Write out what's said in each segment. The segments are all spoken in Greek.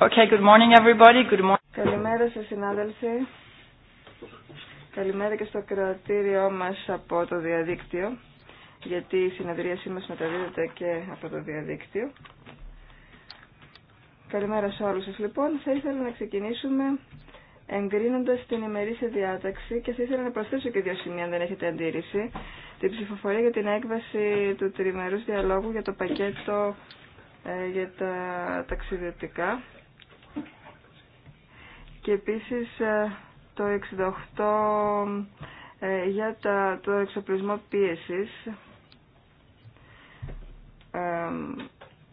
Okay, good morning everybody. Good morning. Καλημέρα σας συνάδελφοι. Καλημέρα και στο κρατήριό μας από το διαδίκτυο, γιατί η συνεδρίασή μας μεταδίδεται και από το διαδίκτυο. Καλημέρα σε όλους σας λοιπόν. Θα ήθελα να ξεκινήσουμε εγκρίνοντας την ημερήσια διάταξη και θα ήθελα να προσθέσω και δύο σημεία αν δεν έχετε αντίρρηση. Την ψηφοφορία για την έκβαση του τριμερούς διαλόγου για το πακέτο ε, για τα ταξιδιωτικά και επίσης ε, το 68 ε, για το εξοπλισμό πίεσης ε,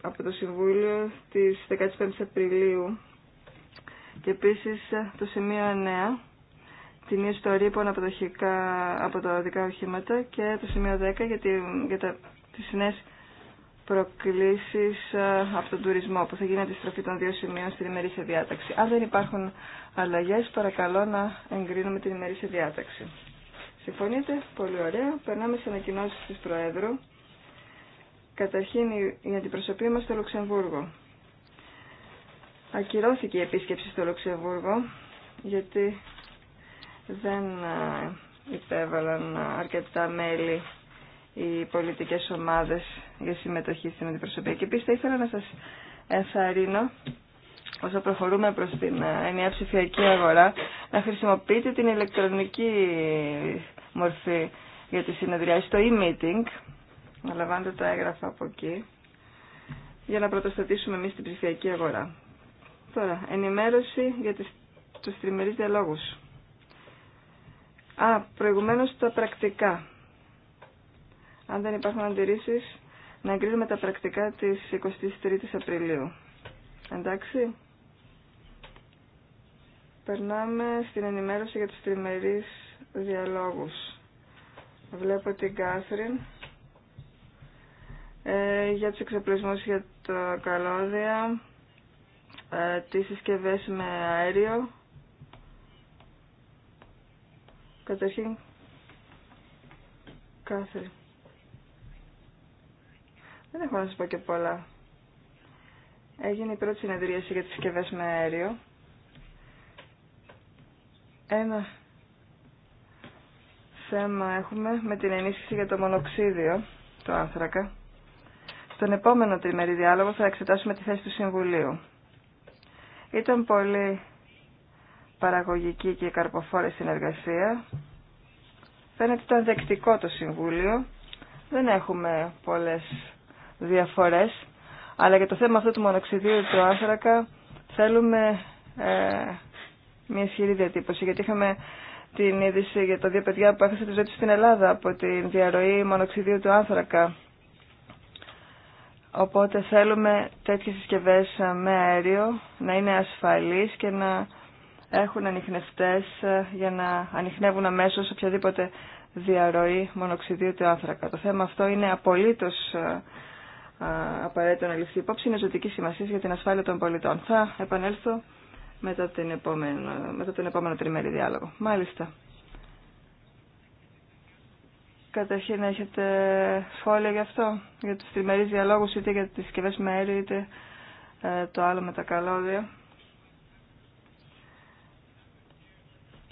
από το Συμβούλιο της 15 Απριλίου και επίσης το σημείο 9 την ιστορία που αναποδοχικά από, τα οδικά οχήματα και το σημείο 10 για, για τα, τις νέες Προκλήσει ε, από τον τουρισμό που θα γίνει αντιστροφή των δύο σημείων στην ημερήσια διάταξη. Αν δεν υπάρχουν αλλαγέ, παρακαλώ να εγκρίνουμε την ημερήσια διάταξη. Συμφωνείτε? Πολύ ωραία. Περνάμε στις ανακοινώσει τη Προέδρου. Καταρχήν η αντιπροσωπή μα στο Λουξεμβούργο. Ακυρώθηκε η επίσκεψη στο Λουξεμβούργο γιατί δεν ε, υπέβαλαν ε, αρκετά μέλη οι πολιτικές ομάδες για συμμετοχή στην αντιπροσωπεία. Και επίση θα ήθελα να σας ενθαρρύνω όσο προχωρούμε προς την ε, ενιαία ψηφιακή αγορά να χρησιμοποιείτε την ηλεκτρονική μορφή για τη συνεδριάση, το e-meeting, να λαμβάνετε τα έγγραφα από εκεί, για να πρωτοστατήσουμε εμεί την ψηφιακή αγορά. Τώρα, ενημέρωση για τις, τους τριμερείς διαλόγους. Α, προηγουμένω τα πρακτικά αν δεν υπάρχουν αντιρρήσει, να εγκρίνουμε τα πρακτικά τη 23η Απριλίου. Εντάξει. Περνάμε στην ενημέρωση για τους τριμερείς διαλόγους. Βλέπω την Κάθριν ε, για τους εξοπλισμούς για τα καλώδια, ε, τις με αέριο. Καταρχήν, Κάθριν. Δεν έχω να σα πω και πολλά. Έγινε η πρώτη συνεδρίαση για τις συσκευέ με αέριο. Ένα θέμα έχουμε με την ενίσχυση για το μονοξίδιο, το άνθρακα. Στον επόμενο τριμερή διάλογο θα εξετάσουμε τη θέση του Συμβουλίου. Ήταν πολύ παραγωγική και καρποφόρη συνεργασία. Φαίνεται ήταν δεκτικό το Συμβούλιο. Δεν έχουμε πολλές διαφορές, αλλά για το θέμα αυτό του μονοξιδίου του άνθρακα θέλουμε ε, μια ισχυρή διατύπωση, γιατί είχαμε την είδηση για τα δύο παιδιά που έχασαν τη ζωή τους στην Ελλάδα από τη διαρροή μονοξιδίου του άνθρακα. Οπότε θέλουμε τέτοιες συσκευές με αέριο να είναι ασφαλείς και να έχουν ανοιχνευτές ε, για να ανοιχνεύουν αμέσως οποιαδήποτε διαρροή μονοξιδίου του άνθρακα. Το θέμα αυτό είναι απολύτως ε, απαραίτητο να ληφθεί υπόψη είναι ζωτική σημασία για την ασφάλεια των πολιτών. Θα επανέλθω μετά, την επόμενο, μετά τον επόμενο τριμέρι διάλογο. Μάλιστα. Καταρχήν έχετε σχόλια για αυτό, για τους τριμερείς διαλόγους, είτε για τις συσκευές με αέριο, είτε ε, το άλλο με τα καλώδια.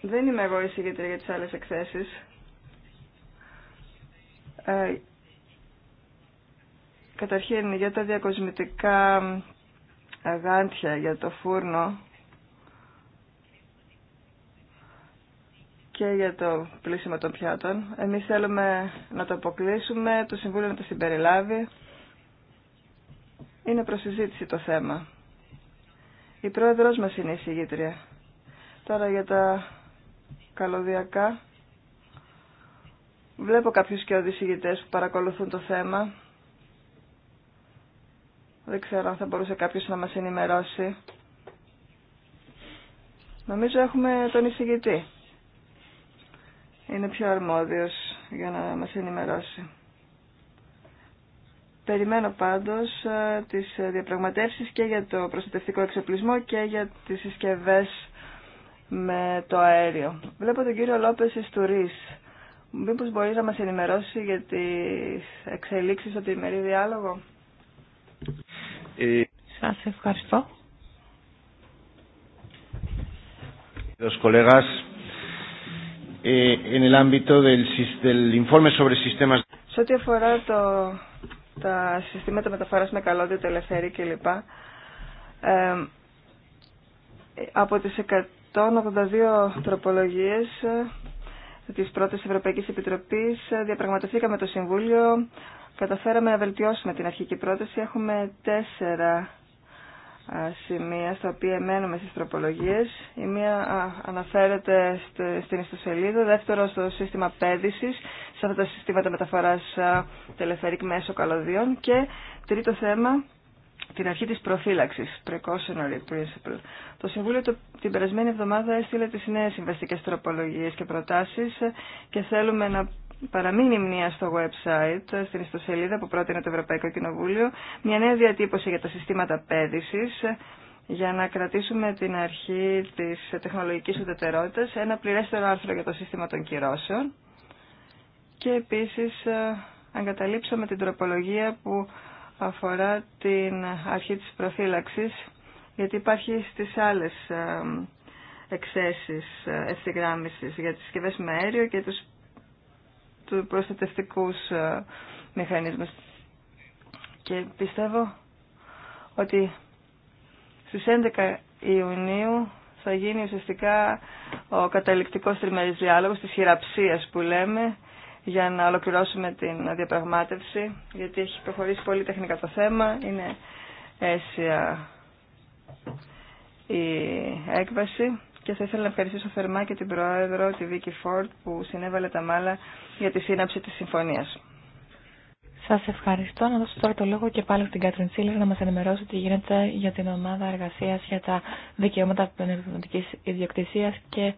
Δεν είμαι εγώ η εισηγήτρια για τις άλλες εκθέσεις. Ε, Καταρχήν για τα διακοσμητικά αγάντια για το φούρνο και για το πλήσιμο των πιάτων. Εμείς θέλουμε να το αποκλείσουμε, το Συμβούλιο να το συμπεριλάβει. Είναι προσυζήτηση το θέμα. Η πρόεδρος μας είναι η συγγήτρια. Τώρα για τα καλωδιακά. Βλέπω κάποιους και οδησηγητές που παρακολουθούν το θέμα. Δεν ξέρω αν θα μπορούσε κάποιος να μας ενημερώσει. Νομίζω έχουμε τον εισηγητή. Είναι πιο αρμόδιος για να μας ενημερώσει. Περιμένω πάντως ε, τις διαπραγματεύσεις και για το προστατευτικό εξοπλισμό και για τις συσκευές με το αέριο. Βλέπω τον κύριο Λόπες Ιστουρής. Μήπως μπορεί να μας ενημερώσει για τις εξελίξεις από τη ε... Σας ευχαριστώ. colegas, eh, en el ámbito del, del informe sobre sistemas. Σε ό,τι αφορά το, τα συστήματα μεταφορά με καλώδια τελεφέρι κλπ. Ε, από τι 182 τη πρώτη Ευρωπαϊκή Επιτροπή, Επιτροπής ε, διαπραγματευθήκαμε το Συμβούλιο καταφέραμε να βελτιώσουμε την αρχική πρόταση. Έχουμε τέσσερα σημεία στα οποία μένουμε στις τροπολογίες. Η μία αναφέρεται στην ιστοσελίδα, δεύτερο στο σύστημα πέδησης, σε αυτά τα συστήματα μεταφοράς τελεφερικ μέσω καλωδίων και τρίτο θέμα, την αρχή της προφύλαξης, precautionary principle. Το Συμβούλιο την περασμένη εβδομάδα έστειλε τις νέες συμβαστικές τροπολογίες και προτάσεις και θέλουμε να παραμείνει μνήμα στο website, στην ιστοσελίδα που πρότεινε το Ευρωπαϊκό Κοινοβούλιο, μια νέα διατύπωση για τα συστήματα πέδησης, για να κρατήσουμε την αρχή της τεχνολογικής ουδετερότητα, ένα πληρέστερο άρθρο για το σύστημα των κυρώσεων και επίσης αγκαταλείψαμε ε, την τροπολογία που αφορά την αρχή της προφύλαξης, γιατί υπάρχει στις άλλες ε, εξαίσθηση ε, ευθυγράμμισης για τις συσκευέ με αέριο και τους του προστατευτικούς ε, μηχανισμούς. Και πιστεύω ότι στις 11 Ιουνίου θα γίνει ουσιαστικά ο καταληκτικός τριμερής διάλογος της χειραψίας που λέμε για να ολοκληρώσουμε την διαπραγμάτευση γιατί έχει προχωρήσει πολύ τεχνικά το θέμα, είναι αίσια η έκβαση και θα ήθελα να ευχαριστήσω θερμά και την Πρόεδρο, τη Βίκη Φόρτ, που συνέβαλε τα μάλα για τη σύναψη τη συμφωνίας. Σας ευχαριστώ. Να δώσω τώρα το λόγο και πάλι στην Κάτριν Σίλερ να μας ενημερώσει τι γίνεται για την ομάδα εργασίας για τα δικαιώματα πνευματικής ιδιοκτησίας και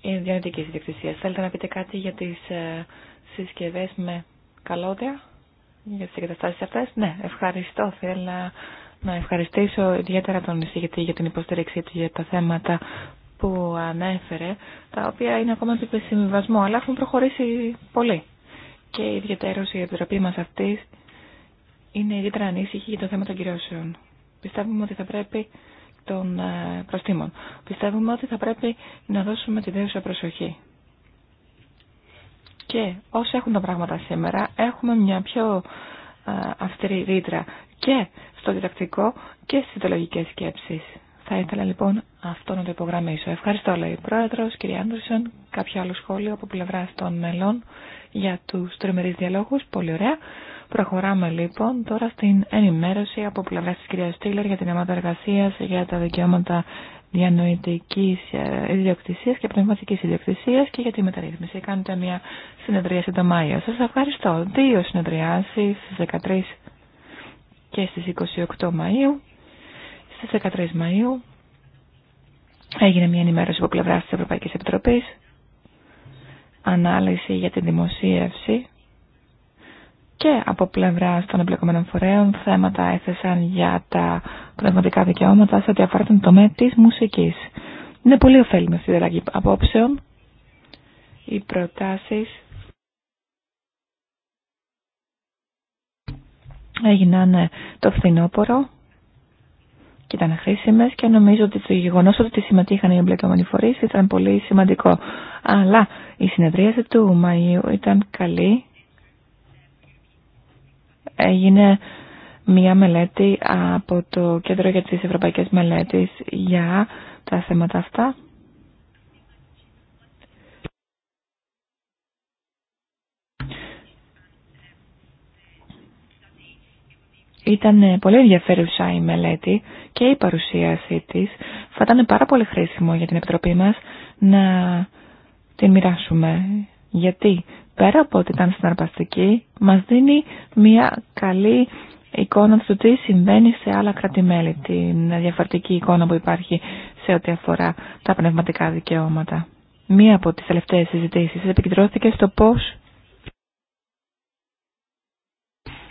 ιδιωτικής ιδιοκτησίας. Θέλετε να πείτε κάτι για τις ε, συσκευές με καλώδια, για τις εγκαταστάσεις αυτές. Ναι, ευχαριστώ. Θέλω να ευχαριστήσω ιδιαίτερα τον εισηγητή για την υποστήριξή του για τα θέματα που ανέφερε, τα οποία είναι ακόμα σε συμβιβασμό, αλλά έχουν προχωρήσει πολύ. Και ιδιαίτερω η επιτροπή μα αυτή είναι ιδιαίτερα ανήσυχη για το θέμα των κυρώσεων. Πιστεύουμε ότι θα πρέπει των ε, προστήμων. Πιστεύουμε ότι θα πρέπει να δώσουμε τη δέουσα προσοχή. Και όσοι έχουν τα πράγματα σήμερα, έχουμε μια πιο ε, αυστηρή ρήτρα και στο διδακτικό και στις ιδεολογικές σκέψεις. Θα ήθελα λοιπόν αυτό να το υπογραμμίσω. Ευχαριστώ, λέει η Πρόεδρο, κυρία Άντρουσον. Κάποιο άλλο σχόλιο από πλευρά των μελών για του τριμερεί διαλόγου. Πολύ ωραία. Προχωράμε λοιπόν τώρα στην ενημέρωση από πλευρά τη κυρία Στήλερ για την ομάδα εργασία για τα δικαιώματα διανοητική ε, ιδιοκτησία και πνευματική ιδιοκτησία και για τη μεταρρύθμιση. Κάνετε μια συνεδρίαση το Μάιο. Σα ευχαριστώ. Δύο συνεδριάσει στι 13 και στι 28 Μαου. Στις 13 Μαΐου έγινε μια ενημέρωση από πλευράς της Ευρωπαϊκής Επιτροπής, ανάλυση για την δημοσίευση και από πλευρά των εμπλεκομένων φορέων θέματα έθεσαν για τα πνευματικά δικαιώματα σε ό,τι αφορά τον τομέα της μουσικής. Είναι πολύ ωφέλιμη αυτή η δελαγή απόψεων. Οι προτάσεις έγιναν το φθινόπωρο και ήταν χρήσιμε και νομίζω ότι το γεγονό ότι συμμετείχαν οι εμπλεκόμενοι φορεί ήταν πολύ σημαντικό. Αλλά η συνεδρίαση του Μαΐου ήταν καλή. Έγινε μία μελέτη από το Κέντρο για τις Ευρωπαϊκές Μελέτες για τα θέματα αυτά Ήταν ε, πολύ ενδιαφέρουσα η μελέτη και η παρουσίασή της. Θα ήταν πάρα πολύ χρήσιμο για την Επιτροπή μας να την μοιράσουμε. Γιατί πέρα από ότι ήταν συναρπαστική, μας δίνει μια καλή εικόνα του τι συμβαίνει σε άλλα κράτη-μέλη, την διαφορετική εικόνα που υπάρχει σε ό,τι αφορά τα πνευματικά δικαιώματα. Μία από τις τελευταίες συζητήσεις επικεντρώθηκε στο πώς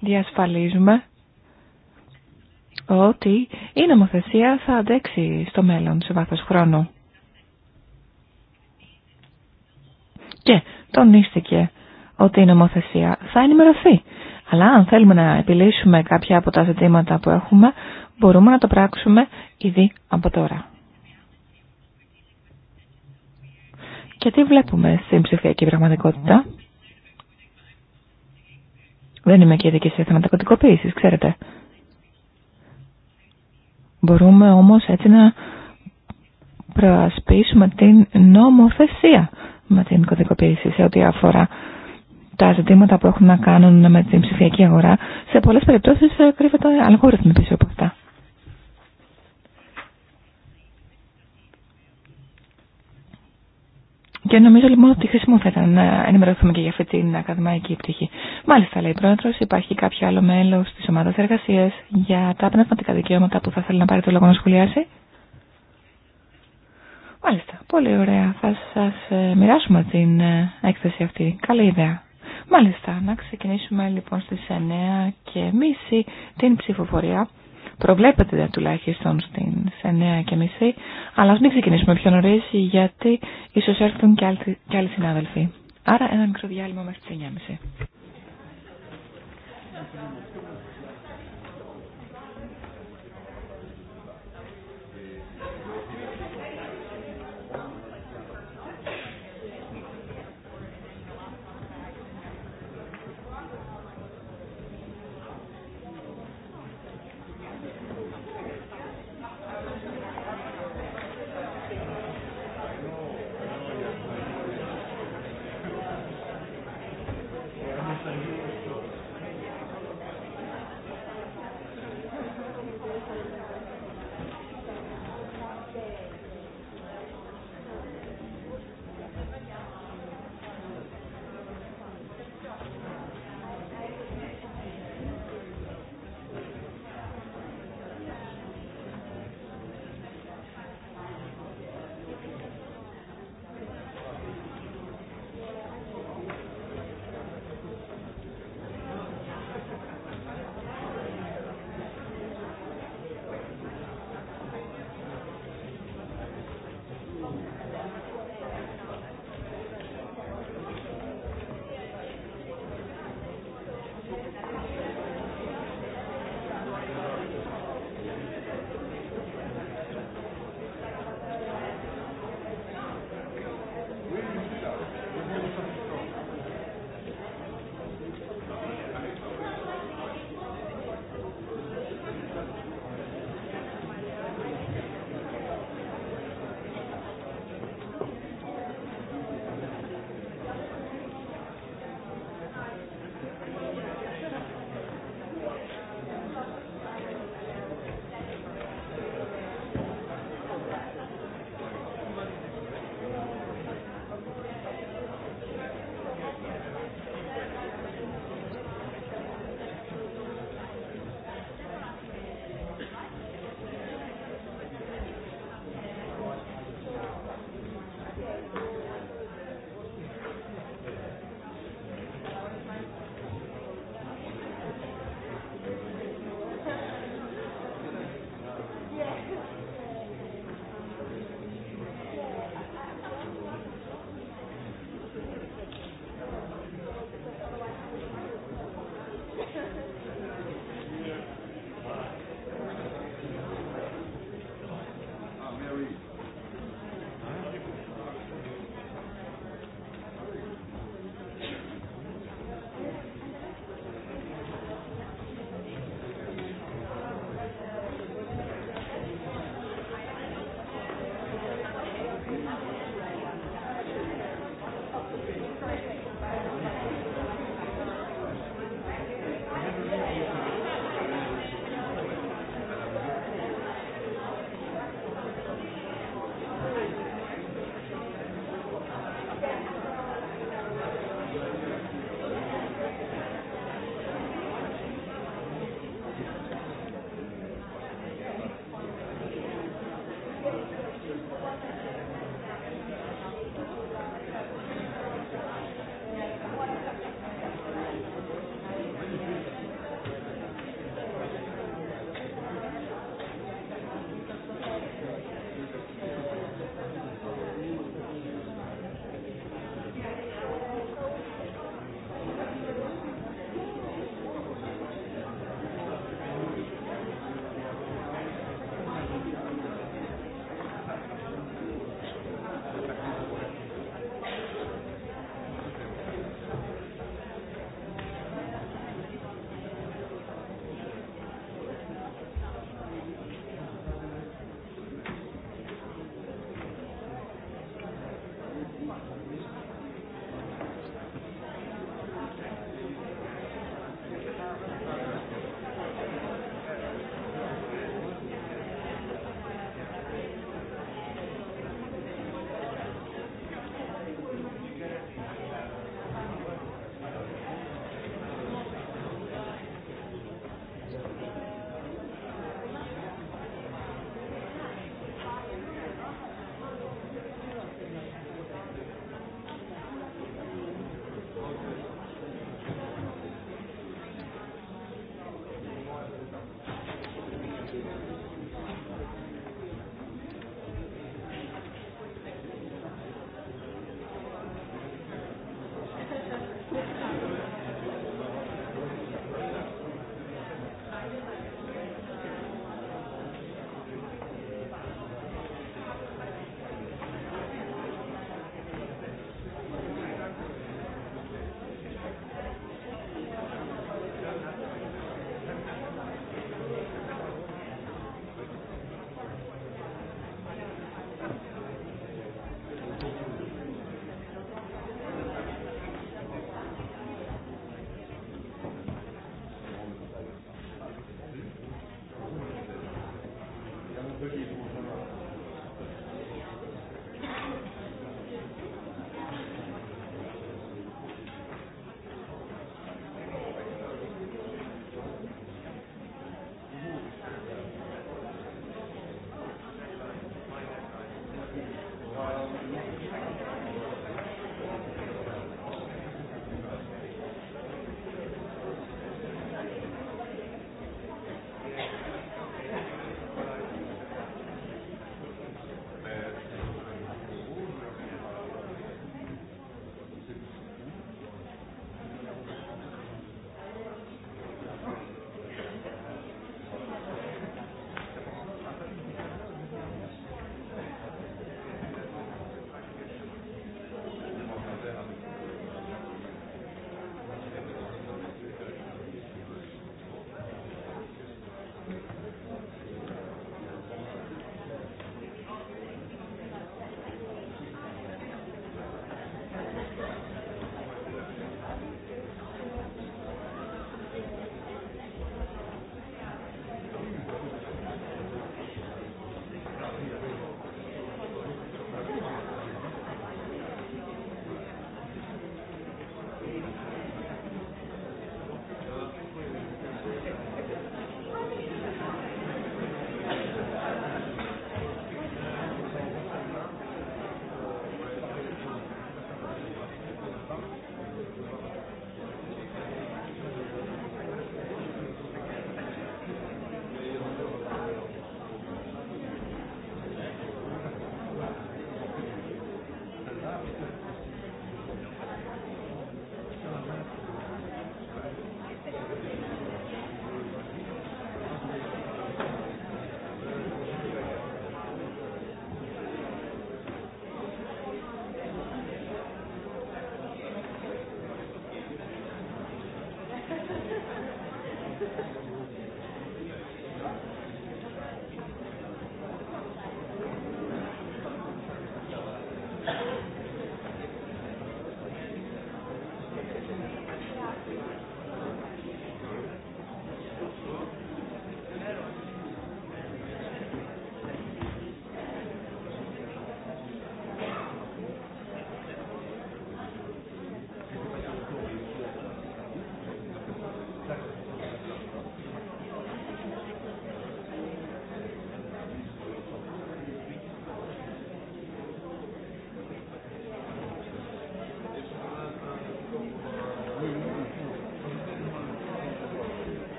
διασφαλίζουμε ότι η νομοθεσία θα αντέξει στο μέλλον σε βάθος χρόνου. Και τονίστηκε ότι η νομοθεσία θα ενημερωθεί. Αλλά αν θέλουμε να επιλύσουμε κάποια από τα ζητήματα που έχουμε, μπορούμε να το πράξουμε ήδη από τώρα. Και τι βλέπουμε στην ψηφιακή πραγματικότητα. Δεν είμαι και ειδική σε θέματα ξέρετε. Μπορούμε όμως έτσι να προασπίσουμε την νομοθεσία με την κωδικοποίηση σε ό,τι αφορά τα ζητήματα που έχουν να κάνουν με την ψηφιακή αγορά. Σε πολλές περιπτώσεις ε, κρύβεται αλγόριθμοι πίσω από αυτά. Και νομίζω λοιπόν ότι χρήσιμο θα ήταν να ενημερωθούμε και για αυτή την ακαδημαϊκή πτυχή. Μάλιστα, λέει η πρόεδρο, υπάρχει κάποιο άλλο μέλο τη ομάδα εργασία για τα πνευματικά δικαιώματα που θα θέλει να πάρει το λόγο να σχολιάσει. Μάλιστα, πολύ ωραία. Θα σα ε, μοιράσουμε την ε, έκθεση αυτή. Καλή ιδέα. Μάλιστα, να ξεκινήσουμε λοιπόν στις 9 και μίση την ψηφοφορία Προβλέπετε τουλάχιστον και 9.30, αλλά ας μην ξεκινήσουμε πιο νωρίς γιατί ίσως έρθουν και άλλοι, και άλλοι συνάδελφοι. Άρα ένα μικρό διάλειμμα μέχρι τις 9.30.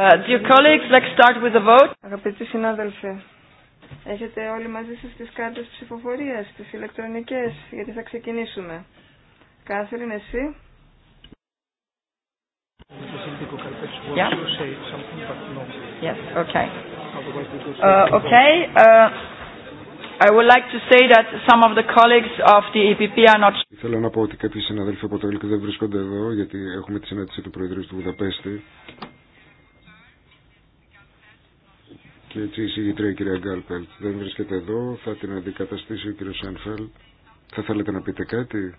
Uh, dear colleagues, let's start with the vote. Αγαπητοί συνάδελφοι, έχετε όλοι μαζί σας τις κάρτες ψηφοφορίας, τις ηλεκτρονικές, γιατί θα ξεκινήσουμε. Κάθριν, εσύ. Yes, okay. Uh, okay, uh, I would like to say that some of the colleagues of the EPP are not... Θέλω να πω ότι κάποιοι συναδέλφοι από το ΕΛΚ δεν βρίσκονται εδώ, γιατί έχουμε τη συνάντηση του Προεδρείου του Βουδαπέστη. και έτσι η συγγητρία κυρία Γκάλπελτ δεν βρίσκεται εδώ, θα την αντικαταστήσει ο κύριος Σάνφελ. Θα θέλετε να πείτε κάτι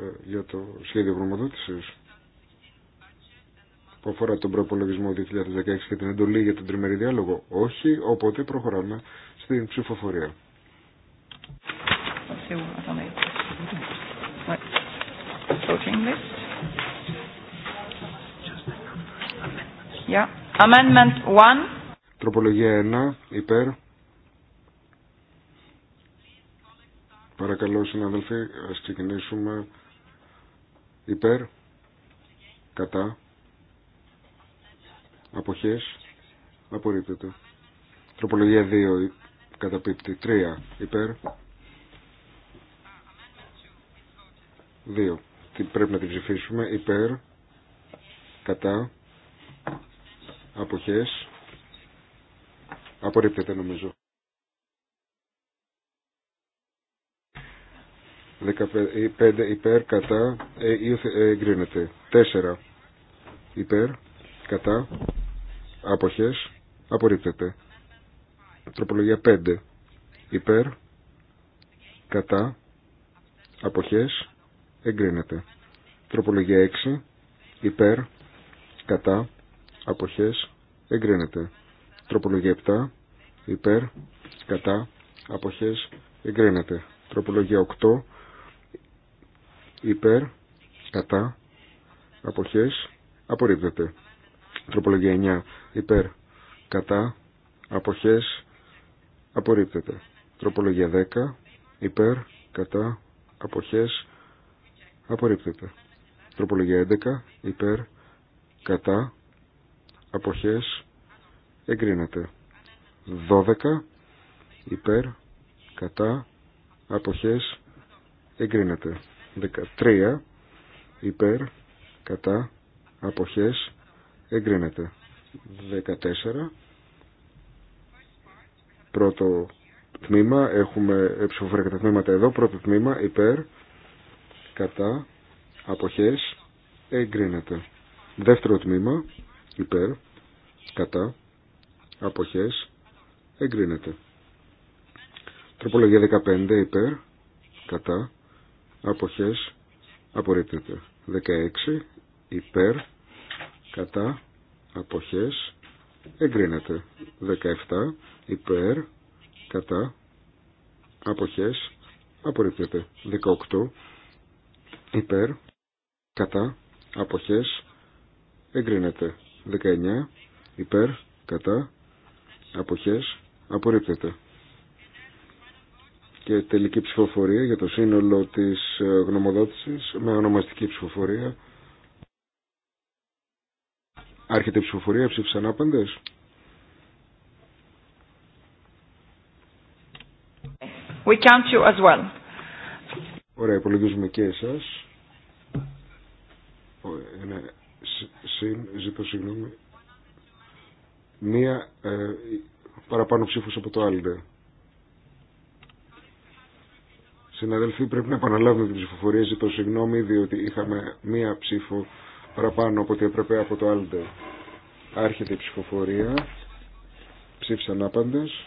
ε, για το σχέδιο γνωμοδότησης που αφορά τον προπολογισμό 2016 και την εντολή για τον τριμερή διάλογο. Όχι, οπότε προχωράμε στην ψηφοφορία. Amendment 1. Τροπολογία 1. Υπέρ. Παρακαλώ συναδελφοί, ας ξεκινήσουμε υπέρ, κατά, αποχές, απορρίπτεται. Τροπολογία 2, καταπίπτει. 3, υπέρ, 2. πρέπει να την ψηφίσουμε, υπέρ, κατά, αποχές απορρίπτεται νομίζω 15 ε, υπέρ κατά ε, ε, εγκρίνεται 4 υπέρ κατά αποχές απορρίπτεται τροπολογία 5 υπέρ κατά αποχές εγκρίνεται τροπολογία 6 υπέρ κατά αποχές εγκρίνεται. Τροπολογία 7 υπέρ κατά αποχές εγκρίνεται. Τροπολογία 8 υπέρ κατά αποχές απορρίπτεται. Τροπολογία 9 υπέρ κατά αποχές απορρίπτεται. Τροπολογία 10 υπέρ κατά αποχές απορρίπτεται. Τροπολογία 11 υπέρ κατά αποχές εγκρίνεται 12 υπέρ κατά αποχές εγκρίνεται 13 υπέρ κατά αποχές εγκρίνεται 14 πρώτο τμήμα έχουμε ψηφοφορία τα τμήματα εδώ πρώτο τμήμα υπέρ κατά αποχές εγκρίνεται δεύτερο τμήμα υπέρ, κατά, αποχές, εγκρίνεται. Τροπολογία 15 υπέρ, κατά, αποχές, απορρίπτεται. 16 υπέρ, κατά, αποχές, εγκρίνεται. 17 υπέρ, κατά, αποχές, απορρίπτεται. 18 υπέρ, κατά, αποχές, εγκρίνεται. 19 υπέρ κατά αποχές απορρίπτεται. Και τελική ψηφοφορία για το σύνολο της ε, γνωμοδότησης με ονομαστική ψηφοφορία. Άρχεται η ψηφοφορία, ψήφισαν άπαντες. We count you as well. Ωραία, υπολογίζουμε και εσάς συν, ζητώ συγγνώμη, μία ε, παραπάνω ψήφους από το άλλο. Συναδελφοί, πρέπει να επαναλάβουμε την ψηφοφορία. Ζητώ συγγνώμη, διότι είχαμε μία ψήφο παραπάνω από ό,τι έπρεπε από το Άλντε. Άρχεται η ψηφοφορία. Ψήφισαν ανάπαντες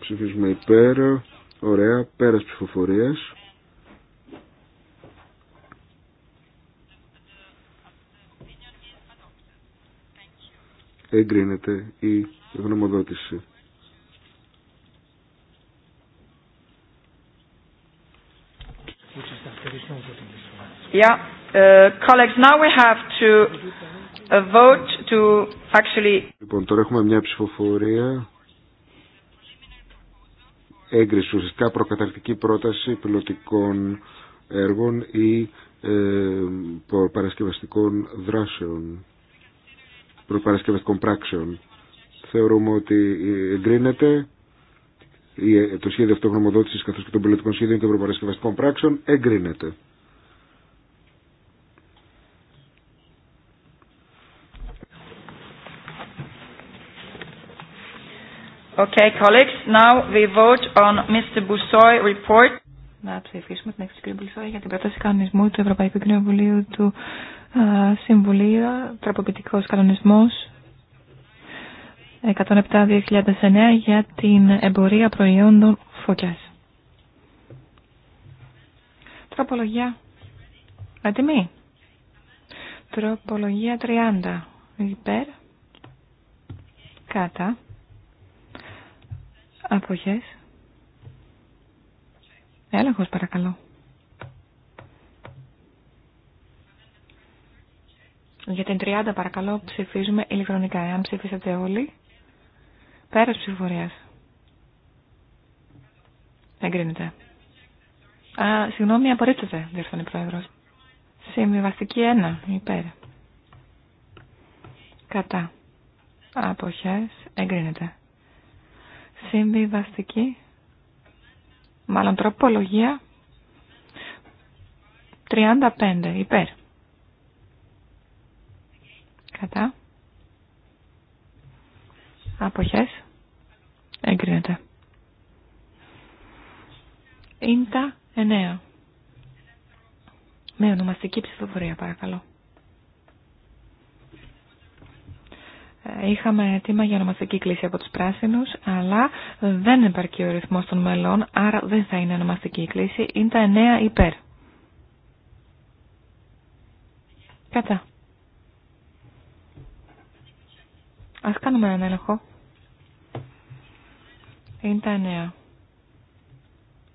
Ψηφίζουμε υπέρ. Ωραία. Πέρα ψηφοφορία. εγκρίνεται η γνωμοδότηση. Yeah, uh, colleagues, now we have to uh, vote to actually. Λοιπόν, τώρα έχουμε μια ψηφοφορία έγκριση ουσιαστικά προκαταρκτική πρόταση πιλωτικών έργων ή ε, παρασκευαστικών δράσεων προπαρασκευαστικών πράξεων. Θεωρούμε ότι εγκρίνεται το σχέδιο αυτογνωμοδότηση καθώ και των πολιτικών σχέδιων και προπαρασκευαστικών πράξεων εγκρίνεται. Okay, colleagues, now we vote on Mr. Boussoy report να ψηφίσουμε την έκθεση του για την πρόταση κανονισμού του Ευρωπαϊκού Κοινοβουλίου του Συμβουλίου, τροποποιητικό κανονισμό 107-2009 για την εμπορία προϊόντων φωτιά. Τροπολογία. Ατιμή. Τροπολογία 30. Υπέρ. Κάτα. Αποχές. Έλεγχο παρακαλώ. Για την 30 παρακαλώ ψηφίζουμε ηλεκτρονικά. Εάν ψηφίσατε όλοι, πέρας ψηφοφορίας. Εγκρίνεται. Α, συγγνώμη, απορρίπτεται, διορθώνει ο Πρόεδρος. Συμβιβαστική 1, υπέρ. Κατά. Αποχές, εγκρίνεται. Συμβιβαστική μάλλον τροπολογία 35 υπέρ. Κατά. Αποχές. Εγκρίνεται. Ίντα 9. Με ονομαστική ψηφοφορία παρακαλώ. Ε, είχαμε ετοίμα για ονομαστική κλίση από τους πράσινους, αλλά δεν επαρκεί ο ρυθμός των μελών, άρα δεν θα είναι ονομαστική κλίση. Είναι τα εννέα υπέρ. Κατά. Ας κάνουμε έναν έλεγχο. Είναι τα εννέα.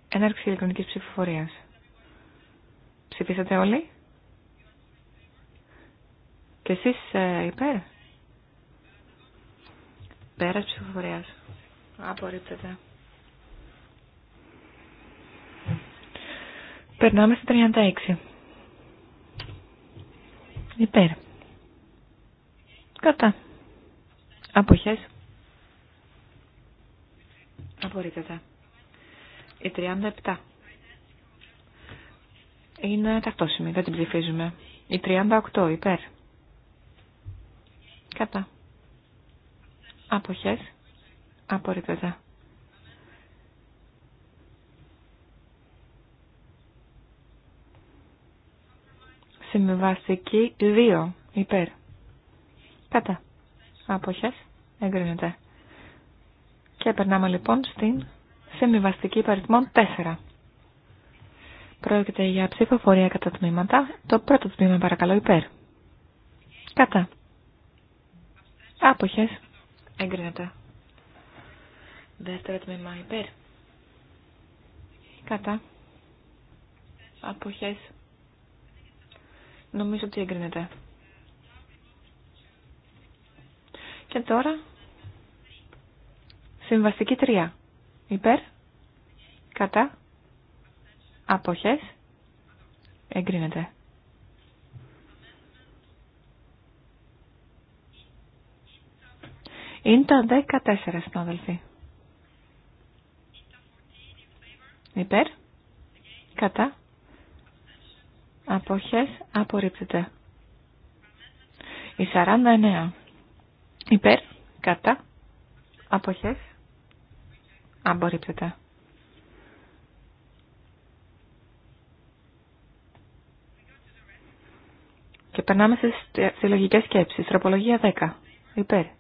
Έναρξη ηλεκτρονικής ψηφοφορίας. Ψηφίσατε όλοι. Και εσείς ε, υπέρ. Πέρας ψηφοφορία. Απορρίπτεται. Περνάμε στη 36. Υπέρ. Κατά. Αποχέ. Απορρίπτεται. Η 37. Είναι ταυτόσιμη, δεν την ψηφίζουμε. Η 38, υπέρ. Κατά. Αποχές. Απορρίπτεται. Συμβαστική 2. Υπέρ. Κατά. Αποχές. Εγκρίνεται. Και περνάμε λοιπόν στην συμβαστική παριθμών 4. Πρόκειται για ψηφοφορία κατά τμήματα. Το πρώτο τμήμα παρακαλώ υπέρ. Κατά. Άποχες. Εγκρίνεται. Δεύτερο τμήμα υπέρ. Κατά. Αποχές. Νομίζω ότι εγκρίνεται. Και τώρα. Συμβαστική τρία. Υπέρ. Κατά. Αποχές. Εγκρίνεται. Είναι τα 14 συνάδελφοι. Υπέρ. Κατά. Αποχές απορρίπτεται. Η 49. Υπέρ. Κατά. Αποχές. Απορρίπτεται. Και περνάμε στις συλλογικές σκέψεις. Τροπολογία 10. Υπέρ.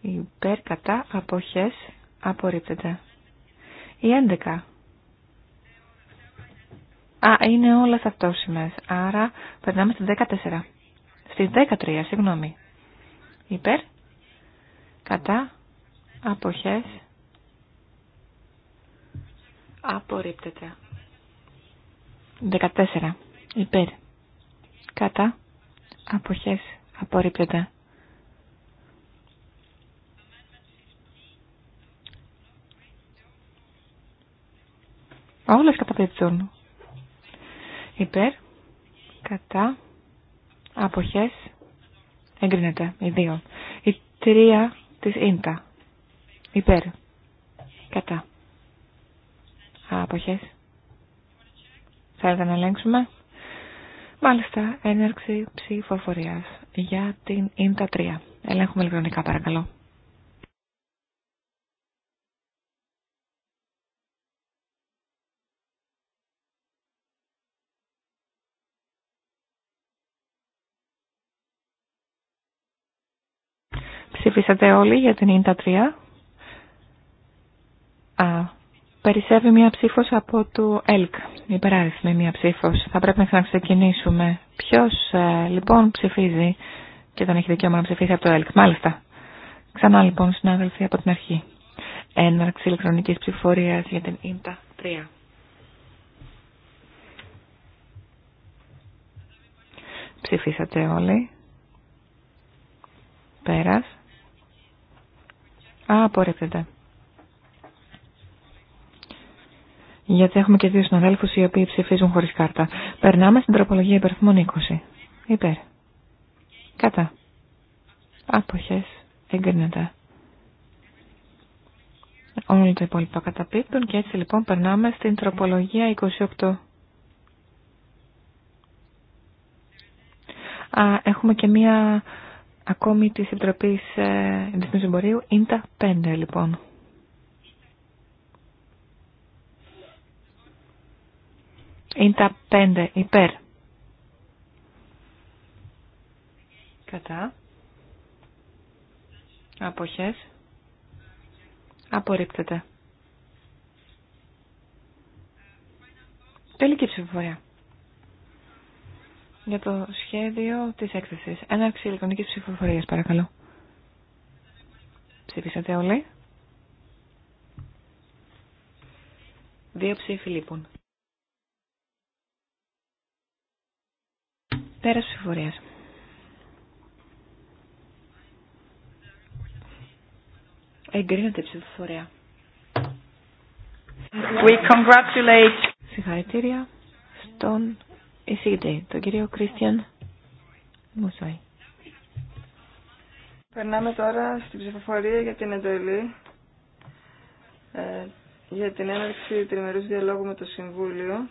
Υπέρ κατά αποχές απορρίπτεται. Η 11. Α, είναι όλα ταυτόσιμες. Άρα περνάμε στη 14. Στη 13, συγγνώμη. Υπέρ κατά αποχές απορρίπτεται. 14. Υπέρ. Κατά. Αποχές. Απορρίπτεται. Όλες καταπληκτούν Υπέρ, κατά, αποχές, εγκρίνεται. Οι δύο. Η τρία της ίντα. Υπέρ, κατά, αποχές. Θέλετε να ελέγξουμε. Μάλιστα, έναρξη ψηφοφορίας για την ίντα 3. Ελέγχουμε ηλεκτρονικά παρακαλώ. ψηφίσατε όλοι για την 3. Α, περισσεύει μία ψήφος από το ΕΛΚ. Υπεράριθμη μία ψήφος. Θα πρέπει να ξαναξεκινήσουμε. Ποιος ε, λοιπόν ψηφίζει και δεν έχει δικαίωμα να ψηφίσει από το ΕΛΚ. Μάλιστα. Ξανά λοιπόν συνάδελφοι από την αρχή. Έναρξη ηλεκτρονικής ψηφορίας για την ΙΝΤΑ 3. Ψηφίσατε όλοι. Πέρας. Απορρίπτεται. Γιατί έχουμε και δύο συναδέλφους οι οποίοι ψηφίζουν χωρίς κάρτα. Περνάμε στην τροπολογία υπερθμών 20. Υπέρ. Κατά. Άποχες. Εγκρίνεται. Όλοι τα υπόλοιπα καταπίπτουν και έτσι λοιπόν περνάμε στην τροπολογία 28. Α, έχουμε και μία ακόμη της Επιτροπής ε, Διεθνούς Εμπορίου, είναι τα πέντε, λοιπόν. Είναι τα πέντε υπέρ. Κατά. Αποχές. Απορρίπτεται. Τελική ψηφοφορία για το σχέδιο της έκθεσης. Έναρξη ηλεκτρονικής ψηφοφορία, παρακαλώ. Ψήφισατε όλοι. Δύο ψήφοι λείπουν. Λοιπόν. Πέρας ψηφοφορίας. Εγκρίνεται η ψηφοφορία. We congratulate. Συγχαρητήρια στον εισηγητή, τον κύριο Κρίστιαν Μουσόη. Περνάμε τώρα στην ψηφοφορία για την εντολή ε, για την έναρξη τριμερούς διαλόγου με το Συμβούλιο.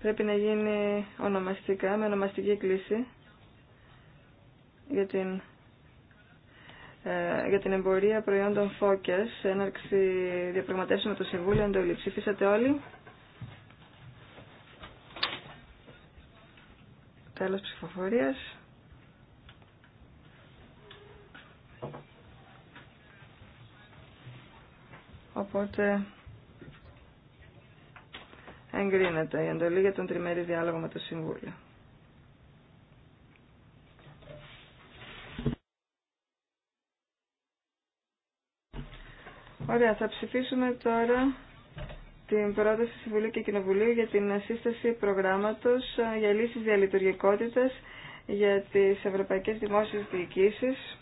Πρέπει να γίνει ονομαστικά, με ονομαστική κλίση για την ε, για την εμπορία προϊόντων φώκες, έναρξη διαπραγματεύσεων με το Συμβούλιο Εντολή. Ψήφισατε όλοι. Τέλος ψηφοφορίας. Οπότε εγκρίνεται η εντολή για τον τριμερή διάλογο με το Συμβούλιο. Ωραία, θα ψηφίσουμε τώρα την πρόταση Συμβουλίου και Κοινοβουλίου για την σύσταση προγράμματος ε, για λύσεις διαλειτουργικότητας για τις ευρωπαϊκές δημόσιες διοικήσεις,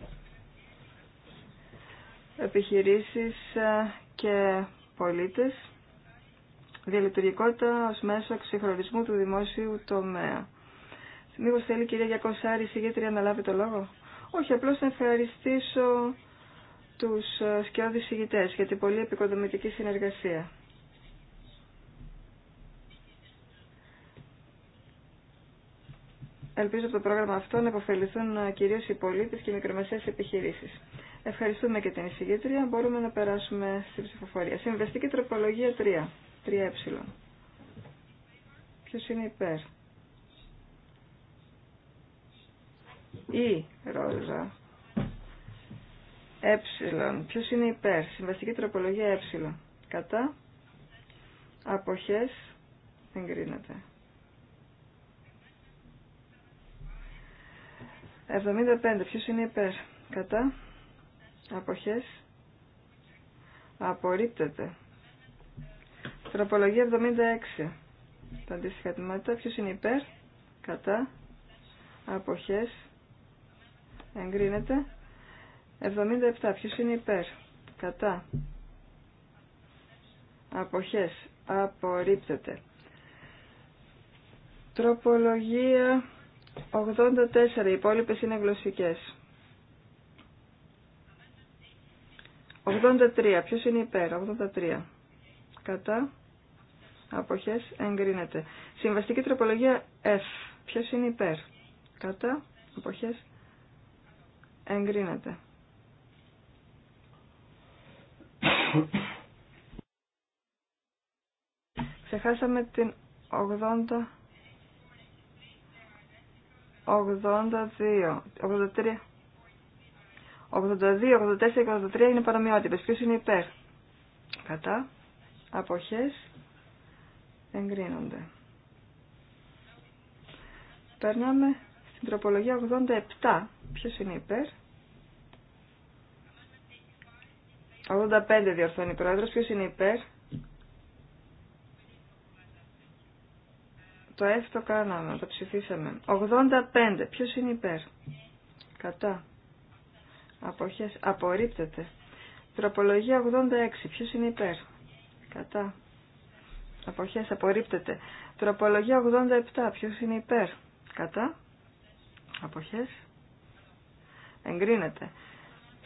επιχειρήσεις ε, και πολίτες, διαλειτουργικότητα ως μέσο εξυγχρονισμού του δημόσιου τομέα. Μήπως θέλει η κυρία Γιακοσάρη, η να λάβει το λόγο. Όχι, απλώς να ευχαριστήσω τους ε, σκιώδεις ηγητές για την πολύ επικοδομητική συνεργασία. Ελπίζω από το πρόγραμμα αυτό να υποφεληθούν ε, κυρίως οι πολίτες και οι μικρομεσαίες επιχειρήσεις. Ευχαριστούμε και την εισηγήτρια. Μπορούμε να περάσουμε στην ψηφοφορία. Συμβεστική τροπολογία 3. 3ε. Ποιος είναι υπέρ. Η Ρόζα. Ε. Ποιος είναι υπέρ. Συμβαστική τροπολογία ε. Κατά. Αποχές. Εγκρίνεται. 75. ποιο είναι υπέρ. Κατά. Αποχές. Απορρίπτεται. Τροπολογία 76. Τα αντίστοιχα τμήματα. Ποιος είναι υπέρ. Κατά. Αποχές. Εγκρίνεται. 77. Ποιος είναι υπέρ. Κατά. Αποχές. Απορρίπτεται. Τροπολογία 84. Οι υπόλοιπε είναι γλωσσικές. 83. Ποιος είναι υπέρ. 83. Κατά. Αποχές. Εγκρίνεται. Συμβαστική τροπολογία F. Ποιος είναι υπέρ. Κατά. Αποχές. Εγκρίνεται. Ξεχάσαμε την 80... 82, 83, 82, 84 83 είναι παρομοιότυπες. Ποιος είναι υπέρ. Κατά. Αποχές. Εγκρίνονται. Περνάμε στην τροπολογία 87. Ποιος είναι υπέρ. 85 διορθώνει η πρόεδρος. Ποιος είναι υπέρ. Το F το κάναμε, το ψηφίσαμε. 85. Ποιος είναι υπέρ. Κατά. Αποχές. Απορρίπτεται. Τροπολογία 86. Ποιος είναι υπέρ. Κατά. Αποχές. Απορρίπτεται. Τροπολογία 87. Ποιος είναι υπέρ. Κατά. Αποχές. Εγκρίνεται.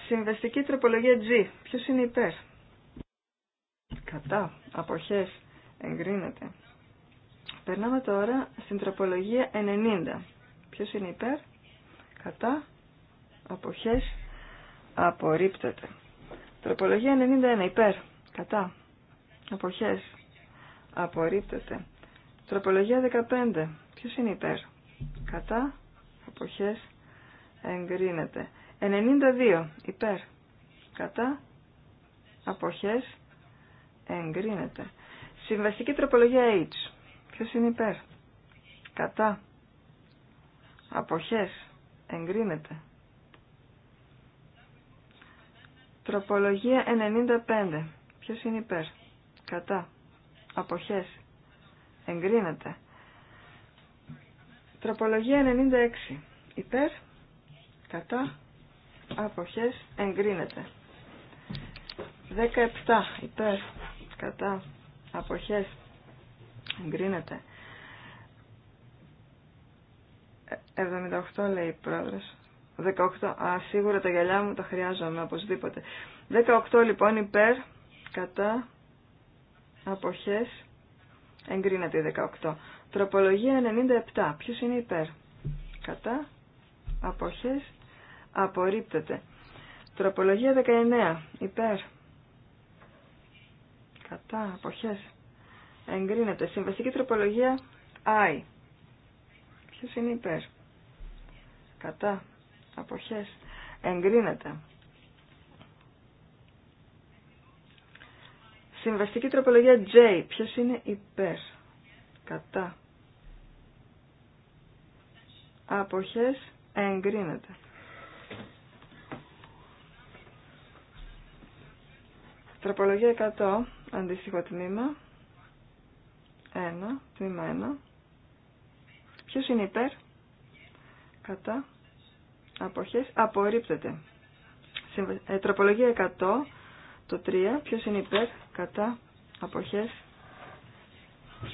Συμβεστική τροπολογία G. Ποιος είναι υπέρ. Κατά. Αποχές. Εγκρίνεται. Περνάμε τώρα στην τροπολογία 90. Ποιος είναι υπέρ, κατά, αποχές, απορρίπτεται. Τροπολογία 91 υπέρ, κατά, αποχές, απορρίπτεται. Τροπολογία 15. Ποιος είναι υπέρ, κατά, αποχές, εγκρίνεται. 92 υπέρ, κατά, αποχές, εγκρίνεται. Συμβαστική τροπολογία H. Ποιος είναι υπέρ. Κατά. Αποχές. Εγκρίνεται. Τροπολογία 95. Ποιος είναι υπέρ. Κατά. Αποχές. Εγκρίνεται. Τροπολογία 96. Υπέρ. Κατά. Αποχές. Εγκρίνεται. 17. Υπέρ. Κατά. Αποχές. Εγκρίνεται. 78 λέει η πρόεδρος. 18. Α, σίγουρα τα γυαλιά μου τα χρειάζομαι, οπωσδήποτε. 18 λοιπόν υπέρ, κατά, αποχές, εγκρίνεται 18. Τροπολογία 97. Ποιος είναι υπέρ, κατά, αποχές, απορρίπτεται. Τροπολογία 19. Υπέρ, κατά, αποχές, Εγκρίνεται. Συμβαστική τροπολογία I. Ποιο είναι υπέρ. Κατά. Αποχές. Εγκρίνεται. Συμβαστική τροπολογία J. Ποιο είναι υπέρ. Κατά. Αποχές. Εγκρίνεται. Τροπολογία 100. Αντίστοιχο τμήμα ένα τμήμα 1. Ε, ποιος είναι υπέρ, κατά, αποχές, απορρίπτεται. τροπολογία 100, το 3, ποιος είναι υπέρ, κατά, αποχές,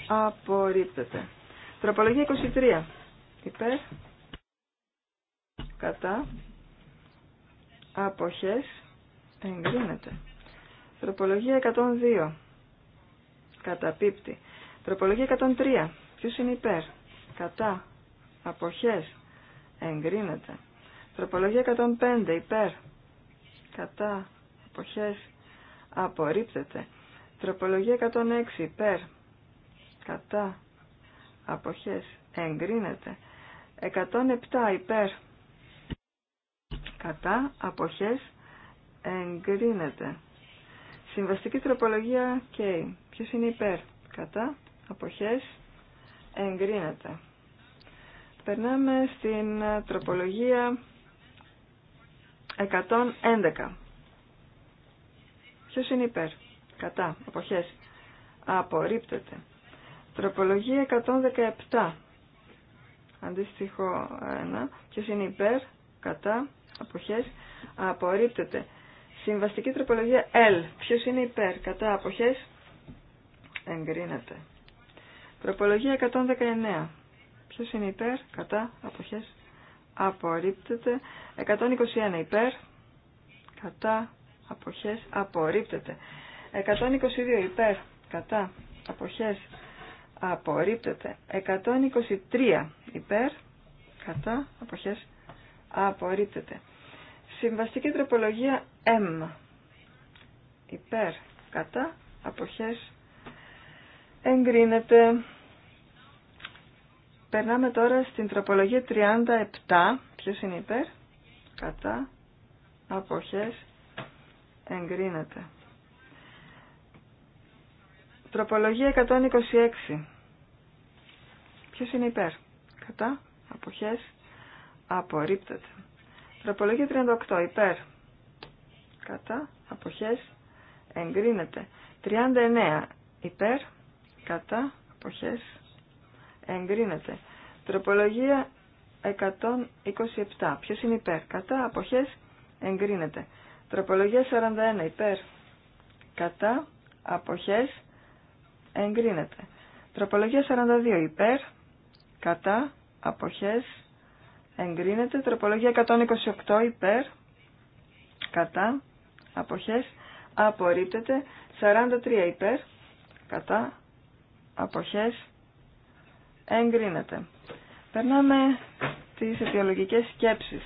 απορρίπτεται. Τροπολογία 23, υπέρ, κατά, αποχές, εγκρίνεται. Τροπολογία 102, καταπίπτει. Τροπολογία 103. Ποιο είναι υπέρ. Κατά. Αποχές. Εγκρίνεται. Τροπολογία 105. Υπέρ. Κατά. Αποχές. Απορρίπτεται. Τροπολογία 106. Υπέρ. Κατά. Αποχές. Εγκρίνεται. 107. Υπέρ. Κατά. Αποχές. Εγκρίνεται. Συμβαστική τροπολογία K. Ποιο είναι υπέρ. Κατά αποχές εγκρίνεται. Περνάμε στην ε, τροπολογία 111. Ποιος είναι υπέρ, κατά, αποχές, απορρίπτεται. Τροπολογία 117, αντίστοιχο 1, ποιος είναι υπέρ, κατά, αποχές, απορρίπτεται. Συμβαστική τροπολογία L, ποιος είναι υπέρ, κατά, αποχές, εγκρίνεται. Τροπολογία 119. Ποιο είναι υπέρ, κατά, αποχές, απορρίπτεται. 121 υπέρ, κατά, αποχές, απορρίπτεται. 122 υπέρ, κατά, αποχές, απορρίπτεται. 123 υπέρ, κατά, αποχές, απορρίπτεται. Συμβαστική τροπολογία M. Υπέρ, κατά, αποχές, εγκρίνεται. Περνάμε τώρα στην τροπολογία 37. Ποιο είναι υπέρ? Κατά. Αποχές. Εγκρίνεται. Τροπολογία 126. Ποιο είναι υπέρ? Κατά. Αποχές. Απορρίπτεται. Τροπολογία 38. Υπέρ. Κατά. Αποχές. Εγκρίνεται. 39. Υπέρ κατά αποχές εγκρίνεται. Τροπολογία 127. Ποιος είναι υπέρ, κατά αποχές εγκρίνεται. Τροπολογία 41 υπέρ, κατά αποχές εγκρίνεται. Τροπολογία 42 υπέρ, κατά αποχές εγκρίνεται. Τροπολογία 128 υπέρ, κατά αποχές απορρίπτεται. 43 υπέρ, κατά αποχές εγκρίνεται. Περνάμε τις αιτιολογικές σκέψεις.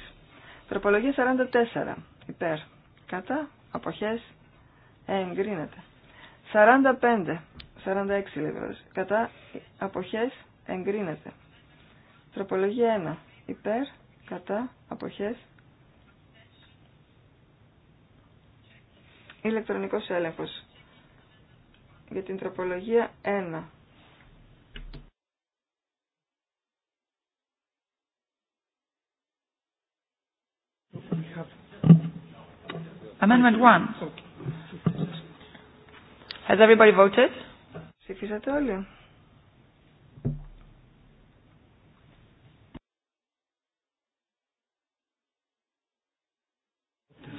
Τροπολογία 44. Υπέρ. Κατά. Αποχές. Εγκρίνεται. 45. 46 λίβρος. Κατά. Αποχές. Εγκρίνεται. Τροπολογία 1. Υπέρ. Κατά. Αποχές. Ηλεκτρονικός έλεγχος. Για την τροπολογία 1. Amendment 1. Has everybody voted? Ψηφίσατε όλοι.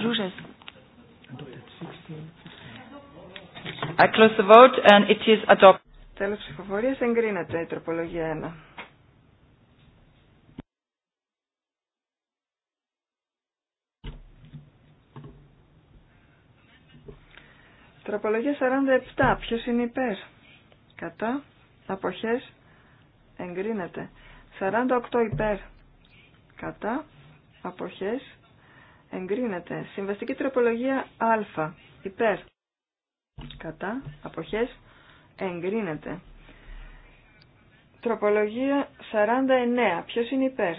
Ρούζες. I close the vote and it is adopted. Τέλος ψηφοφορίας εγκρίνεται η τροπολογία 1. Τροπολογία 47. Ποιος είναι υπέρ. Κατά. Αποχές. Εγκρίνεται. 48 υπέρ. Κατά. Αποχές. Εγκρίνεται. Συμβαστική τροπολογία α. Υπέρ. Κατά. Αποχές. Εγκρίνεται. Τροπολογία 49. Ποιος είναι υπέρ.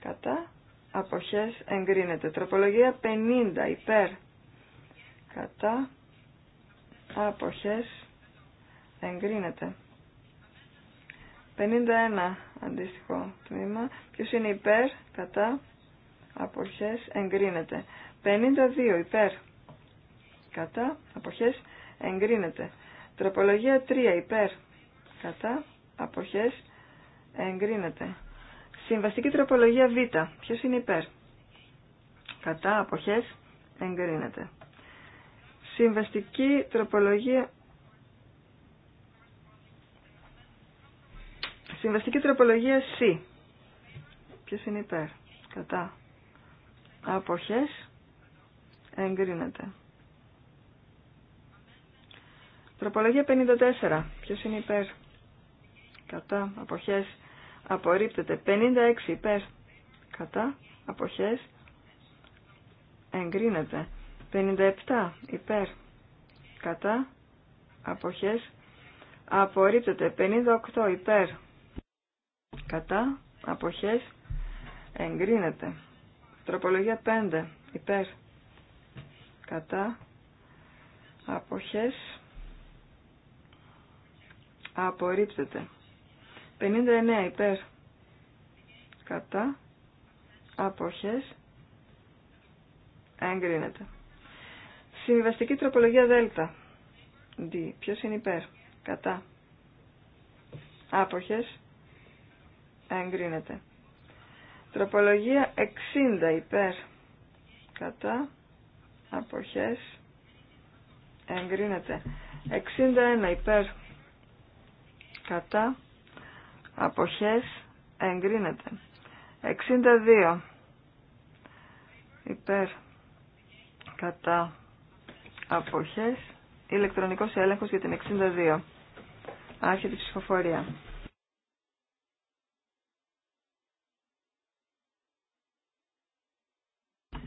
Κατά. Αποχές. Εγκρίνεται. Τροπολογία 50. Υπέρ. Κατά Αποχές. Εγκρίνεται. 51 αντίστοιχο τμήμα. Ποιο είναι υπέρ, κατά, αποχές, εγκρίνεται. 52 υπέρ, κατά, αποχές, εγκρίνεται. Τροπολογία 3 υπέρ, κατά, αποχές, εγκρίνεται. Συμβαστική τροπολογία Β. Ποιο είναι υπέρ. Κατά, αποχές, εγκρίνεται. Συμβαστική τροπολογία. Συμβαστική τροπολογία C. Ποιος είναι υπέρ. Κατά. Αποχές. Εγκρίνεται. Τροπολογία 54. Ποιος είναι υπέρ. Κατά. Αποχές. Απορρίπτεται. 56 υπέρ. Κατά. Αποχές. Εγκρίνεται. 57 υπέρ κατά αποχές απορρίπτεται 58 υπέρ κατά αποχές εγκρίνεται τροπολογία 5 υπέρ κατά αποχές απορρίπτεται 59 υπέρ κατά αποχές εγκρίνεται Συμβιβαστική τροπολογία Δέλτα. Δι. Ποιος είναι υπέρ. Κατά. Άποχες. Εγκρίνεται. Τροπολογία 60 υπέρ. Κατά. Αποχές. Εγκρίνεται. 61 υπέρ. Κατά. Αποχές. Εγκρίνεται. 62 υπέρ. Κατά αποχές, ηλεκτρονικός έλεγχος για την 62. Άρχεται η ψηφοφορία.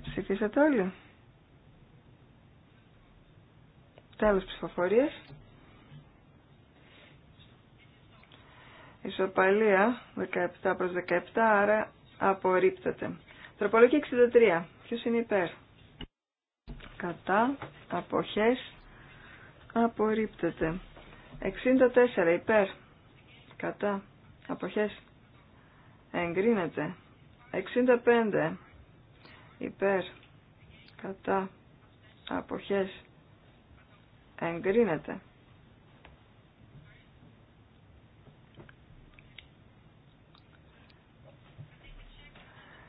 Ψηφίσατε όλοι. Τέλος ψηφοφορίας. Ισοπαλία 17 προς 17, άρα απορρίπτεται. Τροπολογική 63. Ποιος είναι υπέρ κατά, αποχές, απορρίπτεται. 64 υπέρ, κατά, αποχές, εγκρίνεται. 65 υπέρ, κατά, αποχές, εγκρίνεται.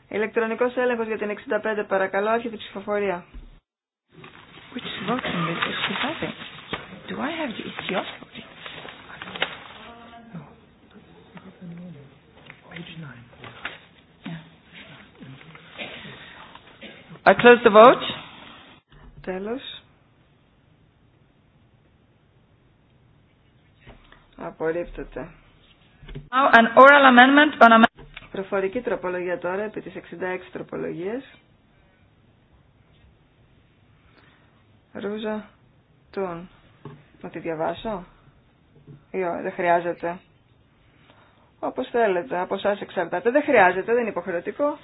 Ηλεκτρονικός έλεγχος για την 65 παρακαλώ, άρχεται ψηφοφορία voting with is developing. Do I have the it's yours voting? I close the vote. Τέλος. Απορρίπτεται. Now an oral amendment on a... Προφορική τροπολογία τώρα επί της 66 τροπολογίας. Ρούζα Τούν. Να τη διαβάσω. Ή δεν χρειάζεται. Όπως θέλετε, από εσάς εξαρτάται. Δεν χρειάζεται, δεν είναι υποχρεωτικό.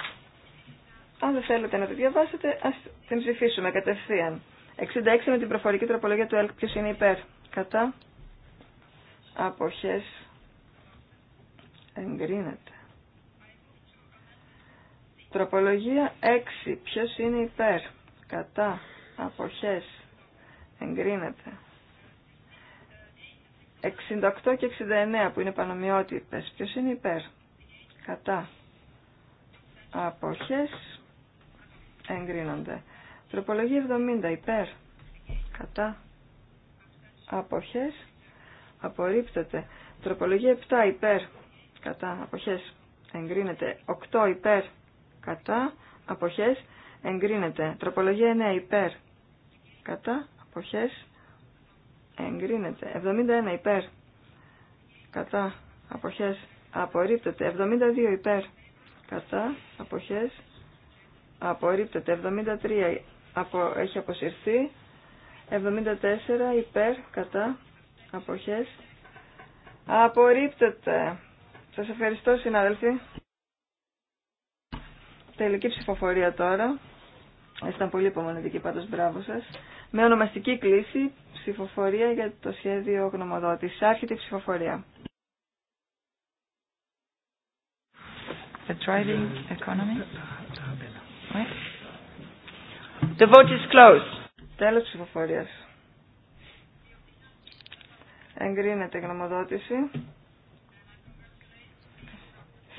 Αν δεν θέλετε να τη διαβάσετε, ας την ψηφίσουμε κατευθείαν. 66 με την προφορική τροπολογία του ΕΛΚ. Ποιος είναι υπέρ. Κατά. Αποχές. Εγκρίνεται. Τροπολογία 6. Ποιος είναι υπέρ. Κατά. Αποχές εγκρίνεται. 68 και 69 που είναι πανομοιότυπες. Ποιος είναι υπέρ. Κατά. Αποχές. Εγκρίνονται. Τροπολογία 70 υπέρ. Κατά. Αποχές. Απορρίπτεται. Τροπολογία 7 υπέρ. Κατά. Αποχές. Εγκρίνεται. 8 υπέρ. Κατά. Αποχές. Εγκρίνεται. Τροπολογία 9 υπέρ. Κατά αποχές εγκρίνεται 71 υπέρ κατά αποχές απορρίπτεται 72 υπέρ κατά αποχές απορρίπτεται 73 απο, έχει αποσυρθεί 74 υπέρ κατά αποχές απορρίπτεται σας ευχαριστώ συνάδελφοι τελική ψηφοφορία τώρα ήταν πολύ υπομονετική πάντως, μπράβο σας. Με ονομαστική κλίση, ψηφοφορία για το σχέδιο γνωμοδότης. Άρχεται η ψηφοφορία. The driving economy. The vote is closed. Τέλος ψηφοφορίας. Εγκρίνεται η γνωμοδότηση.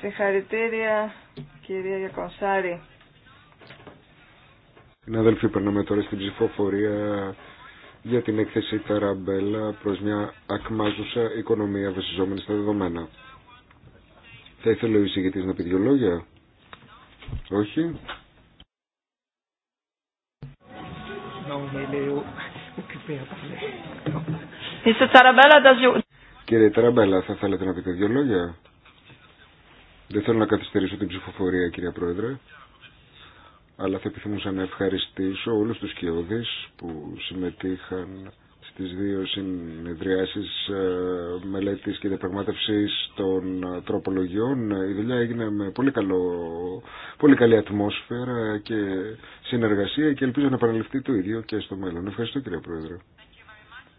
Συγχαρητήρια κυρία Γιακονσάρη αδελφοί, περνάμε τώρα στην ψηφοφορία για την έκθεση Ταραμπέλα προς μια ακμάζουσα οικονομία βασιζόμενη στα δεδομένα. Θα ήθελε ο εισηγητής να πει δυο λόγια. Όχι. Κύριε Ταραμπέλα, θα θέλετε να πείτε δυο λόγια. Δεν θέλω να καθυστερήσω την ψηφοφορία, κυρία Πρόεδρε αλλά θα επιθυμούσα να ευχαριστήσω όλους τους κοιόδης που συμμετείχαν στις δύο συνεδριάσεις ε, μελέτης και διαπραγμάτευσης των τροπολογιών. Η δουλειά έγινε με πολύ, καλό, πολύ καλή ατμόσφαιρα και συνεργασία και ελπίζω να παραλυφθεί το ίδιο και στο μέλλον. Ευχαριστώ κύριε Πρόεδρε.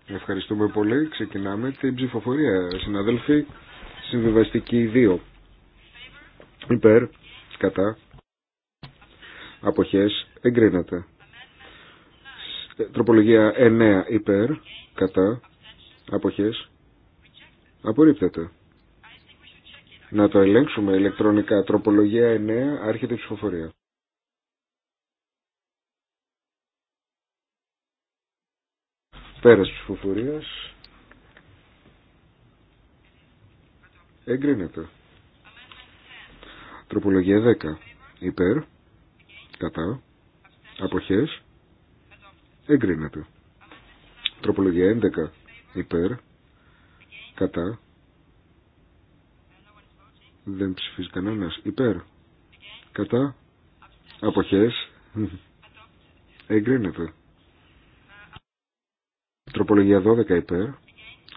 Ευχαριστούμε πολύ. Ξεκινάμε την ψηφοφορία. Συναδέλφοι, συμβιβαστική 2. Υπέρ, κατά, αποχές εγκρίνεται. Τροπολογία 9 υπέρ, κατά, αποχές, απορρίπτεται. Να το ελέγξουμε ηλεκτρονικά. Τροπολογία 9, άρχεται η ψηφοφορία. Πέρας ψηφοφορίας. Εγκρίνεται. Τροπολογία 10. Υπέρ κατά αποχές εγκρίνεται τροπολογία 11 υπέρ κατά δεν ψηφίζει κανένας υπέρ κατά αποχές εγκρίνεται τροπολογία 12 υπέρ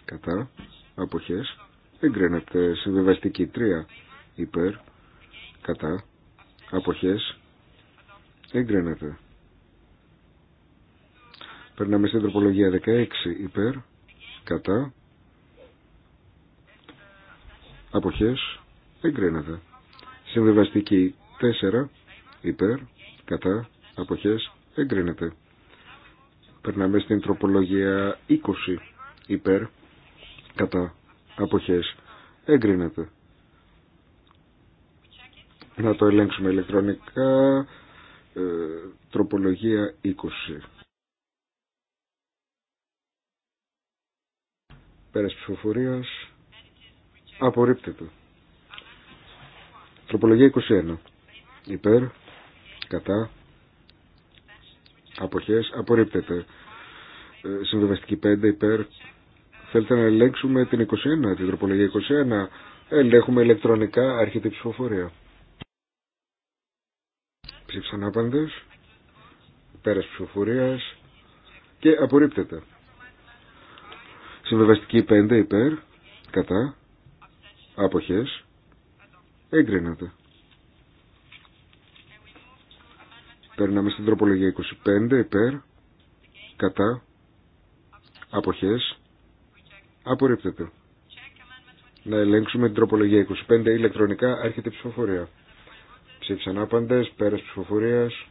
κατά αποχές εγκρίνεται συμβεβαστική 3 υπέρ κατά αποχές Εγκρίνεται. Περνάμε στην τροπολογία 16 υπέρ, κατά, αποχές, εγκρίνεται. Συμβιβαστική 4 υπέρ, κατά, αποχές, εγκρίνεται. Περνάμε στην τροπολογία 20 υπέρ, κατά, αποχές, εγκρίνεται. Να το ελέγξουμε ηλεκτρονικά. Ε, τροπολογία 20. Πέρας ψηφοφορίας. Απορρίπτεται. Τροπολογία 21. Υπέρ. Κατά. Αποχές. Απορρίπτεται. Ε, Συμβεβαστική 5. Υπέρ. Θέλετε να ελέγξουμε την 21, την τροπολογία 21. Ελέγχουμε ηλεκτρονικά. Άρχεται ψηφοφορία ψήφισαν άπαντες, πέρας ψηφοφορίας και απορρίπτεται. Συμβεβαστική 5 υπέρ, κατά, άποχες, εγκρίνεται. Περνάμε στην τροπολογία 25 υπέρ, κατά, αποχές, απορρίπτεται. Να ελέγξουμε την τροπολογία 25 ηλεκτρονικά, έρχεται η ψηφοφορία. Ψήφισαν άπαντες, πέρας ψηφοφορίας.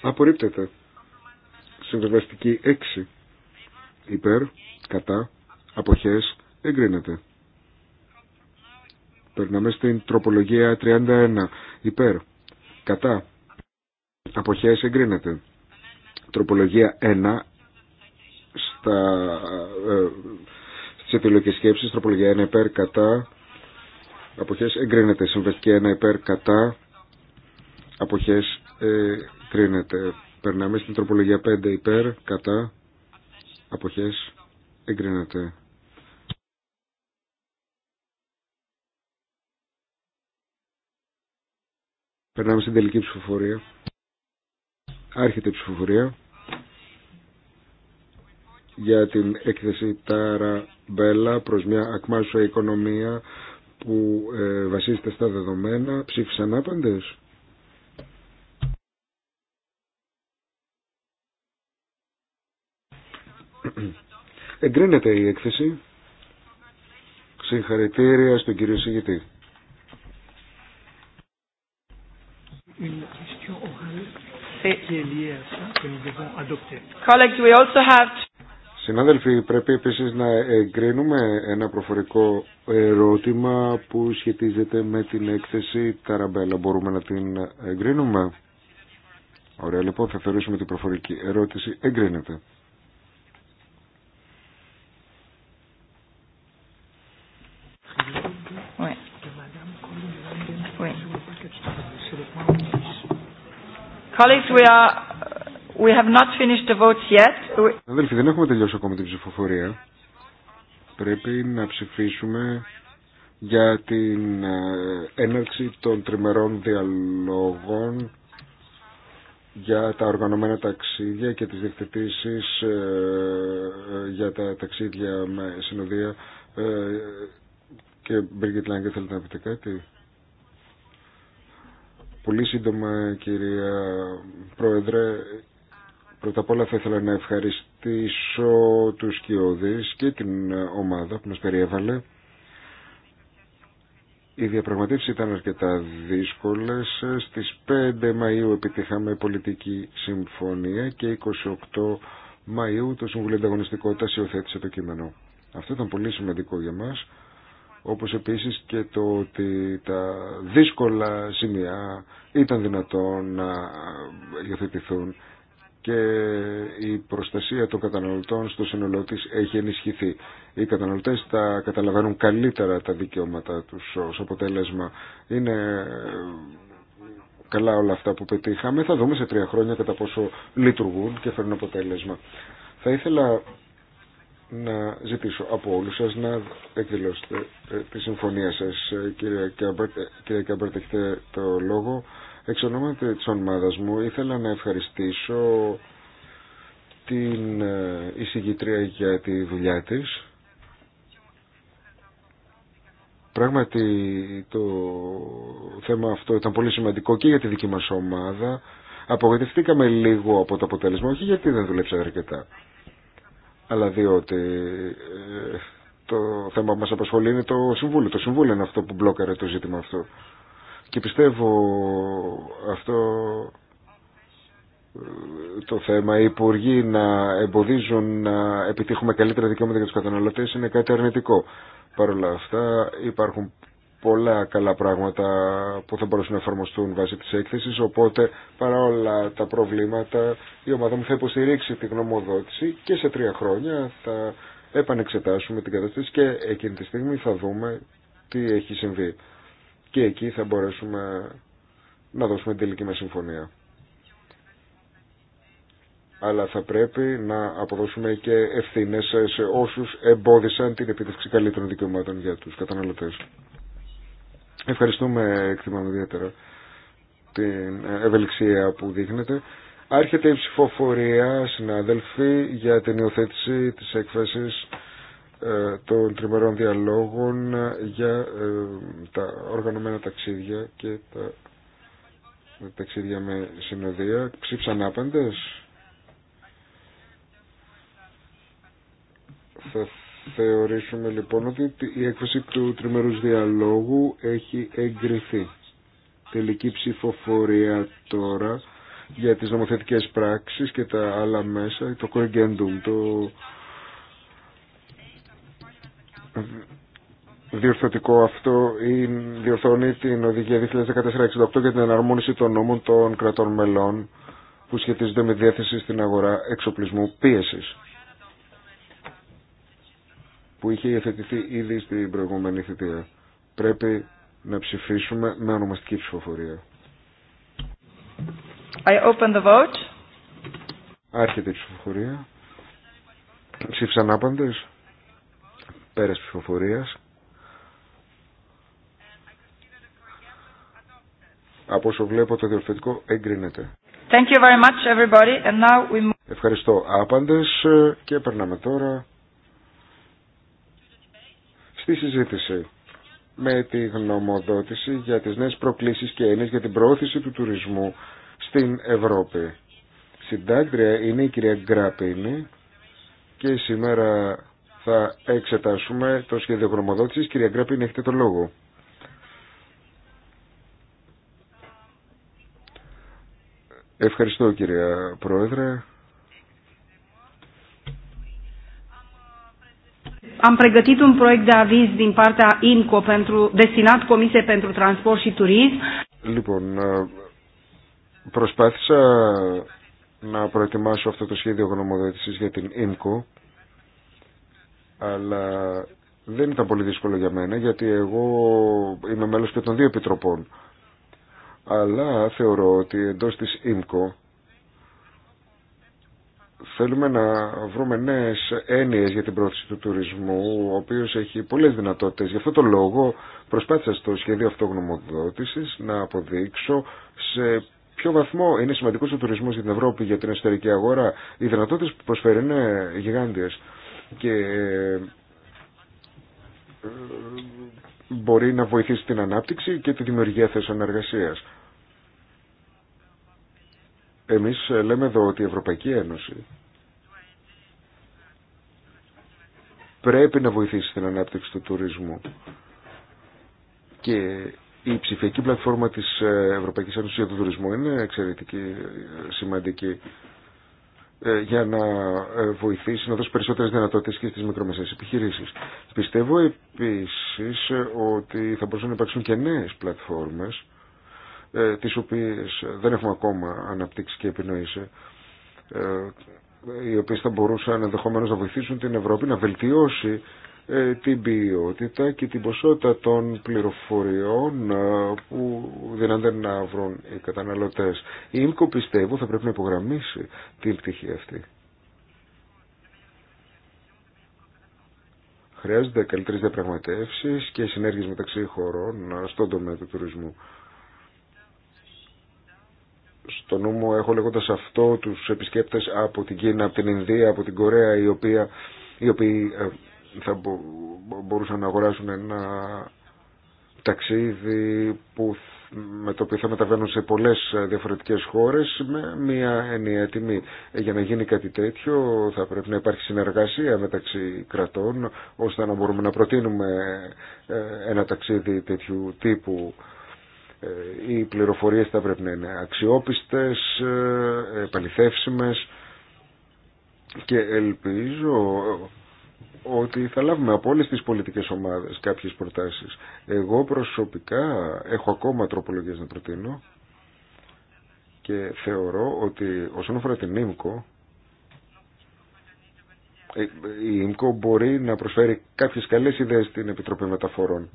Απορρίπτεται. Συμβεβαστική 6. Υπέρ, κατά, αποχέ, εγκρίνεται. Περνάμε στην τροπολογία 31. Υπέρ, κατά, αποχέ, εγκρίνεται. Τροπολογία 1. Στα, ε, στις σκέψεις, τροπολογία 1 υπέρ, κατά, αποχές εγκρίνεται. Συμβαστική 1 υπέρ κατά αποχές ε, κρίνεται. Περνάμε στην τροπολογία 5 υπέρ κατά αποχές εγκρίνεται. Περνάμε στην τελική ψηφοφορία. Άρχεται η ψηφοφορία για την έκθεση Τάρα Μπέλα προς μια ακμάσουσα οικονομία που ε, βασίζεται στα δεδομένα ψήφισαν άπαντες. Εγκρίνεται η έκθεση. Συγχαρητήρια στον κύριο Σιγητή. we also have Συνάδελφοι, πρέπει επίσης να εγκρίνουμε ένα προφορικό ερώτημα που σχετίζεται με την έκθεση Ταραμπέλα. Μπορούμε να την εγκρίνουμε. Ωραία, λοιπόν, θα θεωρήσουμε την προφορική ερώτηση. Εγκρίνεται. Colleagues, we are We have not finished the votes yet. Αδελφοί, δεν έχουμε τελειώσει ακόμα την ψηφοφορία. Πρέπει να ψηφίσουμε για την ε, έναρξη των τριμερών διαλόγων για τα οργανωμένα ταξίδια και τις διευθετήσεις ε, ε, για τα ταξίδια με συνοδεία και Μπρίγκετ Λάγκε θέλετε να πείτε κάτι. Πολύ σύντομα κυρία Πρόεδρε, Πρώτα απ' όλα θα ήθελα να ευχαριστήσω τους Κιώδης και την ομάδα που μας περιέβαλε. Οι διαπραγματεύσει ήταν αρκετά δύσκολες. Στις 5 Μαΐου επιτύχαμε πολιτική συμφωνία και 28 Μαΐου το Συμβουλίο Ανταγωνιστικότητα υιοθέτησε το κείμενο. Αυτό ήταν πολύ σημαντικό για μας, όπως επίσης και το ότι τα δύσκολα σημεία ήταν δυνατόν να υιοθετηθούν και η προστασία των καταναλωτών στο σύνολό τη έχει ενισχυθεί. Οι καταναλωτές τα καταλαβαίνουν καλύτερα τα δικαιώματά τους ως αποτέλεσμα. Είναι ε, καλά όλα αυτά που πετύχαμε. Θα δούμε σε τρία χρόνια κατά πόσο λειτουργούν και φέρνουν αποτέλεσμα. Θα ήθελα να ζητήσω από όλους σας να εκδηλώσετε ε, τη συμφωνία σας. Ε, κύριε Κιάμπερτ, έχετε το λόγο. Εξ ονόματι της ομάδας μου ήθελα να ευχαριστήσω την ε, εισηγητρία για τη δουλειά της. Πράγματι το θέμα αυτό ήταν πολύ σημαντικό και για τη δική μας ομάδα. Απογοητευτήκαμε λίγο από το αποτέλεσμα, όχι γιατί δεν δουλέψα αρκετά, αλλά διότι ε, το θέμα που μας απασχολεί είναι το Συμβούλιο. Το Συμβούλιο είναι αυτό που μπλόκαρε το ζήτημα αυτό. Και πιστεύω αυτό ε, το θέμα, οι υπουργοί να εμποδίζουν να επιτύχουμε καλύτερα δικαιώματα για τους καταναλωτές είναι κάτι αρνητικό. Παρ' όλα αυτά υπάρχουν πολλά καλά πράγματα που θα μπορούσαν να εφαρμοστούν βάσει της έκθεσης, οπότε παρά όλα τα προβλήματα η ομάδα μου θα υποστηρίξει τη γνωμοδότηση και σε τρία χρόνια θα επανεξετάσουμε την κατάσταση και εκείνη τη στιγμή θα δούμε τι έχει συμβεί και εκεί θα μπορέσουμε να δώσουμε την τελική μας συμφωνία. Αλλά θα πρέπει να αποδώσουμε και ευθύνες σε όσους εμπόδισαν την επίτευξη καλύτερων δικαιωμάτων για τους καταναλωτές. Ευχαριστούμε, εκτιμάμε ιδιαίτερα, την ευελιξία που δείχνετε. Άρχεται η ψηφοφορία, συνάδελφοι, για την υιοθέτηση της έκφρασης ε, των τριμερών διαλόγων ε, για ε, τα οργανωμένα ταξίδια και τα ταξίδια με συνοδεία. ξύψαν άπαντες. Θα θεωρήσουμε λοιπόν ότι η έκφραση του τριμερούς διαλόγου έχει εγκριθεί. Τελική ψηφοφορία τώρα για τις νομοθετικές πράξεις και τα άλλα μέσα, το corrigendum, το διορθωτικό αυτό διορθώνει την οδηγία 2014-68 για την εναρμόνιση των νόμων των κρατών μελών που σχετίζονται με διέθεση στην αγορά εξοπλισμού πίεσης που είχε υιοθετηθεί ήδη στην προηγούμενη θητεία. Πρέπει να ψηφίσουμε με ονομαστική ψηφοφορία. I open the vote. Άρχεται η ψηφοφορία. Ψήφισαν άπαντες. Πέρας ψηφοφορίας. Από όσο βλέπω το διορθωτικό εγκρίνεται. Thank you very much everybody. And now we... Ευχαριστώ άπαντες και περνάμε τώρα στη συζήτηση με τη γνωμοδότηση για τις νέες προκλήσεις και έννοιες για την προώθηση του τουρισμού στην Ευρώπη. Συντάκτρια είναι η κυρία Γκραπίνη και σήμερα θα εξετάσουμε το σχέδιο γνωμοδότησης. Κυρία Γκραπίνη, έχετε το λόγο. Ευχαριστώ κύριε Πρόεδρε. Am pregătit un proiect de aviz din partea INCO pentru, destinat Comisie pentru Transport și Turism. Λοιπόν, προσπάθησα να προετοιμάσω αυτό το σχέδιο γνωμοδότησης για την INCO, αλλά δεν ήταν πολύ δύσκολο για μένα, γιατί εγώ είμαι μέλος και των δύο επιτροπών αλλά θεωρώ ότι εντός της ΙΜΚΟ θέλουμε να βρούμε νέες έννοιες για την πρόθεση του τουρισμού, ο οποίος έχει πολλές δυνατότητες. Γι' αυτό το λόγο προσπάθησα στο σχέδιο αυτογνωμοδότησης να αποδείξω σε ποιο βαθμό είναι σημαντικός ο τουρισμός για την Ευρώπη, για την εσωτερική αγορά. Οι δυνατότητες που προσφέρει είναι γιγάντιες και ε, μπορεί να βοηθήσει την ανάπτυξη και τη δημιουργία θέσεων εργασίας. Εμείς ε, λέμε εδώ ότι η Ευρωπαϊκή Ένωση πρέπει να βοηθήσει την ανάπτυξη του τουρισμού και η ψηφιακή πλατφόρμα της ε, Ευρωπαϊκής Ένωσης για τον τουρισμό είναι εξαιρετική, ε, σημαντική για να βοηθήσει να δώσει περισσότερες δυνατότητες και στις μικρομεσαίες επιχειρήσεις. Πιστεύω επίσης ότι θα μπορούσαν να υπάρξουν και νέες πλατφόρμες ε, τις οποίες δεν έχουμε ακόμα αναπτύξει και επινοήσει ε, οι οποίες θα μπορούσαν ενδεχομένω να βοηθήσουν την Ευρώπη να βελτιώσει ε, την ποιότητα και την ποσότητα των πληροφοριών που δυνανται να βρουν οι καταναλωτές. Η ΙΜΚΟ πιστεύω θα πρέπει να υπογραμμίσει την πτυχή αυτή. Χρειάζονται καλύτερε διαπραγματεύσει και συνέργειες μεταξύ χωρών στον τομέα του τουρισμού στο νου μου έχω λέγοντας αυτό τους επισκέπτες από την Κίνα, από την Ινδία, από την Κορέα οι, οποία, οι οποίοι ε, θα μπορούσαν να αγοράσουν ένα ταξίδι που, με το οποίο θα μεταβαίνουν σε πολλές ε, διαφορετικές χώρες με μια ενιαία τιμή. Ε, για να γίνει κάτι τέτοιο θα πρέπει να υπάρχει συνεργασία μεταξύ κρατών ώστε να μπορούμε να προτείνουμε ένα ταξίδι τέτοιου τύπου ε, οι πληροφορίες θα πρέπει να είναι αξιόπιστες, ε, επαληθεύσιμες και ελπίζω ότι θα λάβουμε από όλες τις πολιτικές ομάδες κάποιες προτάσεις. Εγώ προσωπικά έχω ακόμα τροπολογίες να προτείνω και θεωρώ ότι όσον αφορά την ΙΜΚΟ ε, η ΙΜΚΟ μπορεί να προσφέρει κάποιες καλές ιδέες στην Επιτροπή Μεταφορών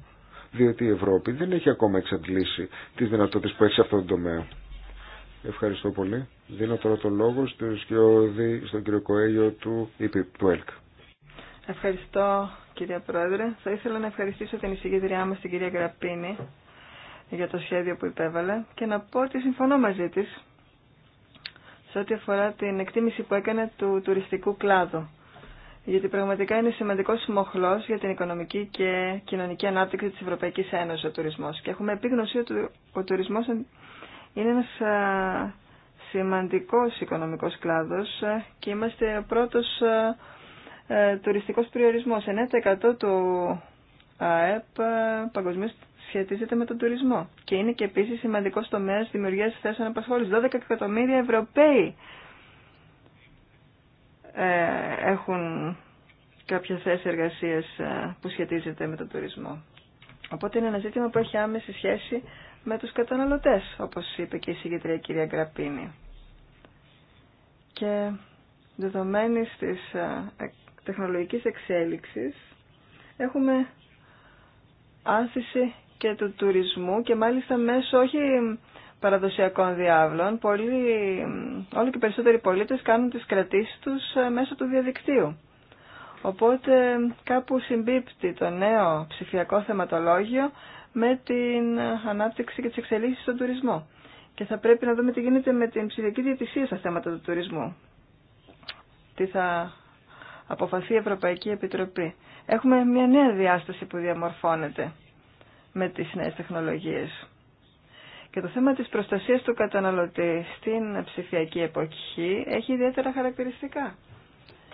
διότι η Ευρώπη δεν έχει ακόμα εξαντλήσει τις δυνατότητες που έχει σε αυτόν τον τομέα. Ευχαριστώ πολύ. Δίνω τώρα το λόγο στον, στον κύριο Κοέγιο του του ΕΛΚ. Ευχαριστώ κυρία Πρόεδρε. Θα ήθελα να ευχαριστήσω την εισηγήτριά μα την κυρία Γραπίνη για το σχέδιο που υπέβαλε και να πω ότι συμφωνώ μαζί τη σε ό,τι αφορά την εκτίμηση που έκανε του τουριστικού κλάδου γιατί πραγματικά είναι σημαντικό μοχλός για την οικονομική και κοινωνική ανάπτυξη της Ευρωπαϊκής Ένωσης ο τουρισμό. Και έχουμε επίγνωση ότι ο τουρισμός είναι ένας σημαντικό οικονομικός κλάδος και είμαστε ο πρώτος ε, τουριστικός προορισμός. 9% του ΑΕΠ παγκοσμίως σχετίζεται με τον τουρισμό και είναι και επίση σημαντικό τομέα δημιουργίας θέσεων απασχόληση. 12 εκατομμύρια Ευρωπαίοι ε, έχουν κάποια θέση εργασίας ε, που σχετίζεται με τον τουρισμό. Οπότε είναι ένα ζήτημα που έχει άμεση σχέση με τους καταναλωτές, όπως είπε και η συγκεκριά κυρία Γκραπίνη. Και δεδομένης της ε, τεχνολογικής εξέλιξης έχουμε άθηση και του τουρισμού και μάλιστα μέσω όχι παραδοσιακών διάβλων, πολλοί, όλοι και περισσότεροι πολίτες κάνουν τις κρατήσεις τους ε, μέσω του διαδικτύου. Οπότε κάπου συμπίπτει το νέο ψηφιακό θεματολόγιο με την ανάπτυξη και τις εξελίξεις στον τουρισμό. Και θα πρέπει να δούμε τι γίνεται με την ψηφιακή διατησία στα θέματα του τουρισμού. Τι θα αποφαθεί η Ευρωπαϊκή Επιτροπή. Έχουμε μια νέα διάσταση που διαμορφώνεται με τις νέες τεχνολογίες. Και το θέμα της προστασίας του καταναλωτή στην ψηφιακή εποχή έχει ιδιαίτερα χαρακτηριστικά.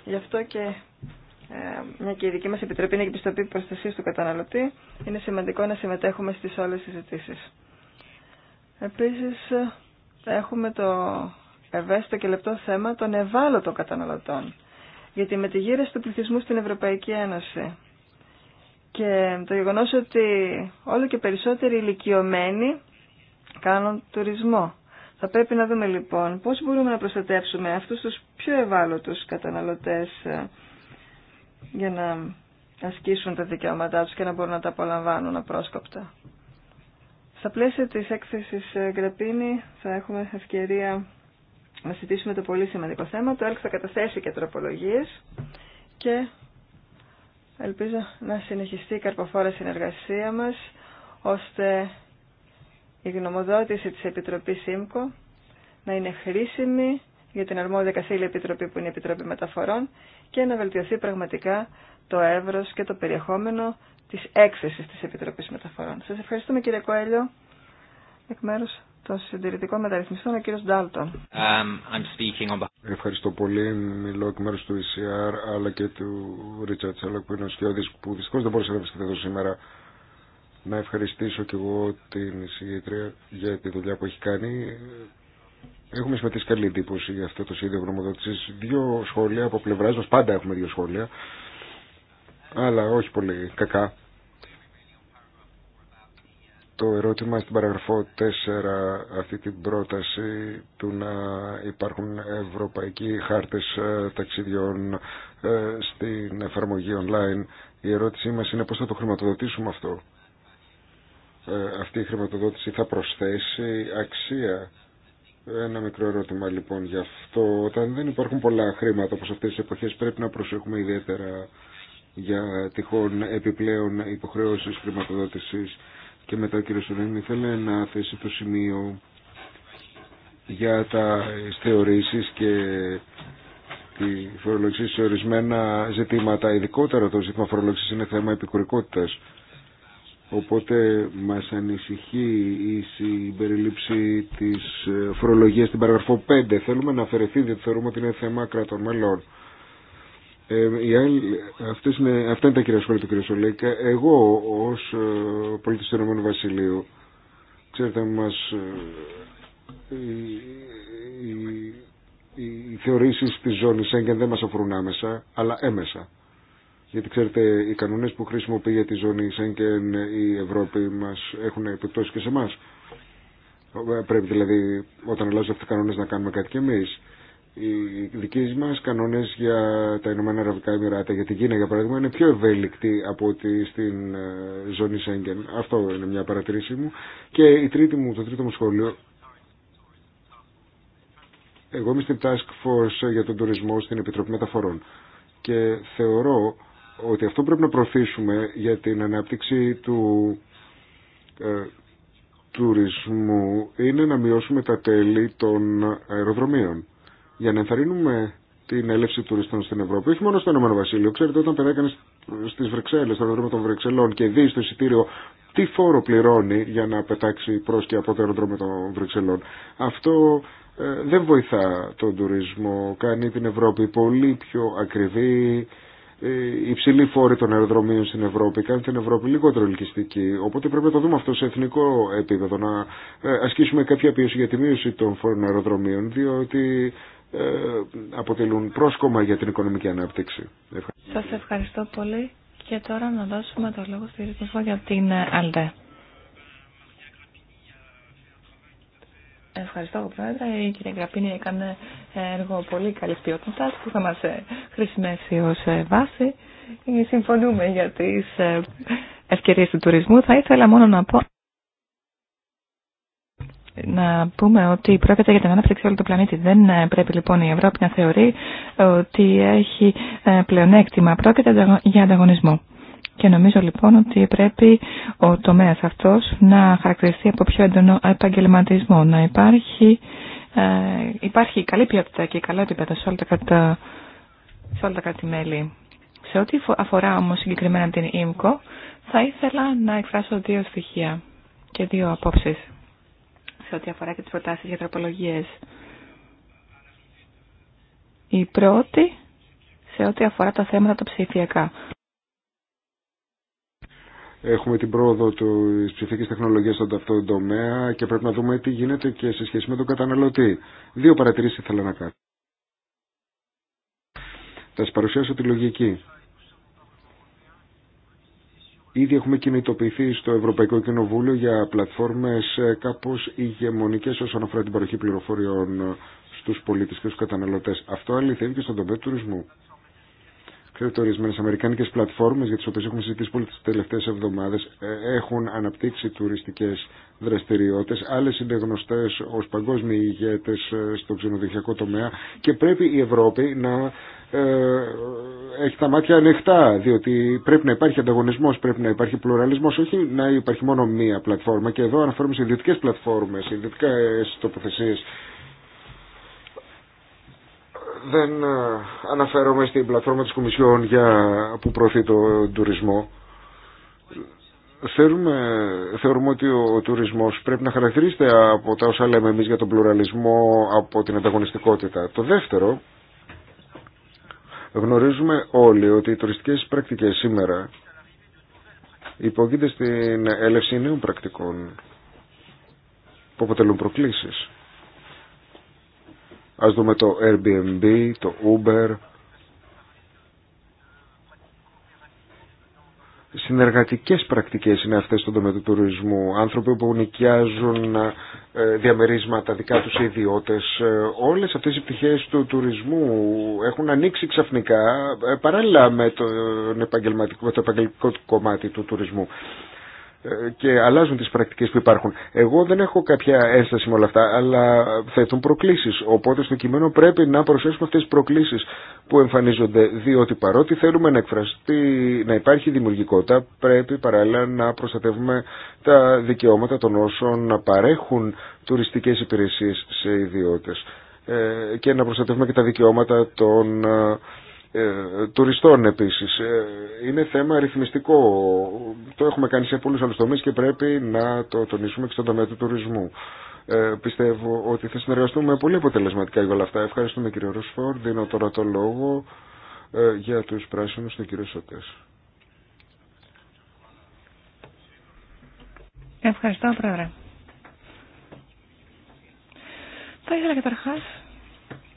Γι' αυτό και ε, μια και η δική μας Επιτροπή είναι η Επιστοπή Προστασίας του Καταναλωτή, είναι σημαντικό να συμμετέχουμε στις όλες τις ζητήσεις. Επίσης, έχουμε το ευαίσθητο και λεπτό θέμα των ευάλωτων καταναλωτών. Γιατί με τη γύρεση του πληθυσμού στην Ευρωπαϊκή Ένωση και το γεγονός ότι όλο και περισσότεροι ηλικιωμένοι κάνουν τουρισμό. Θα πρέπει να δούμε λοιπόν πώς μπορούμε να προστατεύσουμε αυτούς τους πιο ευάλωτους καταναλωτές ε, για να ασκήσουν τα δικαιώματά τους και να μπορούν να τα απολαμβάνουν απρόσκοπτα. Στα πλαίσια της έκθεσης ε, Γκραπίνη θα έχουμε ευκαιρία να συζητήσουμε το πολύ σημαντικό θέμα. Το ΕΛΚ θα καταθέσει και τροπολογίες και ελπίζω να συνεχιστεί η καρποφόρα συνεργασία μας ώστε η γνωμοδότηση της Επιτροπής ΣΥΜΚΟ να είναι χρήσιμη για την αρμόδια καθήλια επιτροπή που είναι η Επιτροπή Μεταφορών και να βελτιωθεί πραγματικά το εύρος και το περιεχόμενο της έκθεσης της Επιτροπής Μεταφορών. Σας ευχαριστούμε κύριε Κοέλιο, εκ μέρους των συντηρητικών μεταρρυθμιστών, ο κύριος Ντάλτον. Um, Ευχαριστώ πολύ. Μιλώ εκ μέρους του ECR αλλά και του Ρίτσαρτ Σέλοκ που είναι ο Σκιώδης που δυστυχώς δεν μπορούσε να βρίσκεται εδώ σήμερα. Να ευχαριστήσω και εγώ την εισηγήτρια για τη δουλειά που έχει κάνει. Έχουμε συμμετήσει καλή εντύπωση για αυτό το σύνδεο γνωμοδότηση. Δύο σχόλια από πλευρά μα, πάντα έχουμε δύο σχόλια. Αλλά όχι πολύ κακά. Το ερώτημα στην παραγραφό 4, αυτή την πρόταση του να υπάρχουν ευρωπαϊκοί χάρτες ε, ταξιδιών ε, στην εφαρμογή online. Η ερώτησή μας είναι πώς θα το χρηματοδοτήσουμε αυτό. Ε, αυτή η χρηματοδότηση θα προσθέσει αξία. Ένα μικρό ερώτημα λοιπόν γι' αυτό. Όταν δεν υπάρχουν πολλά χρήματα όπως αυτές τις εποχές πρέπει να προσέχουμε ιδιαίτερα για τυχόν επιπλέον υποχρεώσεις χρηματοδότησης και μετά ο κ. ήθελε να θέσει το σημείο για τα θεωρήσεις και τη φορολογική σε ορισμένα ζητήματα. Ειδικότερα το ζήτημα φορολογική είναι θέμα επικουρικότητας. Οπότε μας ανησυχεί η συμπεριλήψη της ε, φορολογίας στην παραγραφό 5. Θέλουμε να αφαιρεθεί διότι θεωρούμε ότι είναι θέμα κρατών μελών. Ε, είναι, αυτά είναι τα κυρία σχόλια του κ. Σολέκα. Εγώ ως ε, πολίτης του ξέρετε μας... Ε, οι, οι, οι θεωρήσεις της ζώνης δεν μας αφορούν άμεσα, αλλά έμεσα. Γιατί ξέρετε, οι κανόνε που χρησιμοποιεί για τη ζώνη Σέγγεν η Ευρώπη μα έχουν επιπτώσει και σε εμά. Πρέπει δηλαδή όταν αλλάζουν αυτοί οι κανόνε να κάνουμε κάτι κι εμεί. Οι δικοί μα κανόνε για τα Ηνωμένα Αραβικά Εμμυράτα, για την Κίνα για παράδειγμα, είναι πιο ευέλικτοι από ότι στην ε, ζώνη Σέγγεν. Αυτό είναι μια παρατηρήση μου. Και η τρίτη μου, το τρίτο μου σχόλιο. Εγώ είμαι στην Task Force για τον τουρισμό στην Επιτροπή Μεταφορών και θεωρώ ότι αυτό πρέπει να προωθήσουμε για την ανάπτυξη του ε, τουρισμού είναι να μειώσουμε τα τέλη των αεροδρομίων για να ενθαρρύνουμε την έλευση τουριστών στην Ευρώπη, όχι μόνο στο Ηνωμένο Βασίλειο. Ξέρετε, όταν πετάει στι Βρυξέλλε, στο αεροδρόμιο των Βρυξελών και δει στο εισιτήριο τι φόρο πληρώνει για να πετάξει προ και από το αεροδρόμιο των Βρυξελών, αυτό ε, δεν βοηθά τον τουρισμό. Κάνει την Ευρώπη πολύ πιο ακριβή, ε, υψηλή φόρη των αεροδρομίων στην Ευρώπη κάνει την Ευρώπη λιγότερο ελκυστική. Οπότε πρέπει να το δούμε αυτό σε εθνικό επίπεδο, να ε, ασκήσουμε κάποια πίεση για τη μείωση των φόρων αεροδρομίων, διότι ε, αποτελούν πρόσκομα για την οικονομική ανάπτυξη. Σας ευχαριστώ πολύ και τώρα να δώσουμε το λόγο στη για την ΑΛΔΕ. Ευχαριστώ, Πρόεδρε. Η κυρία Γραπίνη έκανε έργο πολύ καλή ποιότητα που θα μα ε, χρησιμεύσει ω ε, βάση. Ε, συμφωνούμε για τι ευκαιρίε του τουρισμού. Θα ήθελα μόνο να πω. Να πούμε ότι πρόκειται για την ανάπτυξη όλου του πλανήτη. Δεν πρέπει λοιπόν η Ευρώπη να θεωρεί ότι έχει πλεονέκτημα. Πρόκειται για ανταγωνισμό. Και νομίζω λοιπόν ότι πρέπει ο τομέας αυτός να χαρακτηριστεί από πιο έντονο επαγγελματισμό, να υπάρχει, ε, υπάρχει καλή ποιότητα και καλά επίπεδο σε όλα τα, κατα... σε όλα μελη Σε ό,τι αφορά όμως συγκεκριμένα την ΙΜΚΟ, θα ήθελα να εκφράσω δύο στοιχεία και δύο απόψεις σε ό,τι αφορά και τις προτάσεις για τροπολογίες. Η πρώτη σε ό,τι αφορά τα θέματα τα ψηφιακά. Έχουμε την πρόοδο τη ψηφιακή τεχνολογία στον ταυτό τομέα και πρέπει να δούμε τι γίνεται και σε σχέση με τον καταναλωτή. Δύο παρατηρήσει ήθελα να κάνω. Θα σα παρουσιάσω τη λογική. Ήδη έχουμε κινητοποιηθεί στο Ευρωπαϊκό Κοινοβούλιο για πλατφόρμες ε, κάπως ηγεμονικές όσον αφορά την παροχή πληροφοριών στους πολίτες και στους καταναλωτές. Αυτό αληθεύει και στον τομέα του τουρισμού. Ξέρετε, ορισμένε αμερικάνικε πλατφόρμε για τι οποίε έχουμε συζητήσει πολύ τι τελευταίε εβδομάδε ε, έχουν αναπτύξει τουριστικέ δραστηριότητε. Άλλε είναι γνωστέ ω παγκόσμιοι ηγέτε ε, στο ξενοδοχειακό τομέα και πρέπει η Ευρώπη να ε, έχει τα μάτια ανοιχτά, διότι πρέπει να υπάρχει ανταγωνισμό, πρέπει να υπάρχει πλουραλισμό, όχι να υπάρχει μόνο μία πλατφόρμα. Και εδώ αναφέρομαι σε ιδιωτικέ πλατφόρμε, ιδιωτικέ τοποθεσίε δεν ε, αναφέρομαι στην πλατφόρμα της Κομισιόν για, που προωθεί το τουρισμό. Θεωρούμε, θεωρούμε ότι ο τουρισμός πρέπει να χαρακτηρίζεται από τα όσα λέμε εμείς για τον πλουραλισμό, από την ανταγωνιστικότητα. Το δεύτερο, γνωρίζουμε όλοι ότι οι τουριστικές πρακτικές σήμερα υπογείται στην έλευση νέων πρακτικών που αποτελούν προκλήσεις. Ας δούμε το Airbnb, το Uber. Συνεργατικές πρακτικές είναι αυτές στον τομέα του τουρισμού. Άνθρωποι που νοικιάζουν ε, διαμερίσματα δικά τους ιδιώτες. Ε, όλες αυτές οι πτυχές του τουρισμού έχουν ανοίξει ξαφνικά ε, παράλληλα με το επαγγελματικό, με το επαγγελματικό κομμάτι του τουρισμού. Ε, και αλλάζουν τις πρακτικές που υπάρχουν. Εγώ δεν έχω κάποια ένσταση με όλα αυτά, αλλά θέτουν προκλήσεις. Οπότε στο κειμένο πρέπει να προσθέσουμε αυτές τις προκλήσεις που εμφανίζονται, διότι παρότι θέλουμε να εκφραστεί, να υπάρχει δημιουργικότητα, πρέπει παράλληλα να προστατεύουμε τα δικαιώματα των όσων να παρέχουν τουριστικές υπηρεσίες σε ιδιώτες ε, και να προστατεύουμε και τα δικαιώματα των ε, ε, τουριστών επίσης. Ε, είναι θέμα αριθμιστικό. Το έχουμε κάνει σε πολλούς άλλους τομείς και πρέπει να το τονίσουμε και στον τομέα του τουρισμού. Ε, πιστεύω ότι θα συνεργαστούμε πολύ αποτελεσματικά για όλα αυτά. Ευχαριστούμε κύριο Ροσφόρ. Δίνω τώρα το λόγο ε, για τους πράσινους του κύριο Σωτές. Ευχαριστώ πρόεδρε. Θα ήθελα καταρχάς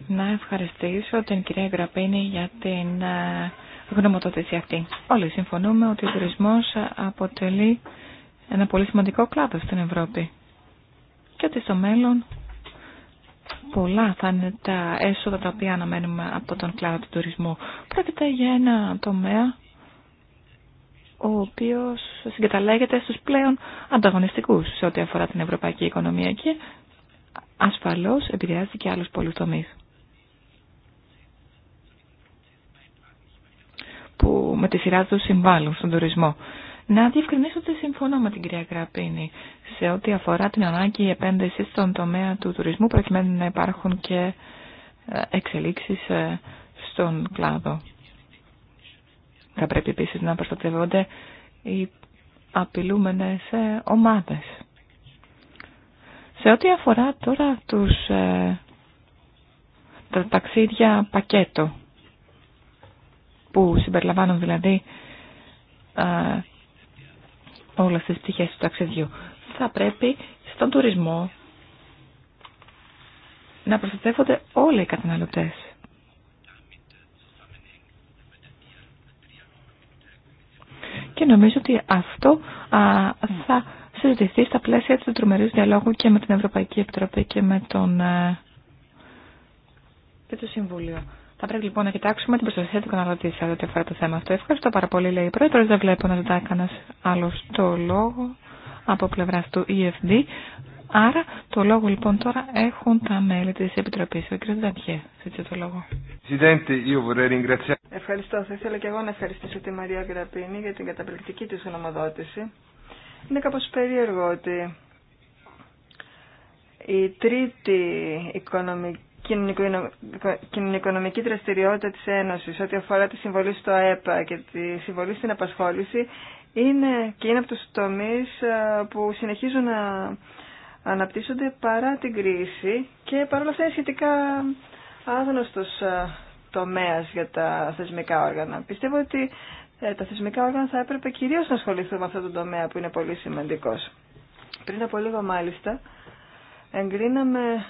να ευχαριστήσω την κυρία Γραπίνη για την ε, γνωμοτότηση αυτή. Όλοι συμφωνούμε ότι ο τουρισμός αποτελεί ένα πολύ σημαντικό κλάδο στην Ευρώπη. Και ότι στο μέλλον πολλά θα είναι τα έσοδα τα οποία αναμένουμε από τον κλάδο του τουρισμού. Πρόκειται για ένα τομέα ο οποίος συγκαταλέγεται στους πλέον ανταγωνιστικούς σε ό,τι αφορά την ευρωπαϊκή οικονομία και ασφαλώς επηρεάζει και άλλους πολλούς τομείς. που με τη σειρά του συμβάλλουν στον τουρισμό. Να διευκρινίσω ότι συμφωνώ με την κυρία Κραπίνη σε ό,τι αφορά την ανάγκη επένδυση στον τομέα του τουρισμού προκειμένου να υπάρχουν και ε, εξελίξεις ε, στον κλάδο. Θα πρέπει επίσης να προστατεύονται οι απειλούμενες ε, ομάδες. Σε ό,τι αφορά τώρα τους, τα ταξίδια πακέτο, που συμπεριλαμβάνουν δηλαδή ε, όλες τις πτυχές του ταξιδιού. Θα πρέπει στον τουρισμό να προστατεύονται όλοι οι καταναλωτές. Και νομίζω ότι αυτό θα συζητηθεί στα πλαίσια του τρομερού διαλόγου και με την Ευρωπαϊκή Επιτροπή και με τον... Ε, και το Συμβούλιο. Θα πρέπει λοιπόν να κοιτάξουμε την προστασία του καταναλωτή σε ό,τι αφορά το θέμα αυτό. Ευχαριστώ πάρα πολύ, λέει η πρόεδρο. Δεν βλέπω να ζητάει κανένα άλλο το λόγο από πλευρά του EFD. Άρα το λόγο λοιπόν τώρα έχουν τα μέλη τη Επιτροπή. Ο κ. Δαντιέ, έτσι το λόγο. Ευχαριστώ. Θα ήθελα και εγώ να ευχαριστήσω τη Μαρία Γραπίνη για την καταπληκτική τη γνωμοδότηση. Είναι κάπω περίεργο ότι η τρίτη οικονομική κοινωνικονομική δραστηριότητα της Ένωσης ό,τι αφορά τη συμβολή στο ΑΕΠΑ και τη συμβολή στην απασχόληση είναι και είναι από τους τομείς που συνεχίζουν να αναπτύσσονται παρά την κρίση και παρόλα αυτά είναι σχετικά άγνωστος τομέας για τα θεσμικά όργανα. Πιστεύω ότι τα θεσμικά όργανα θα έπρεπε κυρίως να ασχοληθούν με αυτό το τομέα που είναι πολύ σημαντικός. Πριν από λίγο μάλιστα εγκρίναμε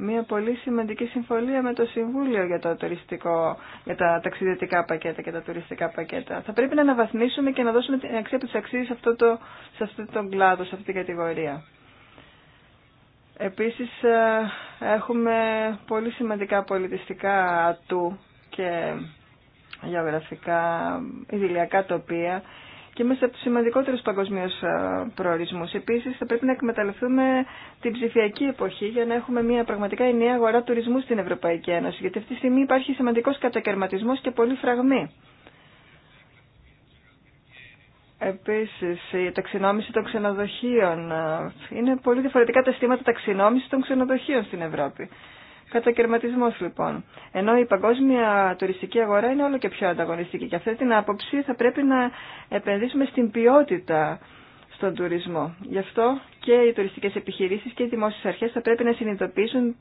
μια πολύ σημαντική συμφωνία με το Συμβούλιο για, το τουριστικό, για τα ταξιδιωτικά πακέτα και τα τουριστικά πακέτα. Θα πρέπει να αναβαθμίσουμε και να δώσουμε την αξία που αξίζει σε αυτό το, σε αυτό τον κλάδο, σε αυτή την κατηγορία. Επίσης ε, έχουμε πολύ σημαντικά πολιτιστικά ατού και γεωγραφικά, ιδηλιακά τοπία και μέσα από του σημαντικότερου παγκοσμίου ε, προορισμού. Επίση, θα πρέπει να εκμεταλλευτούμε την ψηφιακή εποχή για να έχουμε μια πραγματικά ενιαία αγορά τουρισμού στην Ευρωπαϊκή Ένωση. Γιατί αυτή τη στιγμή υπάρχει σημαντικό κατακαιρματισμό και πολύ φραγμή. Επίση, η ταξινόμηση των ξενοδοχείων. Ε, είναι πολύ διαφορετικά τα αισθήματα ταξινόμηση των ξενοδοχείων στην Ευρώπη. Κατακαιρματισμός λοιπόν. Ενώ η παγκόσμια τουριστική αγορά είναι όλο και πιο ανταγωνιστική και αυτή την άποψη θα πρέπει να επενδύσουμε στην ποιότητα στον τουρισμό. Γι' αυτό και οι τουριστικές επιχειρήσεις και οι δημόσιες αρχές θα πρέπει να συνειδητοποιήσουν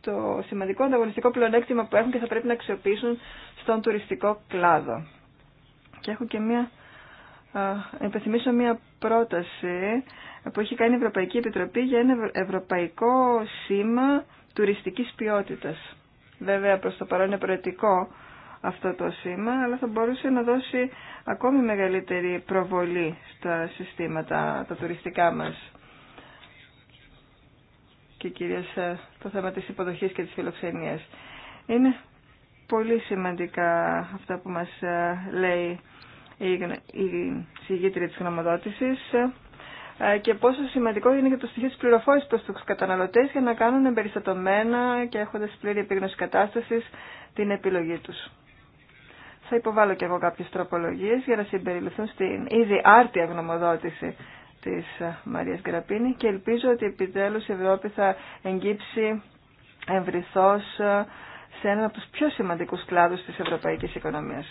το σημαντικό ανταγωνιστικό πλεονέκτημα που έχουν και θα πρέπει να αξιοποιήσουν στον τουριστικό κλάδο. Και έχω και μία, υπενθυμίσω μία πρόταση που έχει κάνει η Ευρωπαϊκή Επιτροπή για ένα ευρωπαϊκό σήμα τουριστικής ποιότητας. Βέβαια προς το παρόν είναι προαιτικό αυτό το σήμα, αλλά θα μπορούσε να δώσει ακόμη μεγαλύτερη προβολή στα συστήματα, τα τουριστικά μας. Και κυρίως ε, το θέμα της υποδοχής και της φιλοξενίας. Είναι πολύ σημαντικά αυτά που μας ε, λέει η συγγήτρια της γνωμοδότησης. Ε, και πόσο σημαντικό είναι και το στοιχείο τη πληροφόρηση προ του καταναλωτέ για να κάνουν εμπεριστατωμένα και έχοντα πλήρη επίγνωση κατάσταση την επιλογή του, Θα υποβάλω και εγώ κάποιε τροπολογίε για να συμπεριληφθούν στην ήδη άρτια γνωμοδότηση της ε, Μαρίας Γκραπίνη και ελπίζω ότι επιτέλου η Ευρώπη θα εγγύψει ευρυθώ ε, σε έναν από του πιο σημαντικού κλάδου τη Ευρωπαϊκή οικονομία.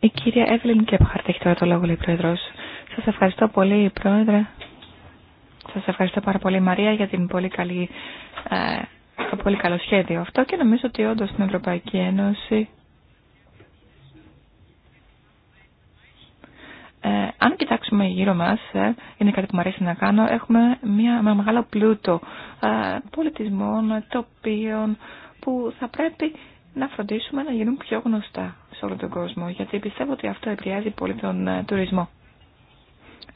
Η κυρία Κέπχαρτ έχει τώρα Σα ευχαριστώ πολύ, Πρόεδρε. Σα ευχαριστώ πάρα πολύ, Μαρία, για την πολύ καλή, ε, το πολύ καλό σχέδιο αυτό και νομίζω ότι όντω στην Ευρωπαϊκή Ένωση Ε, αν κοιτάξουμε γύρω μας, ε, είναι κάτι που μου αρέσει να κάνω, έχουμε μια, ένα μεγάλο πλούτο ε, πολιτισμών, τοπίων που θα πρέπει να φροντίσουμε να γίνουν πιο γνωστά σε όλο τον κόσμο. Γιατί πιστεύω ότι αυτό επηρεάζει πολύ τον ε, τουρισμό.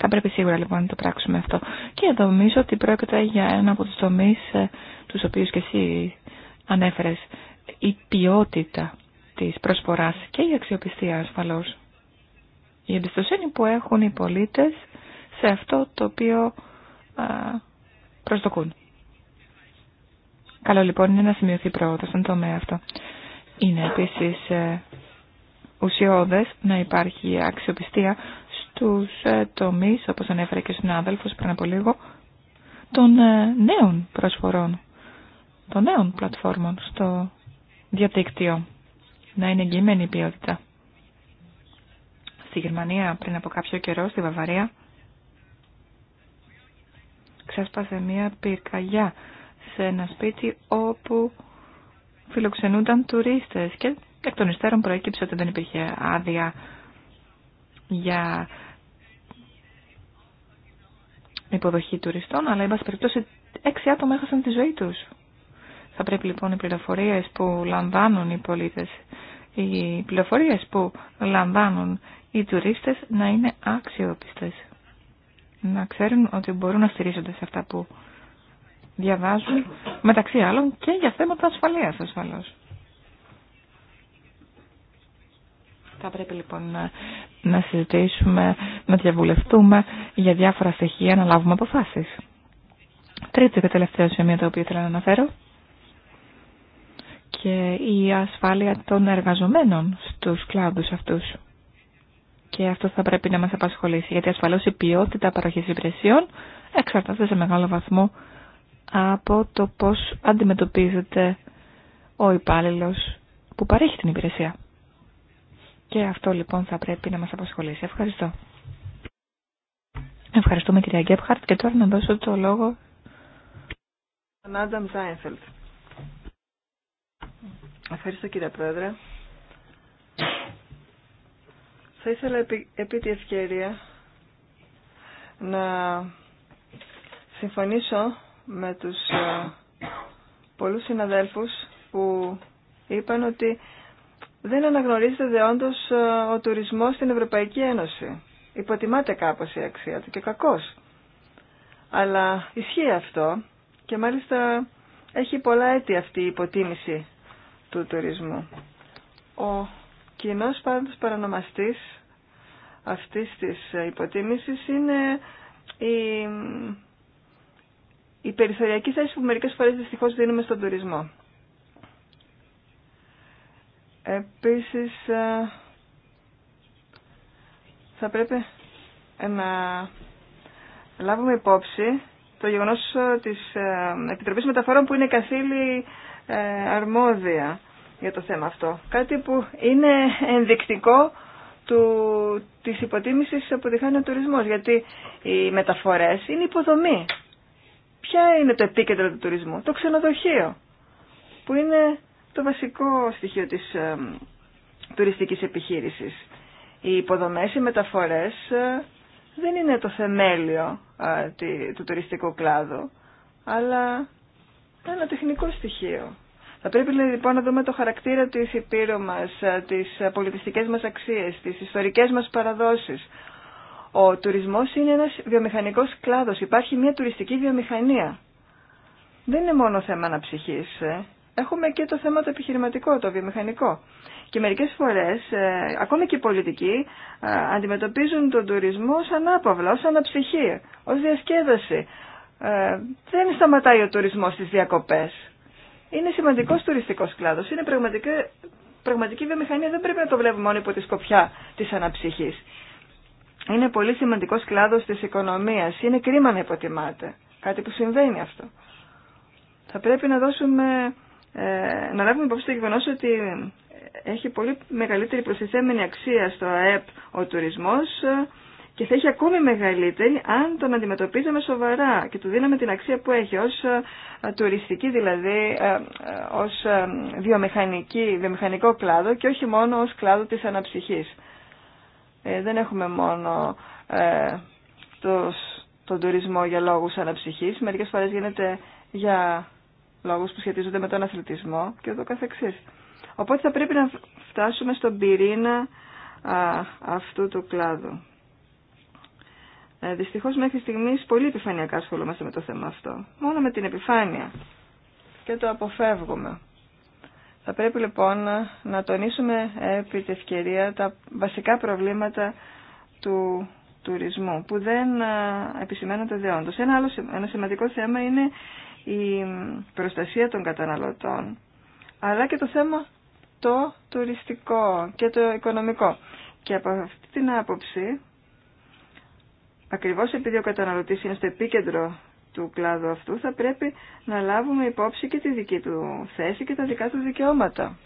Θα πρέπει σίγουρα λοιπόν να το πράξουμε αυτό. Και εδώ νομίζω ότι πρόκειται για ένα από τους τομείς ε, τους οποίους και εσύ ανέφερες. Η ποιότητα της προσφοράς και η αξιοπιστία ασφαλώς. Η εμπιστοσύνη που έχουν οι πολίτες σε αυτό το οποίο προσδοκούν. Καλό λοιπόν είναι να σημειωθεί πρώτα στον τομέα αυτό. Είναι επίσης ε, ουσιώδες να υπάρχει αξιοπιστία τους ε, τομείς, όπως ανέφερε και ο συνάδελφος πριν από λίγο, των ε, νέων προσφορών, των νέων πλατφόρμων στο διαδίκτυο, να είναι εγγυημένη η ποιότητα. Στη Γερμανία πριν από κάποιο καιρό, στη Βαβαρία, ξέσπασε μία πυρκαγιά σε ένα σπίτι όπου φιλοξενούνταν τουρίστες και εκ των υστέρων προέκυψε ότι δεν υπήρχε άδεια για υποδοχή τουριστών, αλλά, εν πάση περιπτώσει, έξι άτομα έχασαν τη ζωή τους. Θα πρέπει λοιπόν οι πληροφορίες που λαμβάνουν οι πολίτες, οι πληροφορίες που λαμβάνουν οι τουρίστες να είναι αξιόπιστες. Να ξέρουν ότι μπορούν να στηρίζονται σε αυτά που διαβάζουν, μεταξύ άλλων και για θέματα ασφαλείας ασφαλώς. Θα πρέπει λοιπόν να, συζητήσουμε, να διαβουλευτούμε για διάφορα στοιχεία, να λάβουμε αποφάσει. Τρίτο και τελευταίο σημείο το οποίο ήθελα να αναφέρω και η ασφάλεια των εργαζομένων στους κλάδους αυτούς. Και αυτό θα πρέπει να μας απασχολήσει, γιατί ασφαλώς η ποιότητα παροχής υπηρεσιών εξαρτάται σε μεγάλο βαθμό από το πώς αντιμετωπίζεται ο υπάλληλος που παρέχει την υπηρεσία. Και αυτό λοιπόν θα πρέπει να μας απασχολήσει. Ευχαριστώ. Ευχαριστούμε κυρία Γκέπχαρτ και τώρα να δώσω το λόγο στον Άνταμ Ζάινφελτ. Ευχαριστώ κύριε Πρόεδρε. Θα ήθελα επί, επί τη ευκαιρία να συμφωνήσω με τους ε, πολλούς συναδέλφους που είπαν ότι δεν αναγνωρίζεται δεόντως ε, ο τουρισμός στην Ευρωπαϊκή Ένωση. Υποτιμάται κάπως η αξία του και κακός. Αλλά ισχύει αυτό και μάλιστα έχει πολλά αίτια αυτή η υποτίμηση του τουρισμού. Ο κοινό πάντως παρανομαστής αυτής της ε, υποτίμησης είναι η, η περιθωριακή θέση που μερικές φορές δυστυχώς δίνουμε στον τουρισμό. Επίσης ε, θα πρέπει ε, να λάβουμε υπόψη το γεγονός ε, της Επιτροπής Μεταφορών που είναι καθήλη αρμόδια για το θέμα αυτό. Κάτι που είναι ενδεικτικό του, της υποτίμησης που διχάνει ο τουρισμός, γιατί οι μεταφορές είναι υποδομή. Ποια είναι το επίκεντρο του τουρισμού? Το ξενοδοχείο, που είναι το βασικό στοιχείο της ε, τουριστικής επιχείρησης. Οι υποδομές, οι μεταφορές ε, δεν είναι το θεμέλιο ε, του τουριστικού κλάδου, αλλά ένα τεχνικό στοιχείο. Θα πρέπει λοιπόν να δούμε το χαρακτήρα της υπήρου μας, τις πολιτιστικές μας αξίες, τις ιστορικές μας παραδόσεις. Ο τουρισμός είναι ένας βιομηχανικός κλάδος. Υπάρχει μια τουριστική βιομηχανία. Δεν είναι μόνο θέμα αναψυχής έχουμε και το θέμα το επιχειρηματικό, το βιομηχανικό. Και μερικές φορές, ε, ακόμη και οι πολιτικοί, ε, αντιμετωπίζουν τον τουρισμό ως ανάπαυλα, ως αναψυχή, ως διασκέδαση. Ε, δεν σταματάει ο τουρισμός στις διακοπές. Είναι σημαντικός τουριστικός κλάδος. Είναι πραγματική, πραγματική βιομηχανία. Δεν πρέπει να το βλέπουμε μόνο υπό τη σκοπιά της αναψυχής. Είναι πολύ σημαντικός κλάδος της οικονομίας. Είναι κρίμα να υποτιμάται. Κάτι που συμβαίνει αυτό. Θα πρέπει να δώσουμε ε, να λάβουμε υπόψη το γεγονό ότι έχει πολύ μεγαλύτερη προστιθέμενη αξία στο ΑΕΠ ο τουρισμός ε, και θα έχει ακόμη μεγαλύτερη αν τον αντιμετωπίζαμε σοβαρά και του δίναμε την αξία που έχει ως ε, τουριστική δηλαδή, ως βιομηχανική, βιομηχανικό κλάδο και όχι μόνο ως κλάδο της αναψυχής. δεν έχουμε μόνο ε, το, τον τουρισμό για λόγους αναψυχής, μερικές φορές γίνεται για λόγους που σχετίζονται με τον αθλητισμό και ούτω καθεξής. Οπότε θα πρέπει να φτάσουμε στον πυρήνα αυτού του κλάδου. Ε, δυστυχώς μέχρι στιγμής πολύ επιφανειακά ασχολούμαστε με το θέμα αυτό. Μόνο με την επιφάνεια. Και το αποφεύγουμε. Θα πρέπει λοιπόν να τονίσουμε επί τη ευκαιρία τα βασικά προβλήματα του τουρισμού που δεν επισημαίνονται δεόντως. Ένα άλλο ένα σημαντικό θέμα είναι η προστασία των καταναλωτών, αλλά και το θέμα το τουριστικό και το οικονομικό. Και από αυτή την άποψη, ακριβώς επειδή ο καταναλωτής είναι στο επίκεντρο του κλάδου αυτού, θα πρέπει να λάβουμε υπόψη και τη δική του θέση και τα δικά του δικαιώματα.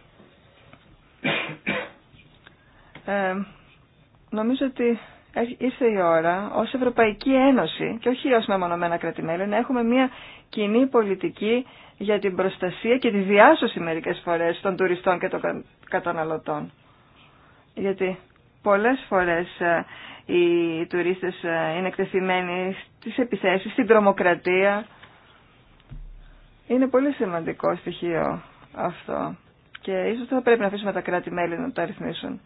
Ε, νομίζω ότι ήρθε η ώρα ω Ευρωπαϊκή Ένωση και όχι ω μεμονωμένα κρατημέλη να έχουμε μια κοινή πολιτική για την προστασία και τη διάσωση μερικέ φορές των τουριστών και των καταναλωτών. Γιατί πολλέ φορές ε, οι τουρίστε ε, είναι εκτεθειμένοι στι επιθέσει, στην τρομοκρατία. Είναι πολύ σημαντικό στοιχείο αυτό και ίσως θα πρέπει να αφήσουμε τα κράτη-μέλη να τα ρυθμίσουν.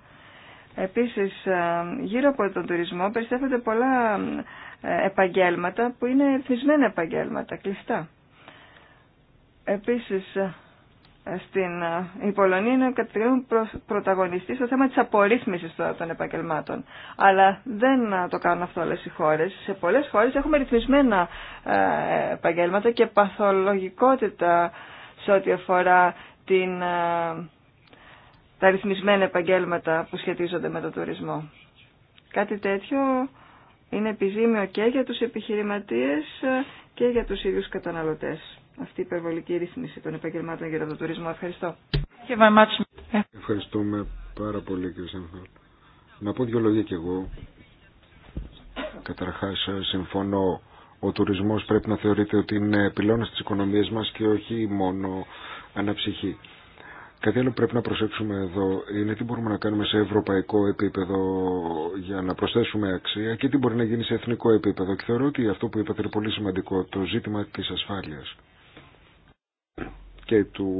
Επίσης, ε, γύρω από τον τουρισμό περιστρέφονται πολλά ε, επαγγέλματα που είναι ρυθμισμένα επαγγέλματα, κλειστά. Επίσης, ε, στην, η Πολωνία είναι κατηγορούν πρωταγωνιστή στο θέμα της απορρίθμισης των επαγγελμάτων. Αλλά δεν το κάνουν αυτό όλες οι χώρες. Σε πολλές χώρες έχουμε ρυθμισμένα επαγγέλματα και παθολογικότητα σε ό,τι αφορά την τα ρυθμισμένα επαγγέλματα που σχετίζονται με τον τουρισμό. Κάτι τέτοιο είναι επιζήμιο και για τους επιχειρηματίες και για τους ίδιους καταναλωτές. Αυτή η υπερβολική ρύθμιση των επαγγελμάτων για τον τουρισμό. Ευχαριστώ. Ευχαριστούμε πάρα πολύ κύριε Σανθόλ. Να πω δύο λόγια κι εγώ. Καταρχάς συμφωνώ ο τουρισμός πρέπει να θεωρείται ότι είναι πυλώνας της οικονομίας μας και όχι μόνο αναψυχή. Κάτι άλλο πρέπει να προσέξουμε εδώ είναι τι μπορούμε να κάνουμε σε ευρωπαϊκό επίπεδο για να προσθέσουμε αξία και τι μπορεί να γίνει σε εθνικό επίπεδο. Και θεωρώ ότι αυτό που είπατε είναι πολύ σημαντικό, το ζήτημα της ασφάλειας και του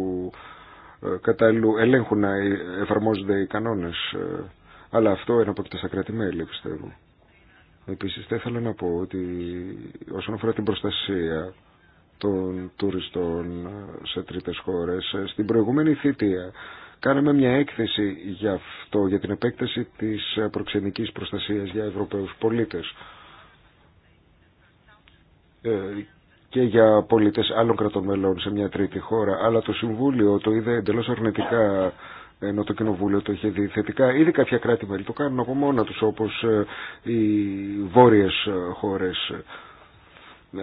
ε, κατάλληλου ελέγχου να ε, εφαρμόζονται οι κανόνες. Ε, αλλά αυτό είναι από στα κράτη-μέλη, πιστεύω. Επίσης, θα ήθελα να πω ότι όσον αφορά την προστασία των τουριστών ε, σε τρίτες χώρες. Ε, στην προηγούμενη θητεία κάναμε μια έκθεση για αυτό, για την επέκταση της ε, προξενικής προστασίας για Ευρωπαίους πολίτες και για πολίτες άλλων κρατών σε μια τρίτη χώρα, αλλά το Συμβούλιο το είδε εντελώς αρνητικά ενώ το Κοινοβούλιο το είχε δει θετικά. Ήδη κάποια κράτη-μέλη το κάνουν από μόνα τους, όπως οι βόρειες χώρες ναι,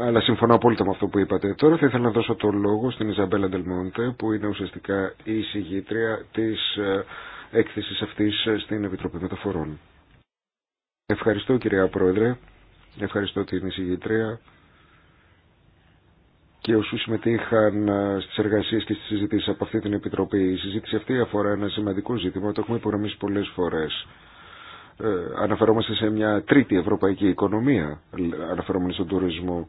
αλλά συμφωνώ απόλυτα με αυτό που είπατε. Τώρα θα ήθελα να δώσω το λόγο στην Ιζαμπέλα Ντελμόντε που είναι ουσιαστικά η συγγήτρια της ε, έκθεσης αυτής ε, στην Επιτροπή Μεταφορών. Ευχαριστώ κυρία Πρόεδρε, ευχαριστώ την συγγήτρια και όσου συμμετείχαν ε, στι εργασίε και στις συζητήσει από αυτή την Επιτροπή. Η συζήτηση αυτή αφορά ένα σημαντικό ζήτημα, το έχουμε υπογραμμίσει πολλέ φορέ. Ε, αναφερόμαστε σε μια τρίτη ευρωπαϊκή οικονομία, αναφερόμενη στον τουρισμό.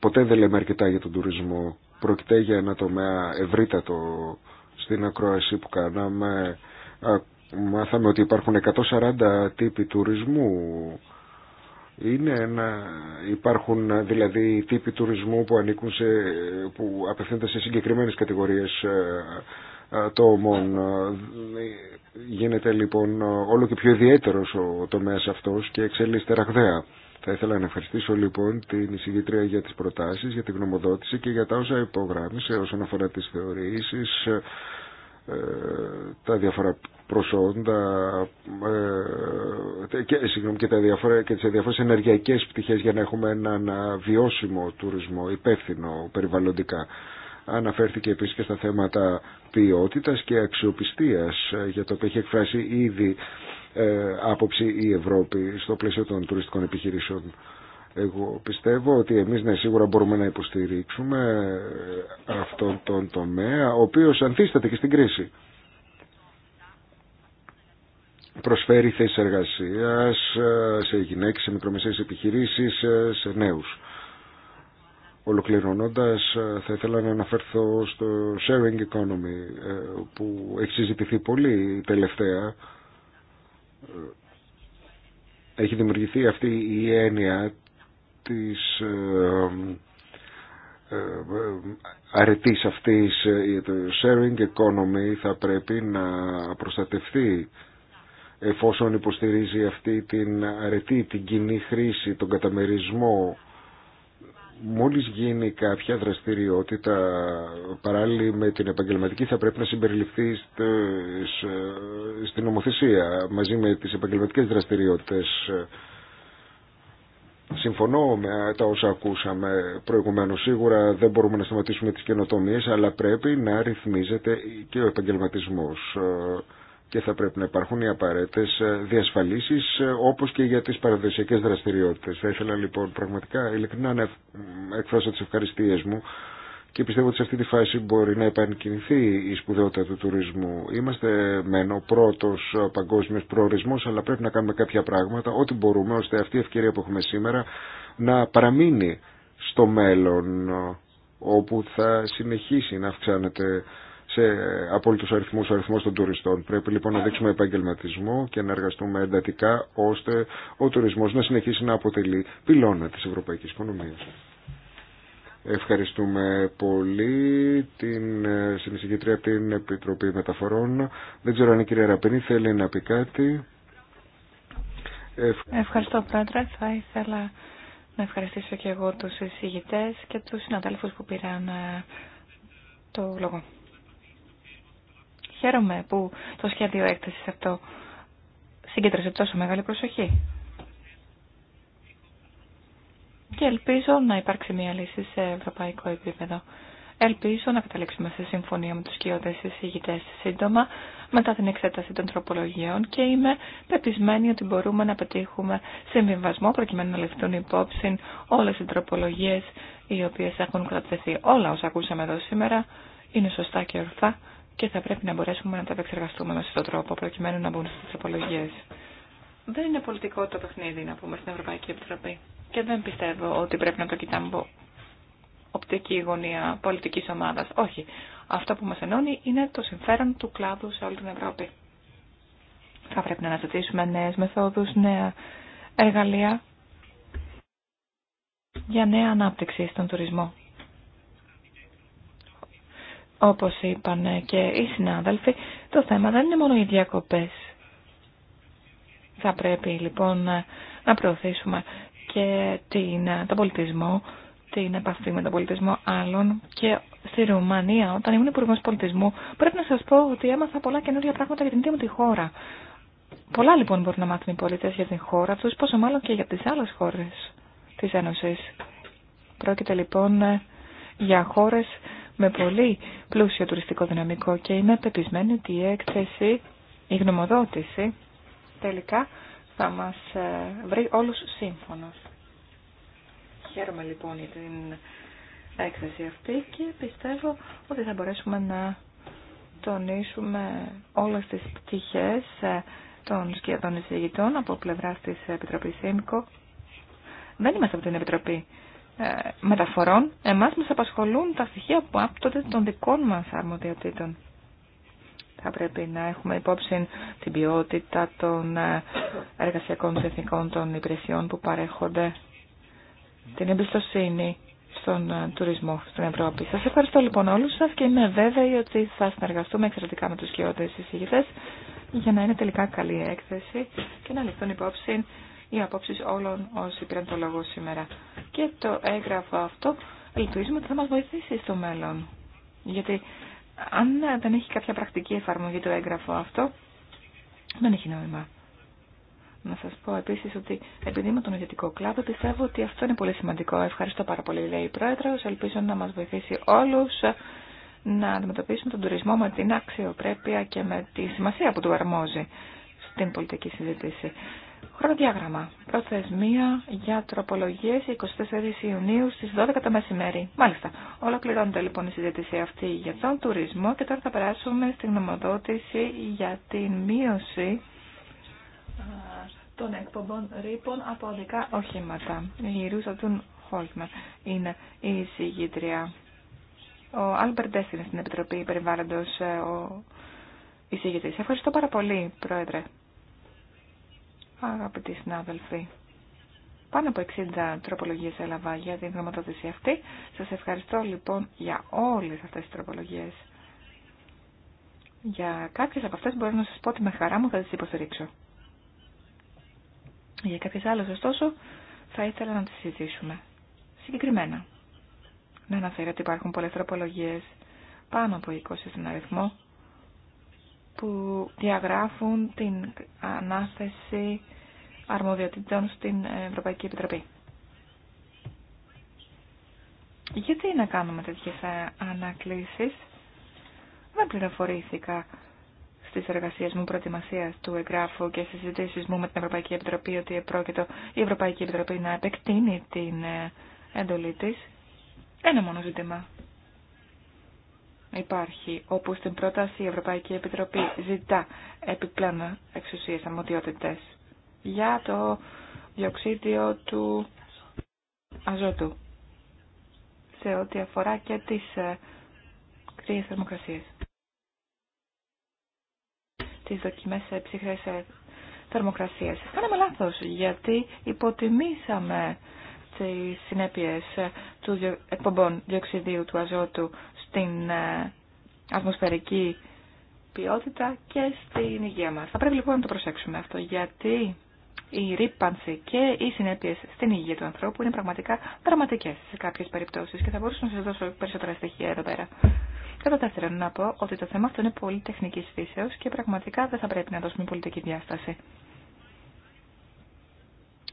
Ποτέ δεν λέμε αρκετά για τον τουρισμό. Πρόκειται για ένα τομέα ευρύτατο στην ακρόαση που κάναμε. Μάθαμε ότι υπάρχουν 140 τύποι τουρισμού. Είναι ένα, υπάρχουν δηλαδή τύποι τουρισμού που ανήκουν σε, που απευθύνονται σε συγκεκριμένες κατηγορίες ε, ομόν. Γίνεται λοιπόν όλο και πιο ιδιαίτερο ο τομέας αυτός και εξελίσσεται ραγδαία. Θα ήθελα να ευχαριστήσω λοιπόν την εισηγήτρια για τις προτάσεις, για την γνωμοδότηση και για τα όσα υπογράμμισε όσον αφορά τις θεωρήσεις, ε, τα διάφορα προσόντα ε, και, συγγνώμη, και, τα διάφορα, και τις διάφορες ενεργειακές πτυχές για να έχουμε έναν ε, βιώσιμο τουρισμό υπεύθυνο περιβαλλοντικά. Αναφέρθηκε επίσης και στα θέματα ποιότητας και αξιοπιστίας ε, για το οποίο έχει εκφράσει ήδη ε, άποψη η Ευρώπη στο πλαίσιο των τουριστικών επιχειρήσεων. Εγώ πιστεύω ότι εμείς ναι, σίγουρα μπορούμε να υποστηρίξουμε ε, αυτόν τον τομέα, ο οποίος ανθίσταται και στην κρίση. Προσφέρει θέσεις εργασίας σε γυναίκες, σε μικρομεσαίες επιχειρήσεις, σε νέους. Ολοκληρώνοντας, ε, θα ήθελα να αναφερθώ στο sharing economy ε, που έχει συζητηθεί πολύ τελευταία. Ε, έχει δημιουργηθεί αυτή η έννοια της αρετής αυτής το sharing economy θα πρέπει να προστατευτεί εφόσον υποστηρίζει αυτή την αρετή, την κοινή χρήση, τον καταμερισμό μόλις γίνει κάποια δραστηριότητα παράλληλη με την επαγγελματική θα πρέπει να συμπεριληφθεί στην νομοθεσία μαζί με τις επαγγελματικές δραστηριότητες. Συμφωνώ με τα όσα ακούσαμε προηγουμένως. Σίγουρα δεν μπορούμε να σταματήσουμε τις καινοτομίες αλλά πρέπει να ρυθμίζεται και ο επαγγελματισμός και θα πρέπει να υπάρχουν οι απαραίτητε ε, διασφαλίσεις ε, όπω και για τι παραδοσιακέ δραστηριότητε. Θα ήθελα λοιπόν πραγματικά ειλικρινά να εκφράσω τι ευχαριστίε μου και πιστεύω ότι σε αυτή τη φάση μπορεί να επανεκκινηθεί η σπουδαιότητα του τουρισμού. Είμαστε μεν ο πρώτος ε, παγκόσμιος προορισμός αλλά πρέπει να κάνουμε κάποια πράγματα ό,τι μπορούμε ώστε αυτή η ευκαιρία που έχουμε σήμερα να παραμείνει στο μέλλον όπου θα συνεχίσει να αυξάνεται σε απόλυτου αριθμού ο αριθμό των τουριστών. Πρέπει λοιπόν να δείξουμε επαγγελματισμό και να εργαστούμε εντατικά ώστε ο τουρισμό να συνεχίσει να αποτελεί πυλώνα τη ευρωπαϊκή οικονομία. Ευχαριστούμε πολύ την ε, συνεισηγητρία από την Επιτροπή Μεταφορών. Δεν ξέρω αν η κυρία Ραπενή θέλει να πει κάτι. Ευχαριστώ πρόεδρε. Θα ήθελα να ευχαριστήσω και εγώ τους συζητητές και τους συναδέλφους που πήραν ε, το λόγο. Χαίρομαι που το σχέδιο έκθεση αυτό συγκέντρωσε τόσο μεγάλη προσοχή. Και ελπίζω να υπάρξει μια λύση σε ευρωπαϊκό επίπεδο. Ελπίζω να καταλήξουμε σε συμφωνία με τους κοιότητες εισηγητές σύντομα μετά την εξέταση των τροπολογιών και είμαι πεπισμένη ότι μπορούμε να πετύχουμε συμβιβασμό προκειμένου να ληφθούν υπόψη όλες οι τροπολογίες οι οποίες έχουν κρατηθεί. Όλα όσα ακούσαμε εδώ σήμερα είναι σωστά και ορθά και θα πρέπει να μπορέσουμε να τα επεξεργαστούμε μέσα στον τρόπο προκειμένου να μπουν στι τροπολογίε. Δεν είναι πολιτικό το παιχνίδι, να πούμε, στην Ευρωπαϊκή Επιτροπή. Και δεν πιστεύω ότι πρέπει να το κοιτάμε από οπτική γωνία πολιτική ομάδα. Όχι. Αυτό που μα ενώνει είναι το συμφέρον του κλάδου σε όλη την Ευρώπη. Θα πρέπει να αναζητήσουμε νέε μεθόδου, νέα εργαλεία για νέα ανάπτυξη στον τουρισμό. Όπως είπαν και οι συνάδελφοι, το θέμα δεν είναι μόνο οι διακοπές. Θα πρέπει λοιπόν να προωθήσουμε και την, τον πολιτισμό, την επαφή με τον πολιτισμό άλλων και στη Ρουμανία όταν ήμουν υπουργό πολιτισμού πρέπει να σας πω ότι έμαθα πολλά καινούργια πράγματα για την ίδια τη χώρα. Πολλά λοιπόν μπορούν να μάθουν οι πολιτέ για την χώρα τους, πόσο μάλλον και για τις άλλες χώρες της Ένωσης. Πρόκειται λοιπόν για χώρες με πολύ πλούσιο τουριστικό δυναμικό και είμαι πεπισμένη ότι η έκθεση, η γνωμοδότηση τελικά θα μας ε, βρει όλους σύμφωνος. Χαίρομαι λοιπόν για την έκθεση αυτή και πιστεύω ότι θα μπορέσουμε να τονίσουμε όλες τις πτυχές ε, των σκιατών εισηγητών από πλευρά της Επιτροπής ΣΥΜΚΟ. Δεν είμαστε από την Επιτροπή ε, μεταφορών, εμάς μας απασχολούν τα στοιχεία που άπτονται των δικών μας αρμοδιοτήτων. Θα πρέπει να έχουμε υπόψη την ποιότητα των ε, εργασιακών εθνικών των υπηρεσιών που παρέχονται, την εμπιστοσύνη στον ε, τουρισμό στην Ευρώπη. Σας ευχαριστώ λοιπόν όλους σας και είμαι βέβαιη ότι θα συνεργαστούμε εξαιρετικά με τους κοιότητες εισηγητές για να είναι τελικά καλή έκθεση και να ληφθούν υπόψη οι απόψει όλων όσοι πήραν το λόγο σήμερα. Και το έγγραφο αυτό ελπίζουμε ότι θα μα βοηθήσει στο μέλλον. Γιατί αν δεν έχει κάποια πρακτική εφαρμογή το έγγραφο αυτό, δεν έχει νόημα. Να σα πω επίση ότι επειδή είμαι τον ιδιωτικό κλάδο πιστεύω ότι αυτό είναι πολύ σημαντικό. Ευχαριστώ πάρα πολύ λέει η πρόεδρο. Ελπίζω να μα βοηθήσει όλου να αντιμετωπίσουμε τον τουρισμό με την αξιοπρέπεια και με τη σημασία που του αρμόζει στην πολιτική συζήτηση. Χρονοδιάγραμμα. Προθεσμία για τροπολογίε 24 Ιουνίου στι 12 το μεσημέρι. Μάλιστα. Ολοκληρώνεται λοιπόν η συζήτηση αυτή για τον τουρισμό και τώρα θα περάσουμε στην νομοδότηση για την μείωση των εκπομπών ρήπων από οδικά οχήματα. Η Ρούσα Τουν Χόλτμαν είναι η εισηγήτρια. Ο Άλμπερ είναι στην Επιτροπή Περιβάλλοντος ε, ο εισηγητής. Ευχαριστώ πάρα πολύ, Πρόεδρε. Αγαπητοί συνάδελφοι, πάνω από 60 τροπολογίες έλαβα για την γνωμοτοδοσία αυτή. Σας ευχαριστώ λοιπόν για όλες αυτές τις τροπολογίες. Για κάποιες από αυτές μπορώ να σας πω ότι με χαρά μου θα τις υποστηρίξω. Για κάποιες άλλες ωστόσο θα ήθελα να τις συζητήσουμε. Συγκεκριμένα. Να αναφέρω ότι υπάρχουν πολλές τροπολογίες πάνω από 20 στην αριθμό που διαγράφουν την ανάθεση αρμοδιοτήτων στην Ευρωπαϊκή Επιτροπή. Γιατί να κάνουμε τέτοιες ανακλήσεις. Δεν πληροφορήθηκα στις εργασίες μου προετοιμασίας του εγγράφου και στις συζητήσεις μου με την Ευρωπαϊκή Επιτροπή ότι επρόκειτο η Ευρωπαϊκή Επιτροπή να επεκτείνει την ε, εντολή της. Ένα μόνο ζήτημα υπάρχει, όπου στην πρόταση η Ευρωπαϊκή Επιτροπή ζητά επιπλέον εξουσίες αμμοδιότητες για το διοξίδιο του αζότου σε ό,τι αφορά και τις ε, κρύες θερμοκρασίες. Τις δοκιμές σε ψυχρές ε, θερμοκρασίες. Κάναμε λάθος γιατί υποτιμήσαμε τις συνέπειες ε, του εκπομπών διοξιδίου του αζότου στην ε, ατμοσφαιρική ποιότητα και στην υγεία μας. Θα πρέπει λοιπόν να το προσέξουμε αυτό, γιατί η ρήπανση και οι συνέπειες στην υγεία του ανθρώπου είναι πραγματικά δραματικές σε κάποιες περιπτώσεις και θα μπορούσα να σας δώσω περισσότερα στοιχεία εδώ πέρα. Κατά δεύτερον, να πω ότι το θέμα αυτό είναι πολύ τεχνική φύσεω και πραγματικά δεν θα πρέπει να δώσουμε πολιτική διάσταση.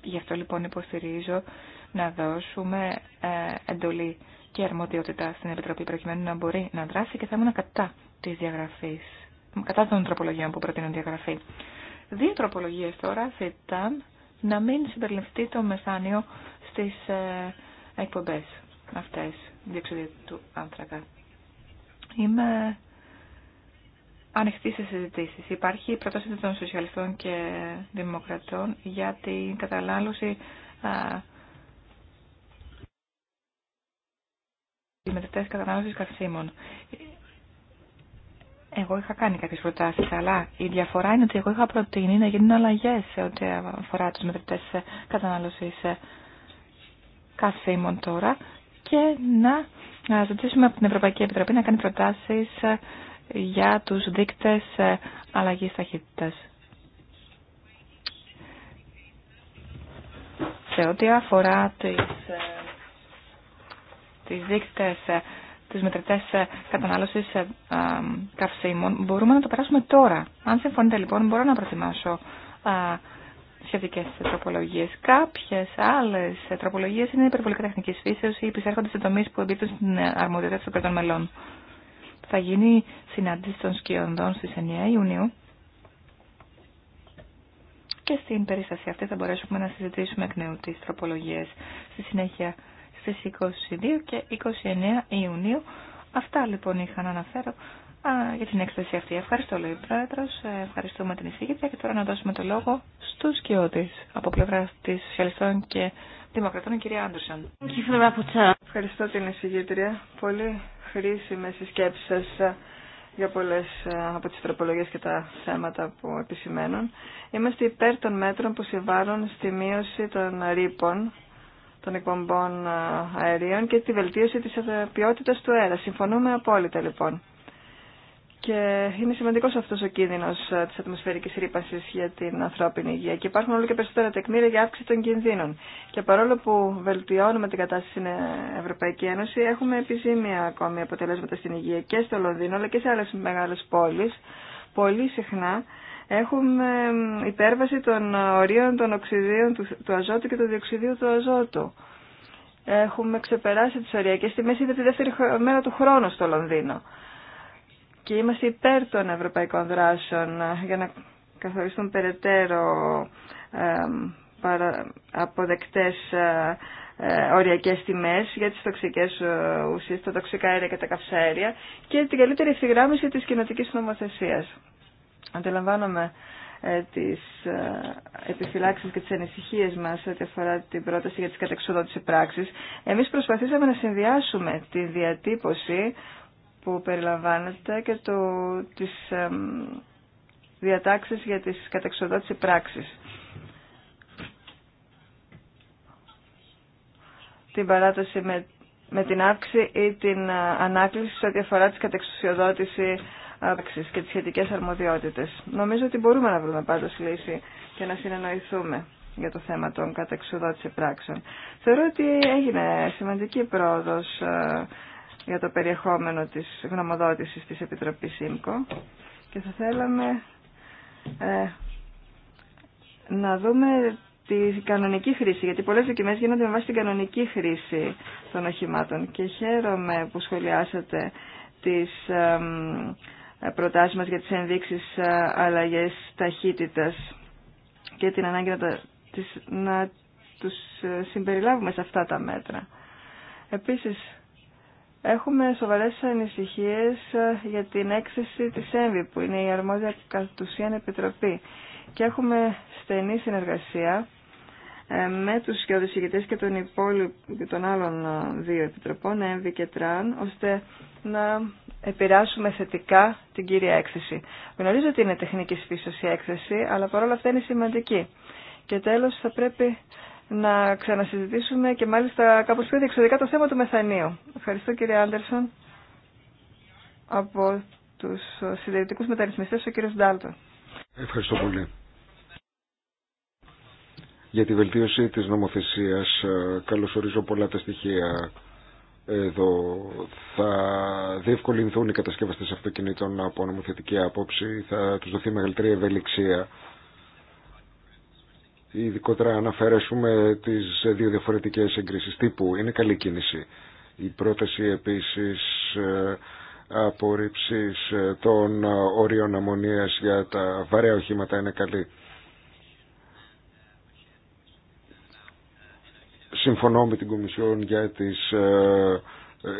Γι' αυτό λοιπόν υποστηρίζω να δώσουμε ε, εντολή και αρμοδιότητα στην Επιτροπή προκειμένου να μπορεί να δράσει και θα ήμουν κατά τη διαγραφή κατά των τροπολογιών που προτείνουν διαγραφή. Δύο τροπολογίε τώρα ήταν να μην συμπεριληφθεί το μεθάνιο στις ε, εκπομπέ αυτέ διεξοδία του άνθρακα. Είμαι ανοιχτή σε συζητήσει. Υπάρχει η πρόταση των σοσιαλιστών και δημοκρατών για την κατανάλωση μετρητές κατανάλωσης καυσίμων. Εγώ είχα κάνει κάποιες προτάσεις, αλλά η διαφορά είναι ότι εγώ είχα προτείνει να γίνουν αλλαγές σε ό,τι αφορά τους μετρητές κατανάλωση καυσίμων τώρα και να ζητήσουμε από την Ευρωπαϊκή Επιτροπή να κάνει προτάσεις για τους δείκτες αλλαγής ταχύτητας. Σε ό,τι αφορά τις ε, τις δείκτες, ε, τις μετρητές ε, κατανάλωσης ε, καυσίμων, μπορούμε να το περάσουμε τώρα. Αν συμφωνείτε λοιπόν, μπορώ να προετοιμάσω σχετικέ τροπολογίε. Κάποιε άλλε τροπολογίε είναι υπερβολικά τεχνική φύση ή επισέρχονται σε τομεί που εμπίπτουν στην αρμοδιότητα των κρατών μελών. Θα γίνει συνάντηση των σκιονδών στι 9 Ιουνίου. Και στην περίσταση αυτή θα μπορέσουμε να συζητήσουμε εκ νέου τι τροπολογίε. Στη συνέχεια στις 22 και 29 Ιουνίου. Αυτά λοιπόν είχα να αναφέρω α, για την έκθεση αυτή. Ευχαριστώ λέει ο Πρόεδρος, ε, ευχαριστούμε την εισηγήτρια και τώρα να δώσουμε το λόγο στους κοιότης από πλευρά της Σοσιαλιστών και Δημοκρατών, κυρία Άντερσον. Ευχαριστώ την εισηγήτρια. Πολύ χρήσιμες οι σκέψεις σας ε, για πολλές ε, από τις τροπολογίες και τα θέματα που επισημαίνουν. Είμαστε υπέρ των μέτρων που συμβάλλουν στη μείωση των ρήπων των εκπομπών ε, αερίων και τη βελτίωση της ε, ποιότητας του αέρα. Συμφωνούμε απόλυτα λοιπόν. Και είναι σημαντικός αυτός ο κίνδυνος ε, της ατμοσφαιρικής ρήπανσης για την ανθρώπινη υγεία. Και υπάρχουν όλο και περισσότερα τεκμήρια για αύξηση των κινδύνων. Και παρόλο που βελτιώνουμε την κατάσταση στην Ευρωπαϊκή Ένωση, έχουμε επιζήμια ακόμη αποτελέσματα στην υγεία και στο Λονδίνο, αλλά και σε άλλες μεγάλες πόλεις. Πολύ συχνά έχουμε υπέρβαση των ορίων των οξυδίων του, του αζότου και του διοξιδίου του αζότου. Έχουμε ξεπεράσει τις οριακές τιμές ήδη τη δεύτερη μέρα του χρόνου στο Λονδίνο. Και είμαστε υπέρ των ευρωπαϊκών δράσεων για να καθοριστούν περαιτέρω αποδεκτές ε, ε, οριακές τιμές για τις τοξικές ε, ουσίες, τα τοξικά αέρια και τα καυσαέρια και την καλύτερη ευθυγράμμιση της κοινοτικής νομοθεσίας. Αντιλαμβάνομαι ε, τις ε, επιφυλάξεις και τις ανησυχίες μας ό,τι αφορά την πρόταση για τις κατεξοδότηση πράξεις. Εμείς προσπαθήσαμε να συνδυάσουμε τη διατύπωση που περιλαμβάνεται και το, τις διατάξεις για τις κατεξοδότηση πράξεις. Την παράταση με, με την αύξηση ή την ε, ανάκληση σε ό,τι αφορά τις και τι σχετικέ αρμοδιότητε. Νομίζω ότι μπορούμε να βρούμε πάντω λύση και να συνεννοηθούμε για το θέμα των κατεξουδότηση πράξεων. Θεωρώ ότι έγινε σημαντική πρόοδο ε, για το περιεχόμενο τη γνωμοδότηση τη Επιτροπή ΣΥΜΚΟ και θα θέλαμε ε, να δούμε τη κανονική χρήση, γιατί πολλές δοκιμές γίνονται με βάση την κανονική χρήση των οχημάτων και χαίρομαι που σχολιάσατε τις ε, προτάσεις μας για τις ενδείξεις ε, αλλαγές ταχύτητας και την ανάγκη να, τα, να τους ε, συμπεριλάβουμε σε αυτά τα μέτρα. Επίσης, έχουμε σοβαρές ανησυχίες ε, για την έκθεση της ΕΜΒΗ, που είναι η αρμόδια ουσίαν επιτροπή. Και έχουμε στενή συνεργασία ε, με τους σκιώδες και τον υπόλοιπων και των άλλων ε, δύο επιτροπών, ΕΜΒΙ και ΤΡΑΝ, ώστε να επηρεάσουμε θετικά την κύρια έκθεση. Γνωρίζω ότι είναι τεχνική φύσεως η έκθεση, αλλά παρόλα αυτά είναι σημαντική. Και τέλος θα πρέπει να ξανασυζητήσουμε και μάλιστα κάπως πιο διεξοδικά το θέμα του μεθανίου. Ευχαριστώ κύριε Άντερσον από τους συντηρητικούς μεταρρυθμιστές, ο κύριος Ντάλτον. Ευχαριστώ πολύ για τη βελτίωση της νομοθεσίας. Ε, καλωσορίζω πολλά τα στοιχεία εδώ. Θα διευκολυνθούν οι κατασκευαστές αυτοκινήτων από νομοθετική άποψη, θα τους δοθεί μεγαλύτερη ευελιξία. Ειδικότερα αναφέρεσουμε αφαιρέσουμε τις δύο διαφορετικές εγκρίσεις τύπου, είναι καλή κίνηση. Η πρόταση επίσης ε, απορρίψης ε, των ορίων αμμονίας για τα βαρέα οχήματα είναι καλή. συμφωνώ με την Κομισιόν για τις ε,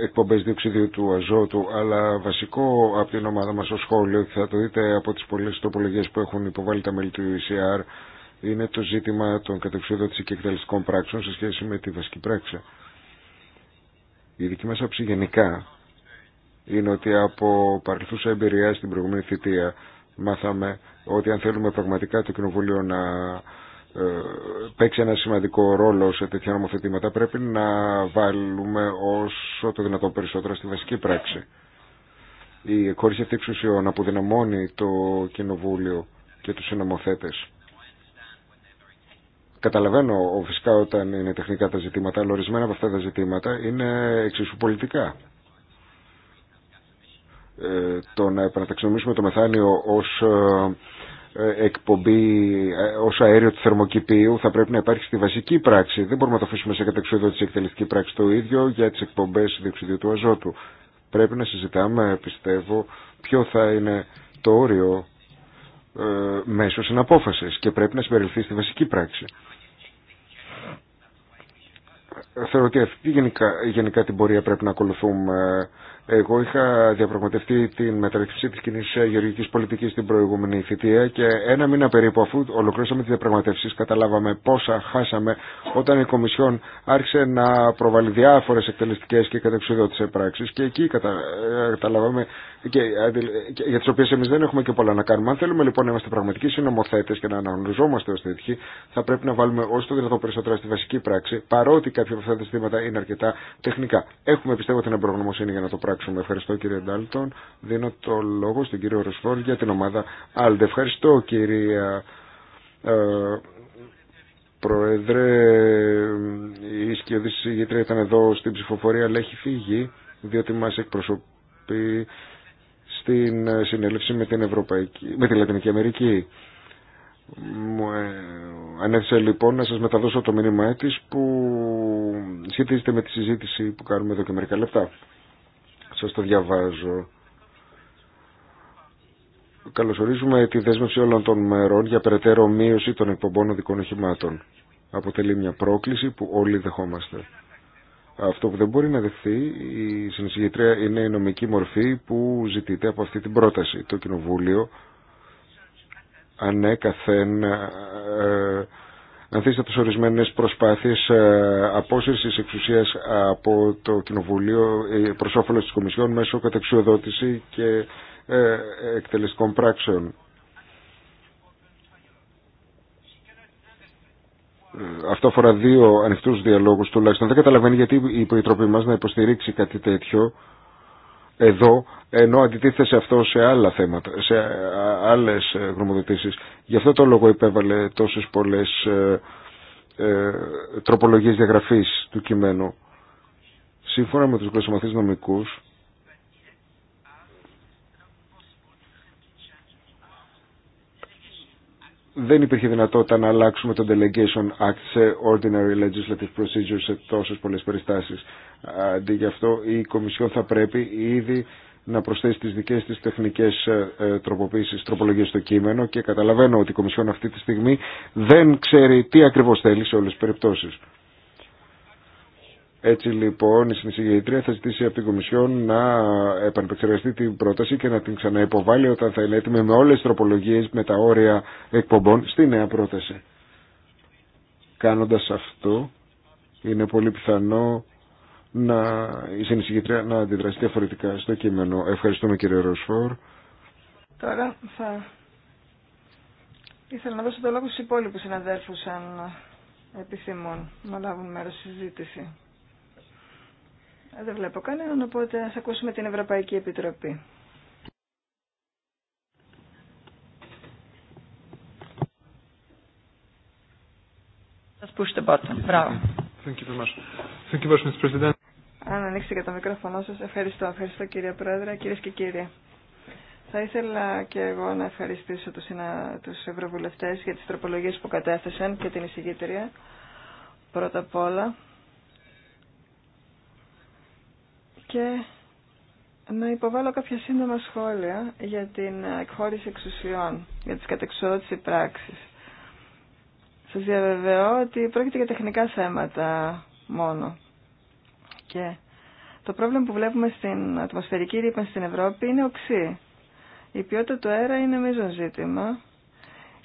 εκπομπές διοξιδίου του αζότου, αλλά βασικό από την ομάδα μας στο σχόλιο, θα το δείτε από τις πολλές τοπολογίε που έχουν υποβάλει τα μέλη του UCR, e είναι το ζήτημα των κατεξοδότηση και εκτελεστικών πράξεων σε σχέση με τη βασική πράξη. Η δική μας άψη γενικά είναι ότι από παρελθούσα εμπειρία στην προηγούμενη θητεία μάθαμε ότι αν θέλουμε πραγματικά το κοινοβούλιο να ε, παίξει ένα σημαντικό ρόλο σε τέτοια νομοθετήματα πρέπει να βάλουμε όσο το δυνατόν περισσότερα στη βασική πράξη. Η εκχώρηση αυτή εξουσιών αποδυναμώνει το Κοινοβούλιο και τους συνομοθέτες. Καταλαβαίνω φυσικά όταν είναι τεχνικά τα ζητήματα, αλλά ορισμένα από αυτά τα ζητήματα είναι εξίσου πολιτικά. Ε, το να επαναταξινομήσουμε το μεθάνιο ως ε, ε, εκπομπή ε, ως αέριο του θερμοκηπίου θα πρέπει να υπάρχει στη βασική πράξη. Δεν μπορούμε να το αφήσουμε σε τη εκτελεστική πράξη το ίδιο για τις εκπομπές διοξιδίου του αζότου. Πρέπει να συζητάμε, πιστεύω, ποιο θα είναι το όριο ε, μέσω συναπόφασης και πρέπει να συμπεριληφθεί στη βασική πράξη. Ε, θεωρώ ότι αυτή γενικά, γενικά την πορεία πρέπει να ακολουθούμε εγώ είχα διαπραγματευτεί την μεταρρύθμιση τη κοινή γεωργική πολιτική την προηγούμενη θητεία και ένα μήνα περίπου αφού ολοκληρώσαμε τι διαπραγματεύσει, καταλάβαμε πόσα χάσαμε όταν η Κομισιόν άρχισε να προβάλλει διάφορε εκτελεστικέ και κατεξουδότητε πράξει και εκεί καταλάβαμε και, για τι οποίε εμεί δεν έχουμε και πολλά να κάνουμε. Αν θέλουμε λοιπόν να είμαστε πραγματικοί συνομοθέτες και να αναγνωριζόμαστε ω τέτοιοι, θα πρέπει να βάλουμε όσο το δυνατόν περισσότερα στη βασική πράξη, παρότι κάποια από αυτά τα ζητήματα είναι αρκετά τεχνικά. Έχουμε πιστεύω την εμπρογνωμοσύνη για να το πράξουμε. Ευχαριστώ κύριε Ντάλτον. Δίνω το λόγο στην κύριο Ροσφόρ για την ομάδα Άλντε. Ευχαριστώ κύριε... Πρόεδρε, η σκιωδή συγγήτρια ήταν εδώ στην ψηφοφορία, αλλά έχει φύγει, διότι μας εκπροσωπεί στην ε, συνέλευση με την, Ευρωπαϊκή, με την Λατινική Αμερική. Ε, Ανέφερε λοιπόν να σας μεταδώσω το μήνυμά της που σχετίζεται με τη συζήτηση που κάνουμε εδώ και μερικά λεπτά. Σας το διαβάζω. Καλωσορίζουμε τη δέσμευση όλων των μερών για περαιτέρω μείωση των εκπομπών οδικών οχημάτων. Αποτελεί μια πρόκληση που όλοι δεχόμαστε. Αυτό που δεν μπορεί να δεχθεί η συνεισηγητρία είναι η νομική μορφή που ζητείται από αυτή την πρόταση. Το Κοινοβούλιο ανέκαθεν ε, ανθίστατος ορισμένες προσπάθειες ε, απόσυρσης εξουσίας από το Κοινοβούλιο ε, προς όφελος της Κομισιόν μέσω κατεξιοδότηση και ε, εκτελεστικών πράξεων. αυτό αφορά δύο ανοιχτού διαλόγου τουλάχιστον. Δεν καταλαβαίνει γιατί η Επιτροπή μα να υποστηρίξει κάτι τέτοιο εδώ, ενώ αντιτίθεται σε αυτό σε άλλα θέματα, σε άλλε γνωμοδοτήσει. Γι' αυτό το λόγο υπέβαλε τόσε πολλέ ε, ε, τροπολογίε διαγραφή του κειμένου. Σύμφωνα με του γλωσσομαθεί νομικού, δεν υπήρχε δυνατότητα να αλλάξουμε το Delegation Act σε Ordinary Legislative Procedures σε τόσες πολλές περιστάσεις. Αντί γι' αυτό η Κομισιόν θα πρέπει ήδη να προσθέσει τις δικές της τεχνικές ε, ε, τροποποίησεις, τροπολογίες στο κείμενο και καταλαβαίνω ότι η Κομισιόν αυτή τη στιγμή δεν ξέρει τι ακριβώς θέλει σε όλες τις περιπτώσεις. Έτσι λοιπόν η συνεισηγητρία θα ζητήσει από την Κομισιόν να επανεπεξεργαστεί την πρόταση και να την ξαναεποβάλει όταν θα είναι έτοιμη με όλες τις τροπολογίες με τα όρια εκπομπών στη νέα πρόταση. Κάνοντας αυτό είναι πολύ πιθανό να, η συνεισηγητρία να αντιδραστεί διαφορετικά στο κείμενο. Ευχαριστούμε κύριε Ροσφόρ. Τώρα θα ήθελα να δώσω το λόγο στους υπόλοιπους συναδέρφους αν επιθυμούν να λάβουν μέρος στη συζήτηση. Δεν βλέπω κανέναν, οπότε ας ακούσουμε την Ευρωπαϊκή Επιτροπή. Αν ανοίξετε και το μικρόφωνο σας, ευχαριστώ. Ευχαριστώ κύριε Πρόεδρε, κυρίες και κύριοι. Θα ήθελα και εγώ να ευχαριστήσω τους, συνα... τους ευρωβουλευτές για τις τροπολογίες που κατέθεσαν και την εισηγήτρια. Πρώτα απ' όλα, και να υποβάλω κάποια σύντομα σχόλια για την εκχώρηση εξουσιών, για τις κατεξοδότηση πράξεις. Σας διαβεβαιώ ότι πρόκειται για τεχνικά θέματα μόνο. Και το πρόβλημα που βλέπουμε στην ατμοσφαιρική ρήπανση στην Ευρώπη είναι οξύ. Η ποιότητα του αέρα είναι μείζον ζήτημα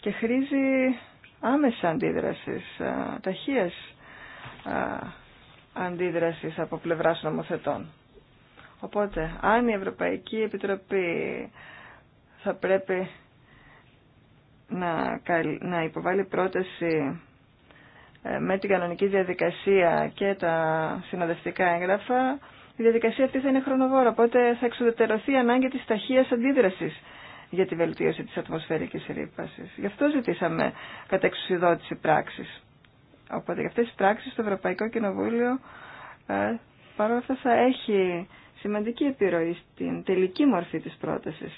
και χρήζει άμεσα αντίδρασης, ταχείας αντίδρασης από πλευράς νομοθετών. Οπότε, αν η Ευρωπαϊκή Επιτροπή θα πρέπει να, να υποβάλει πρόταση ε, με την κανονική διαδικασία και τα συνοδευτικά έγγραφα, η διαδικασία αυτή θα είναι χρονοβόρα, οπότε θα εξουδετερωθεί η ανάγκη της ταχείας αντίδρασης για τη βελτίωση της ατμοσφαιρικής ρήπασης. Γι' αυτό ζητήσαμε κατά εξουσιοδότηση πράξης. Οπότε για αυτές τις πράξεις το Ευρωπαϊκό Κοινοβούλιο ε, παρόλα αυτά θα έχει σημαντική επιρροή στην τελική μορφή της πρότασης.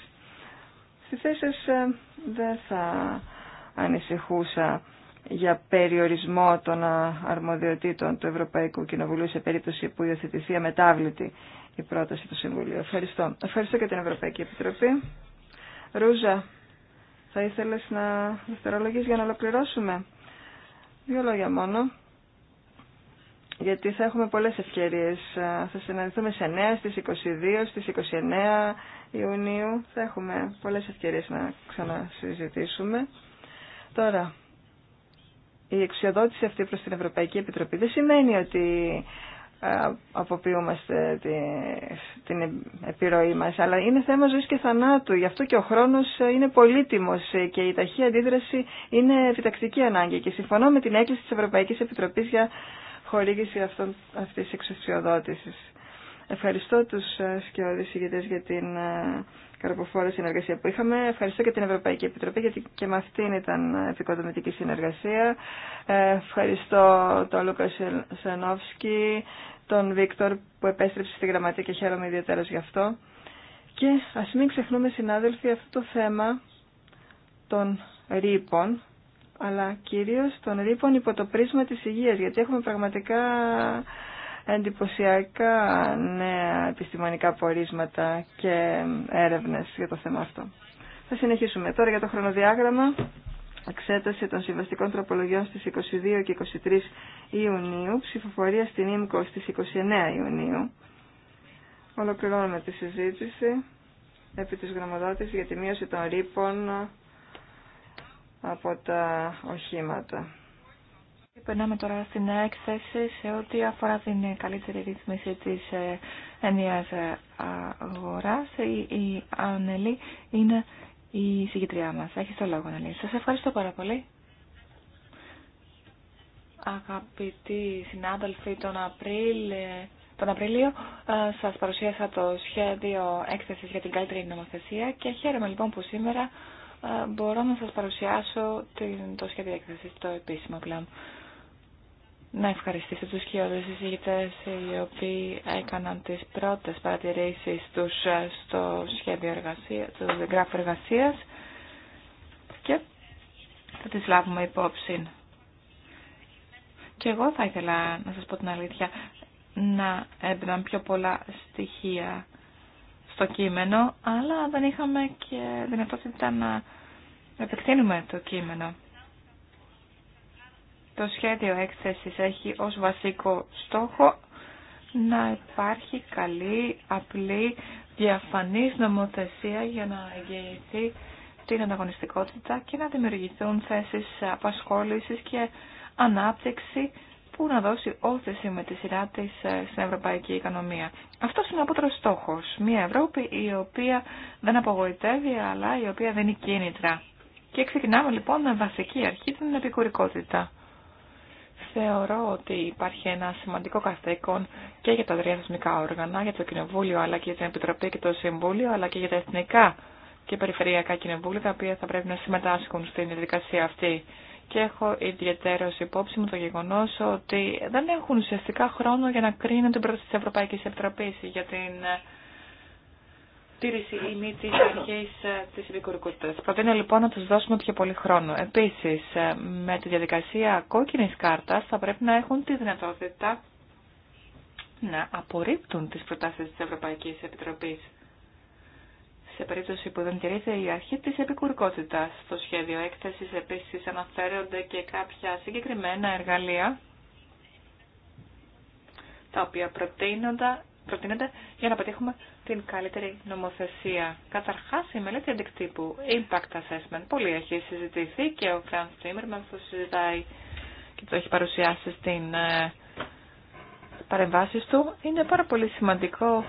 Στη θέση σας ε, δεν θα ανησυχούσα για περιορισμό των ε, αρμοδιοτήτων του Ευρωπαϊκού Κοινοβουλίου σε περίπτωση που υιοθετηθεί αμετάβλητη η πρόταση του Συμβουλίου. Ευχαριστώ. Ευχαριστώ και την Ευρωπαϊκή Επιτροπή. Ρούζα, θα ήθελες να δευτερολογείς για να ολοκληρώσουμε. Δύο λόγια μόνο γιατί θα έχουμε πολλές ευκαιρίες. Θα συναντηθούμε σε 9, στις 22, στις 29 Ιουνίου. Θα έχουμε πολλές ευκαιρίες να ξανασυζητήσουμε. Τώρα, η εξοδότηση αυτή προς την Ευρωπαϊκή Επιτροπή δεν σημαίνει ότι αποποιούμαστε την επιρροή μας αλλά είναι θέμα ζωής και θανάτου γι' αυτό και ο χρόνος είναι πολύτιμος και η ταχεία αντίδραση είναι επιτακτική ανάγκη και συμφωνώ με την έκκληση της Ευρωπαϊκής Επιτροπής για χορήγηση αυτών, αυτής εξουσιοδότησης. Ευχαριστώ τους ε, σκιώδης ηγητές για την ε, καρποφόρα συνεργασία που είχαμε. Ευχαριστώ και την Ευρωπαϊκή Επιτροπή γιατί και με αυτήν ήταν επικοδομητική συνεργασία. Ε, ευχαριστώ τον Λούκα Σενόφσκι, τον Βίκτορ που επέστρεψε στη γραμματεία και χαίρομαι ιδιαίτερα γι' αυτό. Και ας μην ξεχνούμε συνάδελφοι αυτό το θέμα των ρήπων αλλά κυρίως των ρήπων υπό το πρίσμα της υγείας, γιατί έχουμε πραγματικά εντυπωσιακά νέα επιστημονικά πορίσματα και έρευνες για το θέμα αυτό. Θα συνεχίσουμε τώρα για το χρονοδιάγραμμα. Εξέταση των συμβαστικών τροπολογιών στις 22 και 23 Ιουνίου, ψηφοφορία στην ΙΜΚΟ στις 29 Ιουνίου. Ολοκληρώνουμε τη συζήτηση επί της γραμματότητας για τη μείωση των ρήπων από τα οχήματα. Περνάμε τώρα στην έκθεση σε ό,τι αφορά την καλύτερη ρυθμίση της ε, ενιαίας ε, αγοράς. Η, η Ανελή είναι η συγκεκριά μας. Έχει το λόγο, Ανελή. Σας ευχαριστώ πάρα πολύ. Αγαπητοί συνάδελφοι, τον Απρίλιο, ε, τον Απρίλιο σας παρουσίασα το σχέδιο έκθεσης για την καλύτερη νομοθεσία και χαίρομαι λοιπόν που σήμερα ε, μπορώ να σας παρουσιάσω το σχέδιο έκθεσης, το επίσημο πλέον. Να ευχαριστήσω τους κοιόδους συζήτητες οι οποίοι έκαναν τις πρώτες παρατηρήσεις τους ε, στο σχέδιο εργασίας, το γράφο εργασίας και θα τις λάβουμε υπόψη. Και εγώ θα ήθελα να σας πω την αλήθεια να έμπαιναν πιο πολλά στοιχεία στο κείμενο, αλλά δεν είχαμε και δυνατότητα να επεκτείνουμε το κείμενο. Το σχέδιο έκθεσης έχει ως βασικό στόχο να υπάρχει καλή, απλή, διαφανής νομοθεσία για να εγγυηθεί την ανταγωνιστικότητα και να δημιουργηθούν θέσεις απασχόλησης και ανάπτυξη που να δώσει όθεση με τη σειρά τη ε, στην ευρωπαϊκή οικονομία. Αυτό είναι ο απότερο στόχο. Μια Ευρώπη η οποία δεν απογοητεύει, αλλά η οποία δίνει κίνητρα. Και ξεκινάμε λοιπόν με βασική αρχή την επικουρικότητα. Θεωρώ ότι υπάρχει ένα σημαντικό καθήκον και για τα τρία θεσμικά όργανα, για το Κοινοβούλιο, αλλά και για την Επιτροπή και το Συμβούλιο, αλλά και για τα εθνικά και περιφερειακά κοινοβούλια, τα οποία θα πρέπει να συμμετάσχουν στην διαδικασία αυτή και έχω ιδιαίτερο υπόψη μου το γεγονό ότι δεν έχουν ουσιαστικά χρόνο για να κρίνουν την πρόταση τη Ευρωπαϊκή Επιτροπή για την ε, τήρηση ή μη τη αρχή ε, τη επικουρικότητα. Προτείνω λοιπόν να του δώσουμε πιο πολύ χρόνο. Επίση, ε, με τη διαδικασία κόκκινη κάρτα θα πρέπει να έχουν τη δυνατότητα να απορρίπτουν τι προτάσει τη Ευρωπαϊκή Επιτροπή σε περίπτωση που δεν τηρείται η αρχή της επικούρικότητα Στο σχέδιο έκθεσης επίσης αναφέρονται και κάποια συγκεκριμένα εργαλεία τα οποία προτείνονται, για να πετύχουμε την καλύτερη νομοθεσία. Καταρχάς η μελέτη αντικτύπου Impact Assessment πολύ έχει συζητηθεί και ο Φραν Τίμερμαν το συζητάει και το έχει παρουσιάσει στην ε, παρεμβάσεις του. Είναι πάρα πολύ σημαντικό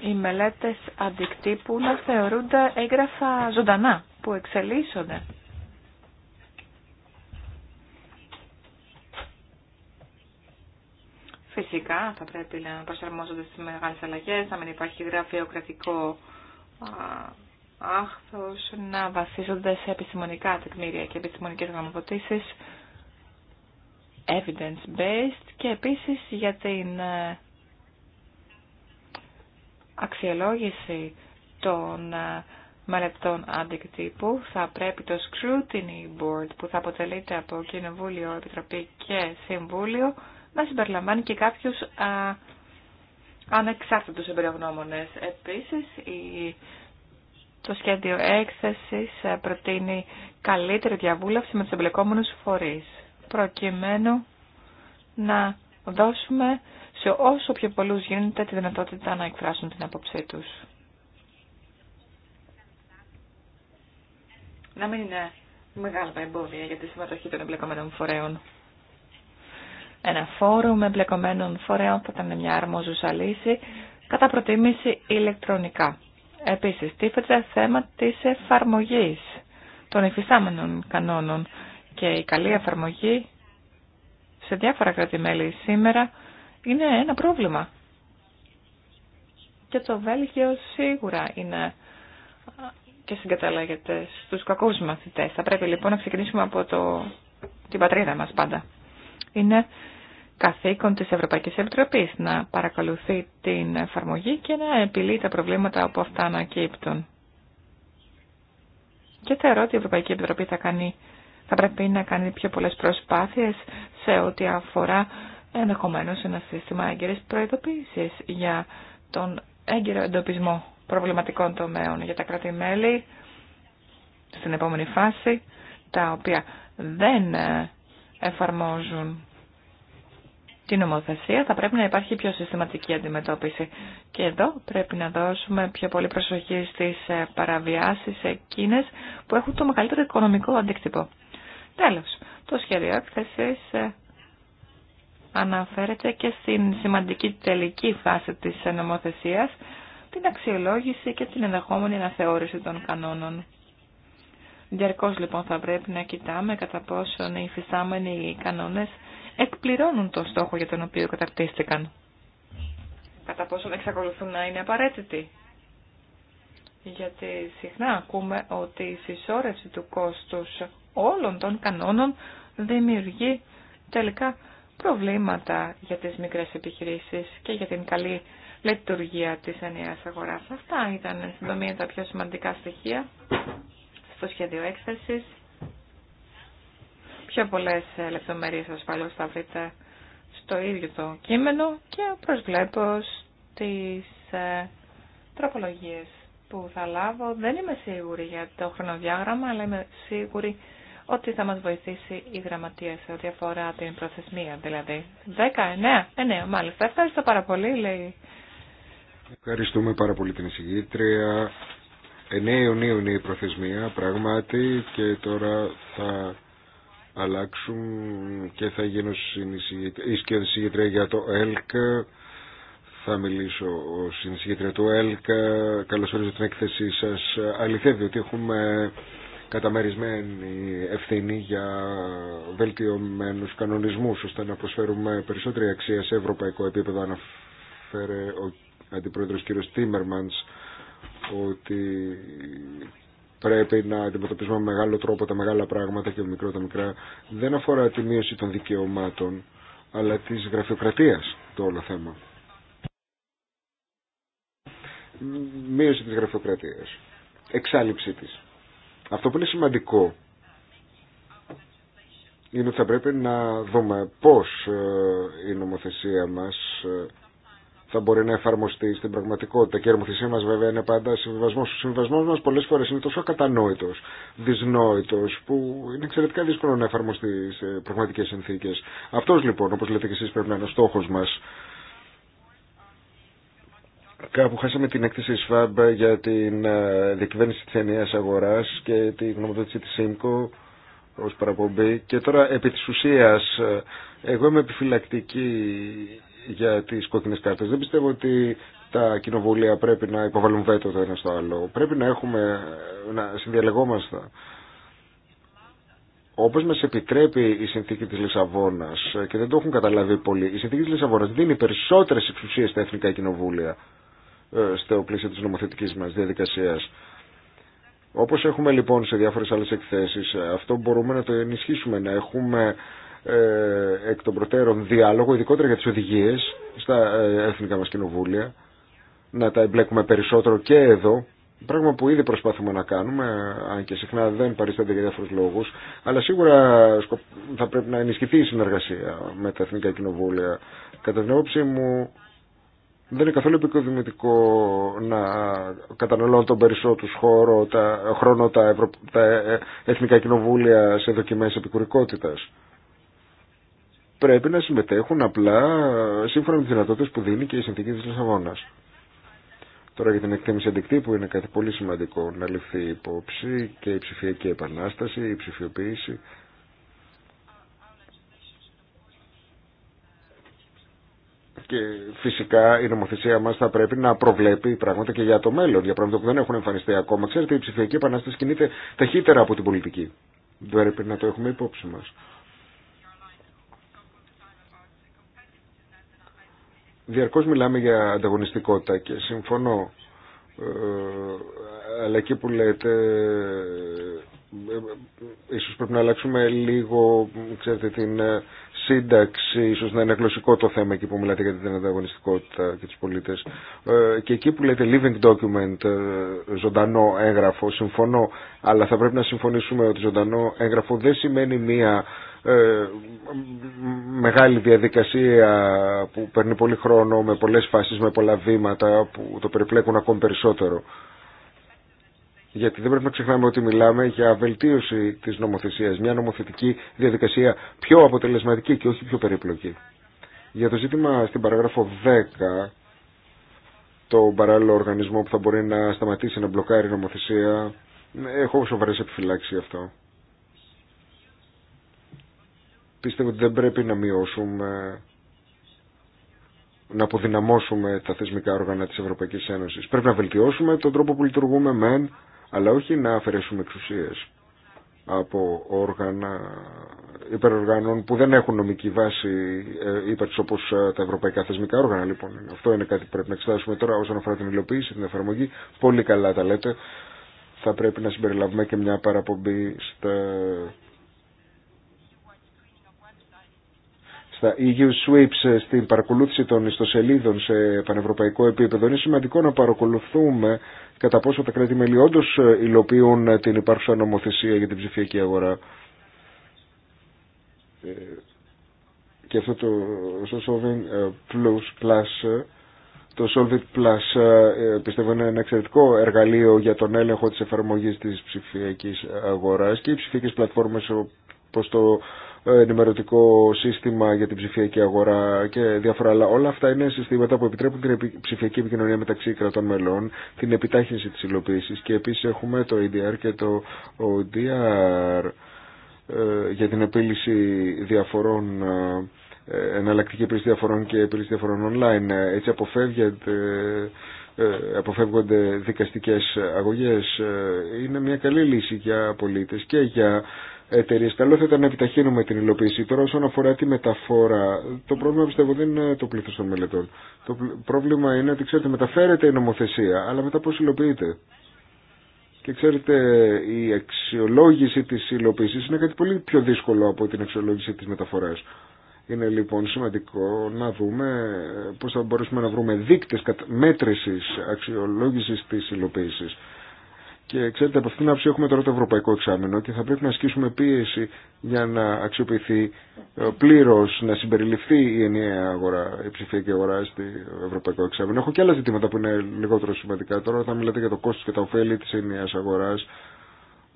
οι μελέτες αντικτύπου να θεωρούνται έγγραφα ζωντανά που εξελίσσονται. Φυσικά θα πρέπει να προσαρμόζονται στις μεγάλες αλλαγές, να μην υπάρχει γραφειοκρατικό άχθος, να βασίζονται σε επιστημονικά τεκμήρια και επιστημονικές γραμματοτήσεις, evidence-based και επίσης για την ε, αξιολόγηση των ε, μελετών αντικτύπου θα πρέπει το Scrutiny Board που θα αποτελείται από Κοινοβούλιο, Επιτροπή και Συμβούλιο να συμπεριλαμβάνει και κάποιους α, ε, ανεξάρτητους εμπειρογνώμονες. Επίσης, η, το σχέδιο έκθεσης ε, προτείνει καλύτερη διαβούλευση με τους εμπλεκόμενους φορείς προκειμένου να δώσουμε σε όσο πιο πολλούς γίνεται τη δυνατότητα να εκφράσουν την άποψή τους. Να μην είναι μεγάλα εμπόδια για τη συμμετοχή των εμπλεκομένων φορέων. Ένα φόρουμ εμπλεκομένων φορέων θα ήταν μια αρμόζουσα λύση, κατά προτίμηση ηλεκτρονικά. Επίσης, τίθεται θέμα της εφαρμογής των υφιστάμενων κανόνων και η καλή εφαρμογή σε διάφορα κράτη-μέλη σήμερα είναι ένα πρόβλημα. Και το Βέλγιο σίγουρα είναι και συγκαταλέγεται στους κακούς μαθητές. Θα πρέπει λοιπόν να ξεκινήσουμε από το... την πατρίδα μας πάντα. Είναι καθήκον της Ευρωπαϊκής Επιτροπής να παρακολουθεί την εφαρμογή και να επιλύει τα προβλήματα από αυτά ανακύπτουν. Και θεωρώ ότι η Ευρωπαϊκή Επιτροπή θα, πρέπει να κάνει πιο πολλές προσπάθειες σε ό,τι αφορά Ενδεχομένω ένα σύστημα έγκαιρης προειδοποίησης για τον έγκαιρο εντοπισμό προβληματικών τομέων για τα κράτη-μέλη στην επόμενη φάση, τα οποία δεν ε, εφαρμόζουν την νομοθεσία, θα πρέπει να υπάρχει πιο συστηματική αντιμετώπιση. Και εδώ πρέπει να δώσουμε πιο πολύ προσοχή στις ε, παραβιάσεις εκείνες που έχουν το μεγαλύτερο οικονομικό αντίκτυπο. Τέλος, το σχέδιο έκθεσης ε, αναφέρεται και στην σημαντική τελική φάση της νομοθεσίας, την αξιολόγηση και την ενδεχόμενη αναθεώρηση των κανόνων. Διαρκώς λοιπόν θα πρέπει να κοιτάμε κατά πόσον οι φυσάμενοι κανόνες εκπληρώνουν τον στόχο για τον οποίο καταρτίστηκαν. Κατά πόσον εξακολουθούν να είναι απαραίτητοι. Γιατί συχνά ακούμε ότι η συσσόρευση του κόστους όλων των κανόνων δημιουργεί τελικά προβλήματα για τις μικρές επιχειρήσεις και για την καλή λειτουργία της ενιαίας αγοράς. Αυτά ήταν συντομία τα πιο σημαντικά στοιχεία στο σχέδιο έκθεσης. Πιο πολλές λεπτομέρειες ασφαλώς θα βρείτε στο ίδιο το κείμενο και προσβλέπω στις ε, τροπολογίες που θα λάβω. Δεν είμαι σίγουρη για το χρονοδιάγραμμα, αλλά είμαι σίγουρη ότι θα μας βοηθήσει η γραμματεία σε ό,τι αφορά την προθεσμία, δηλαδή. Δέκα, 9, εννέα, μάλιστα. Ευχαριστώ πάρα πολύ, λέει. Ευχαριστούμε πάρα πολύ την εισηγήτρια. 9 Ιουνίου είναι η προθεσμία, πράγματι, και τώρα θα αλλάξουν και θα γίνω συνεισηγήτρια για το ΕΛΚ. Θα μιλήσω ω συνεισηγήτρια του ΕΛΚ. Καλώς ορίζω την έκθεσή σας. Αληθεύει ότι έχουμε καταμερισμένη ευθύνη για βελτιωμένους κανονισμούς ώστε να προσφέρουμε περισσότερη αξία σε ευρωπαϊκό επίπεδο αναφέρε ο Αντιπρόεδρος κ. Τίμερμαντς ότι πρέπει να αντιμετωπίσουμε με μεγάλο τρόπο τα μεγάλα πράγματα και μικρό τα μικρά δεν αφορά τη μείωση των δικαιωμάτων αλλά της γραφειοκρατίας το όλο θέμα. Μείωση της γραφειοκρατίας. Εξάλληψή της. Αυτό που είναι σημαντικό είναι ότι θα πρέπει να δούμε πώς ε, η νομοθεσία μας ε, θα μπορεί να εφαρμοστεί στην πραγματικότητα. Και η νομοθεσία μας βέβαια είναι πάντα συμβιβασμός. Ο συμβιβασμός μας πολλές φορές είναι τόσο ακατανόητος, δυσνόητος, που είναι εξαιρετικά δύσκολο να εφαρμοστεί σε πραγματικές συνθήκες. Αυτός λοιπόν, όπως λέτε και εσείς, πρέπει να είναι ο στόχος μας. Κάπου χάσαμε την έκθεση ΣΦΑΜΠ για την ε, διακυβέρνηση της ενιαίας αγοράς και τη γνωμοδότηση της ΣΥΜΚΟ ως παραπομπή. Και τώρα επί της ουσίας ε, εγώ είμαι επιφυλακτική για τις κόκκινες κάρτες. Δεν πιστεύω ότι τα κοινοβούλια πρέπει να υποβάλουν βέτο το ένα στο άλλο. Πρέπει να έχουμε, ε, να συνδιαλεγόμαστε. Όπω μα επιτρέπει η συνθήκη τη Λισαβόνα, και δεν το έχουν καταλάβει πολλοί, η συνθήκη τη Λισαβόνα δίνει περισσότερε εξουσίε στα εθνικά κοινοβούλια. Ε, στο πλαίσιο της νομοθετικής μας διαδικασίας. Όπως έχουμε λοιπόν σε διάφορες άλλες εκθέσεις, αυτό μπορούμε να το ενισχύσουμε, να έχουμε ε, εκ των προτέρων διάλογο, ειδικότερα για τις οδηγίες στα ε, εθνικά μας κοινοβούλια, να τα εμπλέκουμε περισσότερο και εδώ, πράγμα που ήδη προσπαθούμε να κάνουμε, αν και συχνά δεν παρίστανται για διάφορους λόγους, αλλά σίγουρα θα πρέπει να ενισχυθεί η συνεργασία με τα εθνικά κοινοβούλια. Κατά την όψη μου, δεν είναι καθόλου επικοδημητικό να καταναλώνουν τον περισσότερο χώρο, τα, χρόνο τα, εθνικά κοινοβούλια σε δοκιμές επικουρικότητας. Πρέπει να συμμετέχουν απλά σύμφωνα με τις δυνατότητες που δίνει και η συνθήκη της Λισαβόνας. Τώρα για την εκτίμηση αντικτύπου είναι κάτι πολύ σημαντικό να ληφθεί υπόψη και η ψηφιακή επανάσταση, η ψηφιοποίηση και φυσικά η νομοθεσία μας θα πρέπει να προβλέπει πράγματα και για το μέλλον, για πράγματα που δεν έχουν εμφανιστεί ακόμα. Ξέρετε, η ψηφιακή επανάσταση κινείται ταχύτερα από την πολιτική. Δεν πρέπει να το έχουμε υπόψη μας. Διαρκώς μιλάμε για ανταγωνιστικότητα και συμφωνώ ε, αλλά εκεί που λέτε ε, πρέπει να αλλάξουμε λίγο ξέρετε, την σύνταξη, ίσως να είναι γλωσσικό το θέμα εκεί που μιλάτε για την ανταγωνιστικότητα και τους πολίτες. Ε, και εκεί που λέτε living document, ε, ζωντανό έγγραφο, συμφωνώ, αλλά θα πρέπει να συμφωνήσουμε ότι ζωντανό έγγραφο δεν σημαίνει μία ε, μεγάλη διαδικασία που παίρνει πολύ χρόνο, με πολλέ φάσει, με πολλά βήματα που το περιπλέκουν ακόμη περισσότερο. Γιατί δεν πρέπει να ξεχνάμε ότι μιλάμε για βελτίωση της νομοθεσίας, μια νομοθετική διαδικασία πιο αποτελεσματική και όχι πιο περίπλοκη. Για το ζήτημα στην παράγραφο 10, το παράλληλο οργανισμό που θα μπορεί να σταματήσει να μπλοκάρει νομοθεσία, έχω σοβαρές επιφυλάξει αυτό. Πιστεύω ότι δεν πρέπει να μειώσουμε να αποδυναμώσουμε τα θεσμικά όργανα της Ευρωπαϊκής Ένωσης. Πρέπει να βελτιώσουμε τον τρόπο που λειτουργούμε μεν, αλλά όχι να αφαιρέσουμε εξουσίες από όργανα υπεροργάνων που δεν έχουν νομική βάση ε, ύπαρξη όπως ε, τα ευρωπαϊκά θεσμικά όργανα. Λοιπόν, αυτό είναι κάτι που πρέπει να εξετάσουμε τώρα όσον αφορά την υλοποίηση, την εφαρμογή. Πολύ καλά τα λέτε. Θα πρέπει να συμπεριλάβουμε και μια παραπομπή στα τα EU Sweeps ε, στην παρακολούθηση των ιστοσελίδων σε πανευρωπαϊκό επίπεδο. Είναι σημαντικό να παρακολουθούμε κατά πόσο τα κράτη-μέλη όντω ε, υλοποιούν ε, την υπάρχουσα νομοθεσία για την ψηφιακή αγορά. Και αυτό το Solving Plus, Plus το Solvit Plus πιστεύω είναι ένα εξαιρετικό εργαλείο για τον έλεγχο της εφαρμογής της ψηφιακής αγοράς και οι ψηφιακές πλατφόρμες όπως το ενημερωτικό σύστημα για την ψηφιακή αγορά και διάφορα άλλα. Όλα αυτά είναι συστήματα που επιτρέπουν την ψηφιακή επικοινωνία μεταξύ κρατών μελών, την επιτάχυνση της υλοποίησης και επίσης έχουμε το EDR και το ODR ε, για την επίλυση διαφορών ε, εναλλακτική επίλυση διαφορών και επίλυση διαφορών online. Έτσι αποφεύγεται ε, αποφεύγονται δικαστικές αγωγές είναι μια καλή λύση για πολίτες και για εταιρείε. Καλό θα ήταν να επιταχύνουμε την υλοποίηση. Τώρα, όσον αφορά τη μεταφορά, το πρόβλημα πιστεύω δεν είναι το πλήθο των μελετών. Το πρόβλημα είναι ότι, ξέρετε, μεταφέρεται η νομοθεσία, αλλά μετά πώ υλοποιείται. Και ξέρετε, η αξιολόγηση τη υλοποίηση είναι κάτι πολύ πιο δύσκολο από την αξιολόγηση τη μεταφορά. Είναι λοιπόν σημαντικό να δούμε πώς θα μπορέσουμε να βρούμε δείκτες μέτρησης αξιολόγησης της υλοποίησης. Και ξέρετε, από αυτήν την άψη έχουμε τώρα το ευρωπαϊκό εξάμεινο και θα πρέπει να ασκήσουμε πίεση για να αξιοποιηθεί ε, πλήρω, να συμπεριληφθεί η ενιαία αγορά, η ψηφιακή αγορά στο ευρωπαϊκό εξάμεινο. Έχω και άλλα ζητήματα που είναι λιγότερο σημαντικά τώρα. Θα μιλάτε για το κόστο και τα ωφέλη τη ενιαία αγορά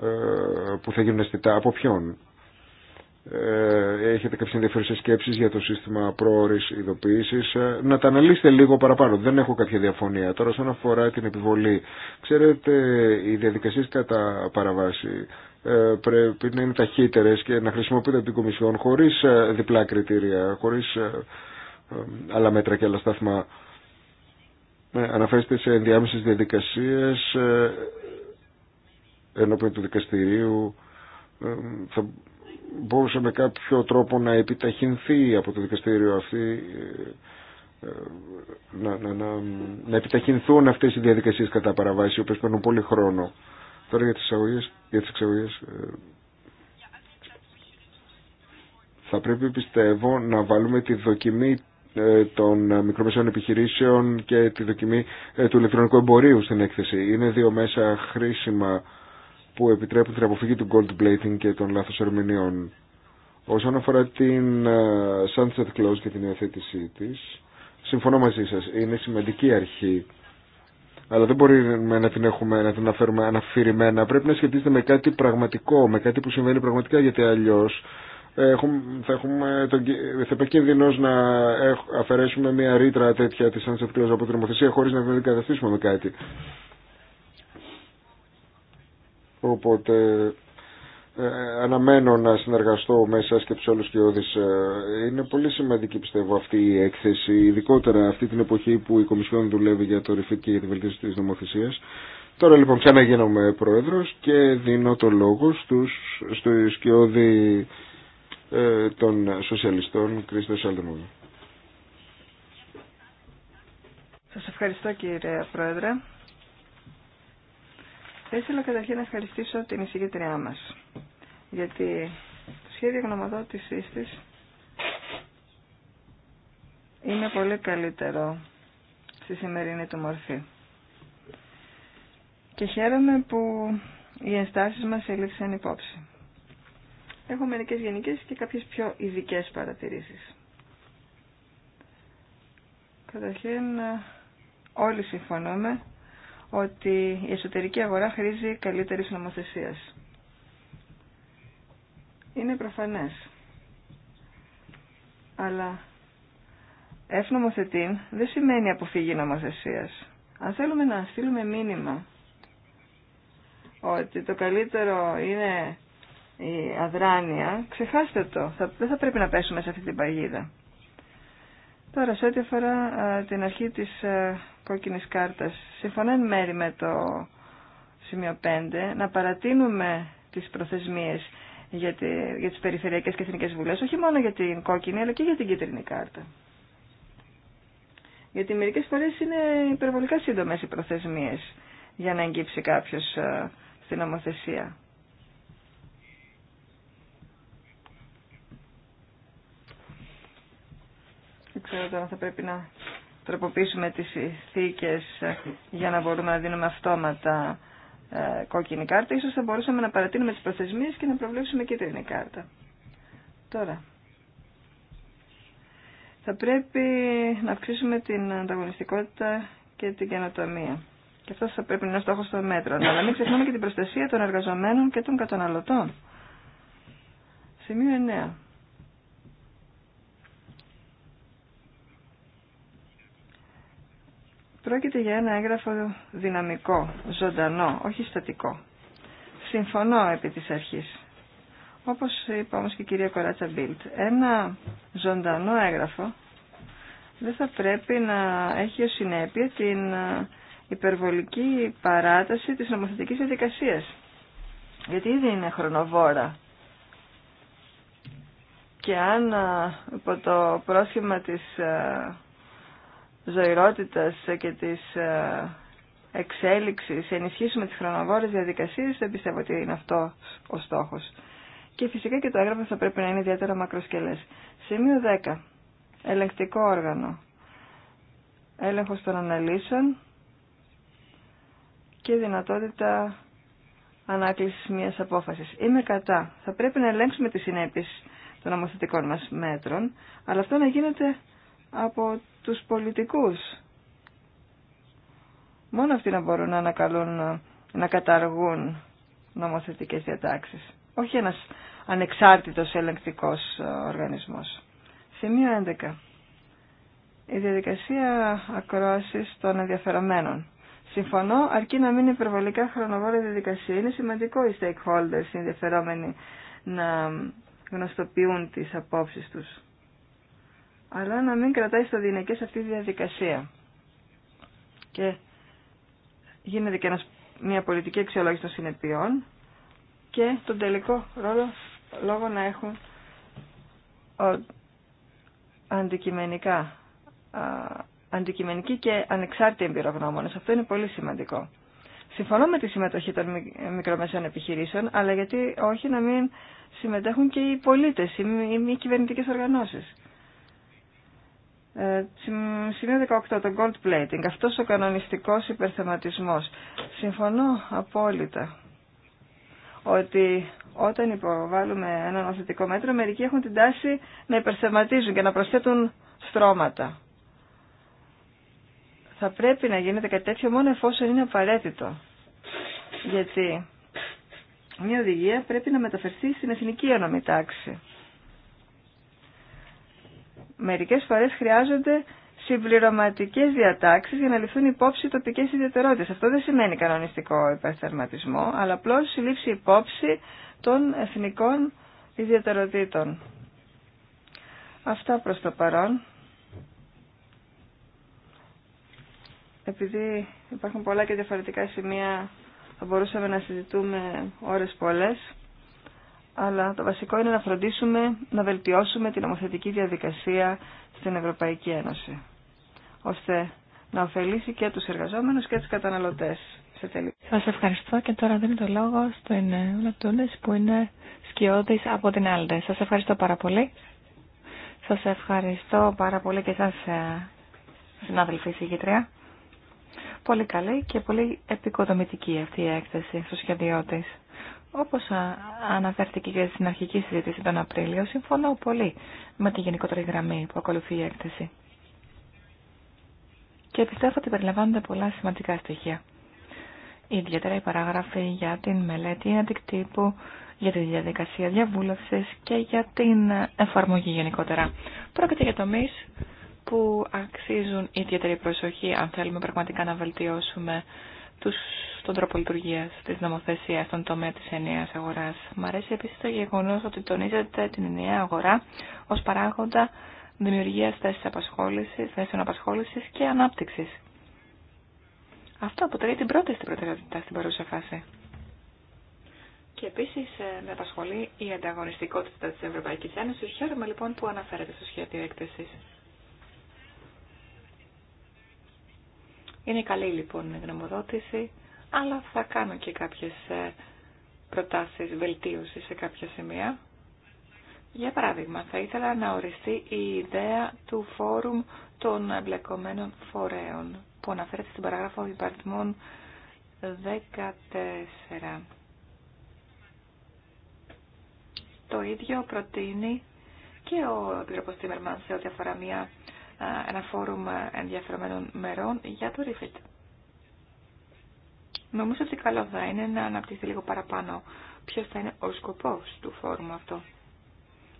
ε, που θα γίνουν αισθητά από ποιον. Ε, έχετε κάποιες ενδιαφέρουσες σκέψεις για το σύστημα προώρης ειδοποίησης ε, να τα αναλύσετε λίγο παραπάνω δεν έχω κάποια διαφωνία τώρα όσον αφορά την επιβολή ξέρετε οι διαδικασίες κατά παραβάση ε, πρέπει να είναι ταχύτερες και να χρησιμοποιείται από την Κομισιόν χωρίς διπλά κριτήρια χωρίς άλλα μέτρα και άλλα στάθμα αναφέρεστε σε ενδιάμεσες διαδικασίες ενώπιον του δικαστηρίου θα μπορούσε με κάποιο τρόπο να επιταχυνθεί από το δικαστήριο αυτή ε, ε, να, να, να, να επιταχυνθούν αυτές οι διαδικασίες κατά παραβάση, οι παίρνουν πολύ χρόνο. Τώρα για τις εξαγωγές, για τις εξαγωγές ε, θα πρέπει πιστεύω να βάλουμε τη δοκιμή των μικρομεσαίων επιχειρήσεων και τη δοκιμή του ηλεκτρονικού εμπορίου στην έκθεση. Είναι δύο μέσα χρήσιμα που επιτρέπουν την αποφυγή του gold plating και των λάθος ερμηνεών. Όσον αφορά την ε, sunset clause και την υιοθέτησή της, συμφωνώ μαζί σας, είναι σημαντική αρχή, αλλά δεν μπορούμε να την έχουμε, να την αναφέρουμε αναφηρημένα. Πρέπει να σχετίζεται με κάτι πραγματικό, με κάτι που συμβαίνει πραγματικά, γιατί αλλιώς ε, θα, έχουμε τον, θα υπάρχει κίνδυνο να αφαιρέσουμε μια ρήτρα τέτοια τη Sunset Clause από την νομοθεσία χωρί να την αντικαταστήσουμε με κάτι. Οπότε ε, αναμένω να συνεργαστώ με εσάς και τους άλλους κοιόδης. Ε, είναι πολύ σημαντική πιστεύω αυτή η έκθεση, ειδικότερα αυτή την εποχή που η Κομισιόν δουλεύει για το ρηφίτ και τη βελτίωση της νομοθεσίας. Τώρα λοιπόν ξαναγίνομαι πρόεδρος και δίνω το λόγο στους, στους όδη ε, των σοσιαλιστών Κρίστο Σαλτεμόν. Σας ευχαριστώ κύριε Πρόεδρε. Θα ήθελα καταρχήν να ευχαριστήσω την εισηγήτριά μας, γιατί το σχέδιο γνωμοδότησή τη είναι πολύ καλύτερο στη σημερινή του μορφή. Και χαίρομαι που οι ενστάσει μας έλειψαν υπόψη. Έχω μερικέ γενικέ και κάποιες πιο ειδικέ παρατηρήσεις. Καταρχήν όλοι συμφωνούμε ότι η εσωτερική αγορά χρήζει καλύτερη νομοθεσία. Είναι προφανές. Αλλά εφνομοθετήν δεν σημαίνει αποφύγη νομοθεσία. Αν θέλουμε να στείλουμε μήνυμα ότι το καλύτερο είναι η αδράνεια, ξεχάστε το. δεν θα πρέπει να πέσουμε σε αυτή την παγίδα. Τώρα, σε ό,τι αφορά την αρχή της κόκκινης κάρτας, συμφωνώ εν μέρη με το σημείο 5, να παρατείνουμε τις προθεσμίες για, τη, για τις περιφερειακές και εθνικές βουλές, όχι μόνο για την κόκκινη, αλλά και για την κίτρινη κάρτα. Γιατί μερικές φορές είναι υπερβολικά σύντομες οι προθεσμίες για να εγγύψει κάποιος στην νομοθεσία. ξέρω τώρα θα πρέπει να τροποποιήσουμε τις θήκε για να μπορούμε να δίνουμε αυτόματα ε, κόκκινη κάρτα. Ίσως θα μπορούσαμε να παρατείνουμε τις προθεσμίες και να προβλέψουμε κίτρινη κάρτα. Τώρα, θα πρέπει να αυξήσουμε την ανταγωνιστικότητα και την καινοτομία. Και αυτό θα πρέπει να είναι ο στόχο των μέτρων. Αλλά μην ξεχνάμε και την προστασία των εργαζομένων και των καταναλωτών. Σημείο 9. Πρόκειται για ένα έγγραφο δυναμικό, ζωντανό, όχι στατικό. Συμφωνώ επί της αρχής. Όπως είπα όμως και η κυρία Κοράτσα Μπίλτ, ένα ζωντανό έγγραφο δεν θα πρέπει να έχει ως συνέπεια την ε, υπερβολική παράταση της νομοθετικής διαδικασίας. Γιατί ήδη είναι χρονοβόρα. Και αν ε, υπό το πρόσχημα της ε, ζωηρότητας και της ε, εξέλιξης, ενισχύσουμε τις χρονοβόρες διαδικασίες, δεν πιστεύω ότι είναι αυτό ο στόχος. Και φυσικά και το έγγραφο θα πρέπει να είναι ιδιαίτερα μακροσκελές. Σημείο 10. Ελεγκτικό όργανο. Έλεγχος των αναλύσεων και δυνατότητα ανάκλησης μιας απόφασης. Είμαι κατά. Θα πρέπει να ελέγξουμε τις συνέπειες των νομοθετικών μας μέτρων, αλλά αυτό να γίνεται από τους πολιτικούς. Μόνο αυτοί να μπορούν να ανακαλούν, να καταργούν νομοθετικές διατάξεις. Όχι ένας ανεξάρτητος ελεγκτικός ε, οργανισμός. Σημείο 11. Η διαδικασία ακρόασης των ενδιαφερομένων. Συμφωνώ, αρκεί να μην είναι υπερβολικά χρονοβόρη διαδικασία. Είναι σημαντικό οι stakeholders, οι ενδιαφερόμενοι, να γνωστοποιούν τις απόψεις τους αλλά να μην κρατάει στο δυναικές αυτή τη διαδικασία. Και γίνεται και μια πολιτική αξιολόγηση των συνεπειών και τον τελικό ρόλο λόγω να έχουν αντικειμενικά αντικειμενική και ανεξάρτητη εμπειρογνώμονες. Αυτό είναι πολύ σημαντικό. Συμφωνώ με τη συμμετοχή των μικρομεσαίων επιχειρήσεων, αλλά γιατί όχι να μην συμμετέχουν και οι πολίτες, οι μη κυβερνητικές οργανώσεις. Ε, σημείο 18, το gold plating, αυτός ο κανονιστικός υπερθεματισμός. Συμφωνώ απόλυτα ότι όταν υποβάλλουμε ένα νομοθετικό μέτρο, μερικοί έχουν την τάση να υπερθεματίζουν και να προσθέτουν στρώματα. Θα πρέπει να γίνεται κάτι τέτοιο μόνο εφόσον είναι απαραίτητο. Γιατί μια οδηγία πρέπει να μεταφερθεί στην εθνική ενωμή τάξη μερικές φορές χρειάζονται συμπληρωματικές διατάξεις για να ληφθούν υπόψη τοπικές ιδιαιτερότητες. Αυτό δεν σημαίνει κανονιστικό υπερθερματισμό, αλλά απλώ η λήψη υπόψη των εθνικών ιδιαιτεροτήτων. Αυτά προς το παρόν. Επειδή υπάρχουν πολλά και διαφορετικά σημεία, θα μπορούσαμε να συζητούμε ώρες πολλές αλλά το βασικό είναι να φροντίσουμε να βελτιώσουμε την νομοθετική διαδικασία στην Ευρωπαϊκή Ένωση, ώστε να ωφελήσει και τους εργαζόμενους και τους καταναλωτές. Σας ευχαριστώ και τώρα δίνω το λόγο στον Λατούνες ε, που είναι σκιώδης από την Άλντε. Σας ευχαριστώ πάρα πολύ. Σας ευχαριστώ πάρα πολύ και σας ε, συνάδελφοι συγκήτρια. Πολύ καλή και πολύ επικοδομητική αυτή η έκθεση στο σχεδιό της. Όπως αναφέρθηκε και στην αρχική συζήτηση τον Απρίλιο, συμφωνώ πολύ με τη γενικότερη γραμμή που ακολουθεί η έκθεση. Και πιστεύω ότι περιλαμβάνονται πολλά σημαντικά στοιχεία. Ιδιαίτερα η παράγραφη για την μελέτη αντικτύπου, για τη διαδικασία διαβούλευση και για την εφαρμογή γενικότερα. Πρόκειται για τομεί που αξίζουν ιδιαίτερη προσοχή αν θέλουμε πραγματικά να βελτιώσουμε τους, τον τρόπο λειτουργία τη νομοθεσία στον τομέα τη ενιαία αγορά. Μ' αρέσει επίση το γεγονό ότι τονίζεται την ενιαία αγορά ω παράγοντα δημιουργία θέσεων απασχόληση και ανάπτυξη. Αυτό αποτελεί την πρώτη στην προτεραιότητα στην παρούσα φάση. Και επίση ε, με απασχολεί η ανταγωνιστικότητα τη Ευρωπαϊκή Ένωση. Χαίρομαι λοιπόν που αναφέρεται στο σχέδιο έκθεση. Είναι καλή λοιπόν η γνωμοδότηση, αλλά θα κάνω και κάποιες ε, προτάσεις βελτίωσης σε κάποια σημεία. Για παράδειγμα, θα ήθελα να οριστεί η ιδέα του φόρουμ των εμπλεκομένων φορέων, που αναφέρεται στην παράγραφο υπαρτιμών 14. Το ίδιο προτείνει και ο Επιτροπός Τίμερμαν σε ό,τι αφορά μια ένα φόρουμ ενδιαφερομένων μερών για το refit. Νομίζω ότι καλό θα είναι να αναπτύχθει λίγο παραπάνω ποιο θα είναι ο σκοπό του φόρουμ αυτό.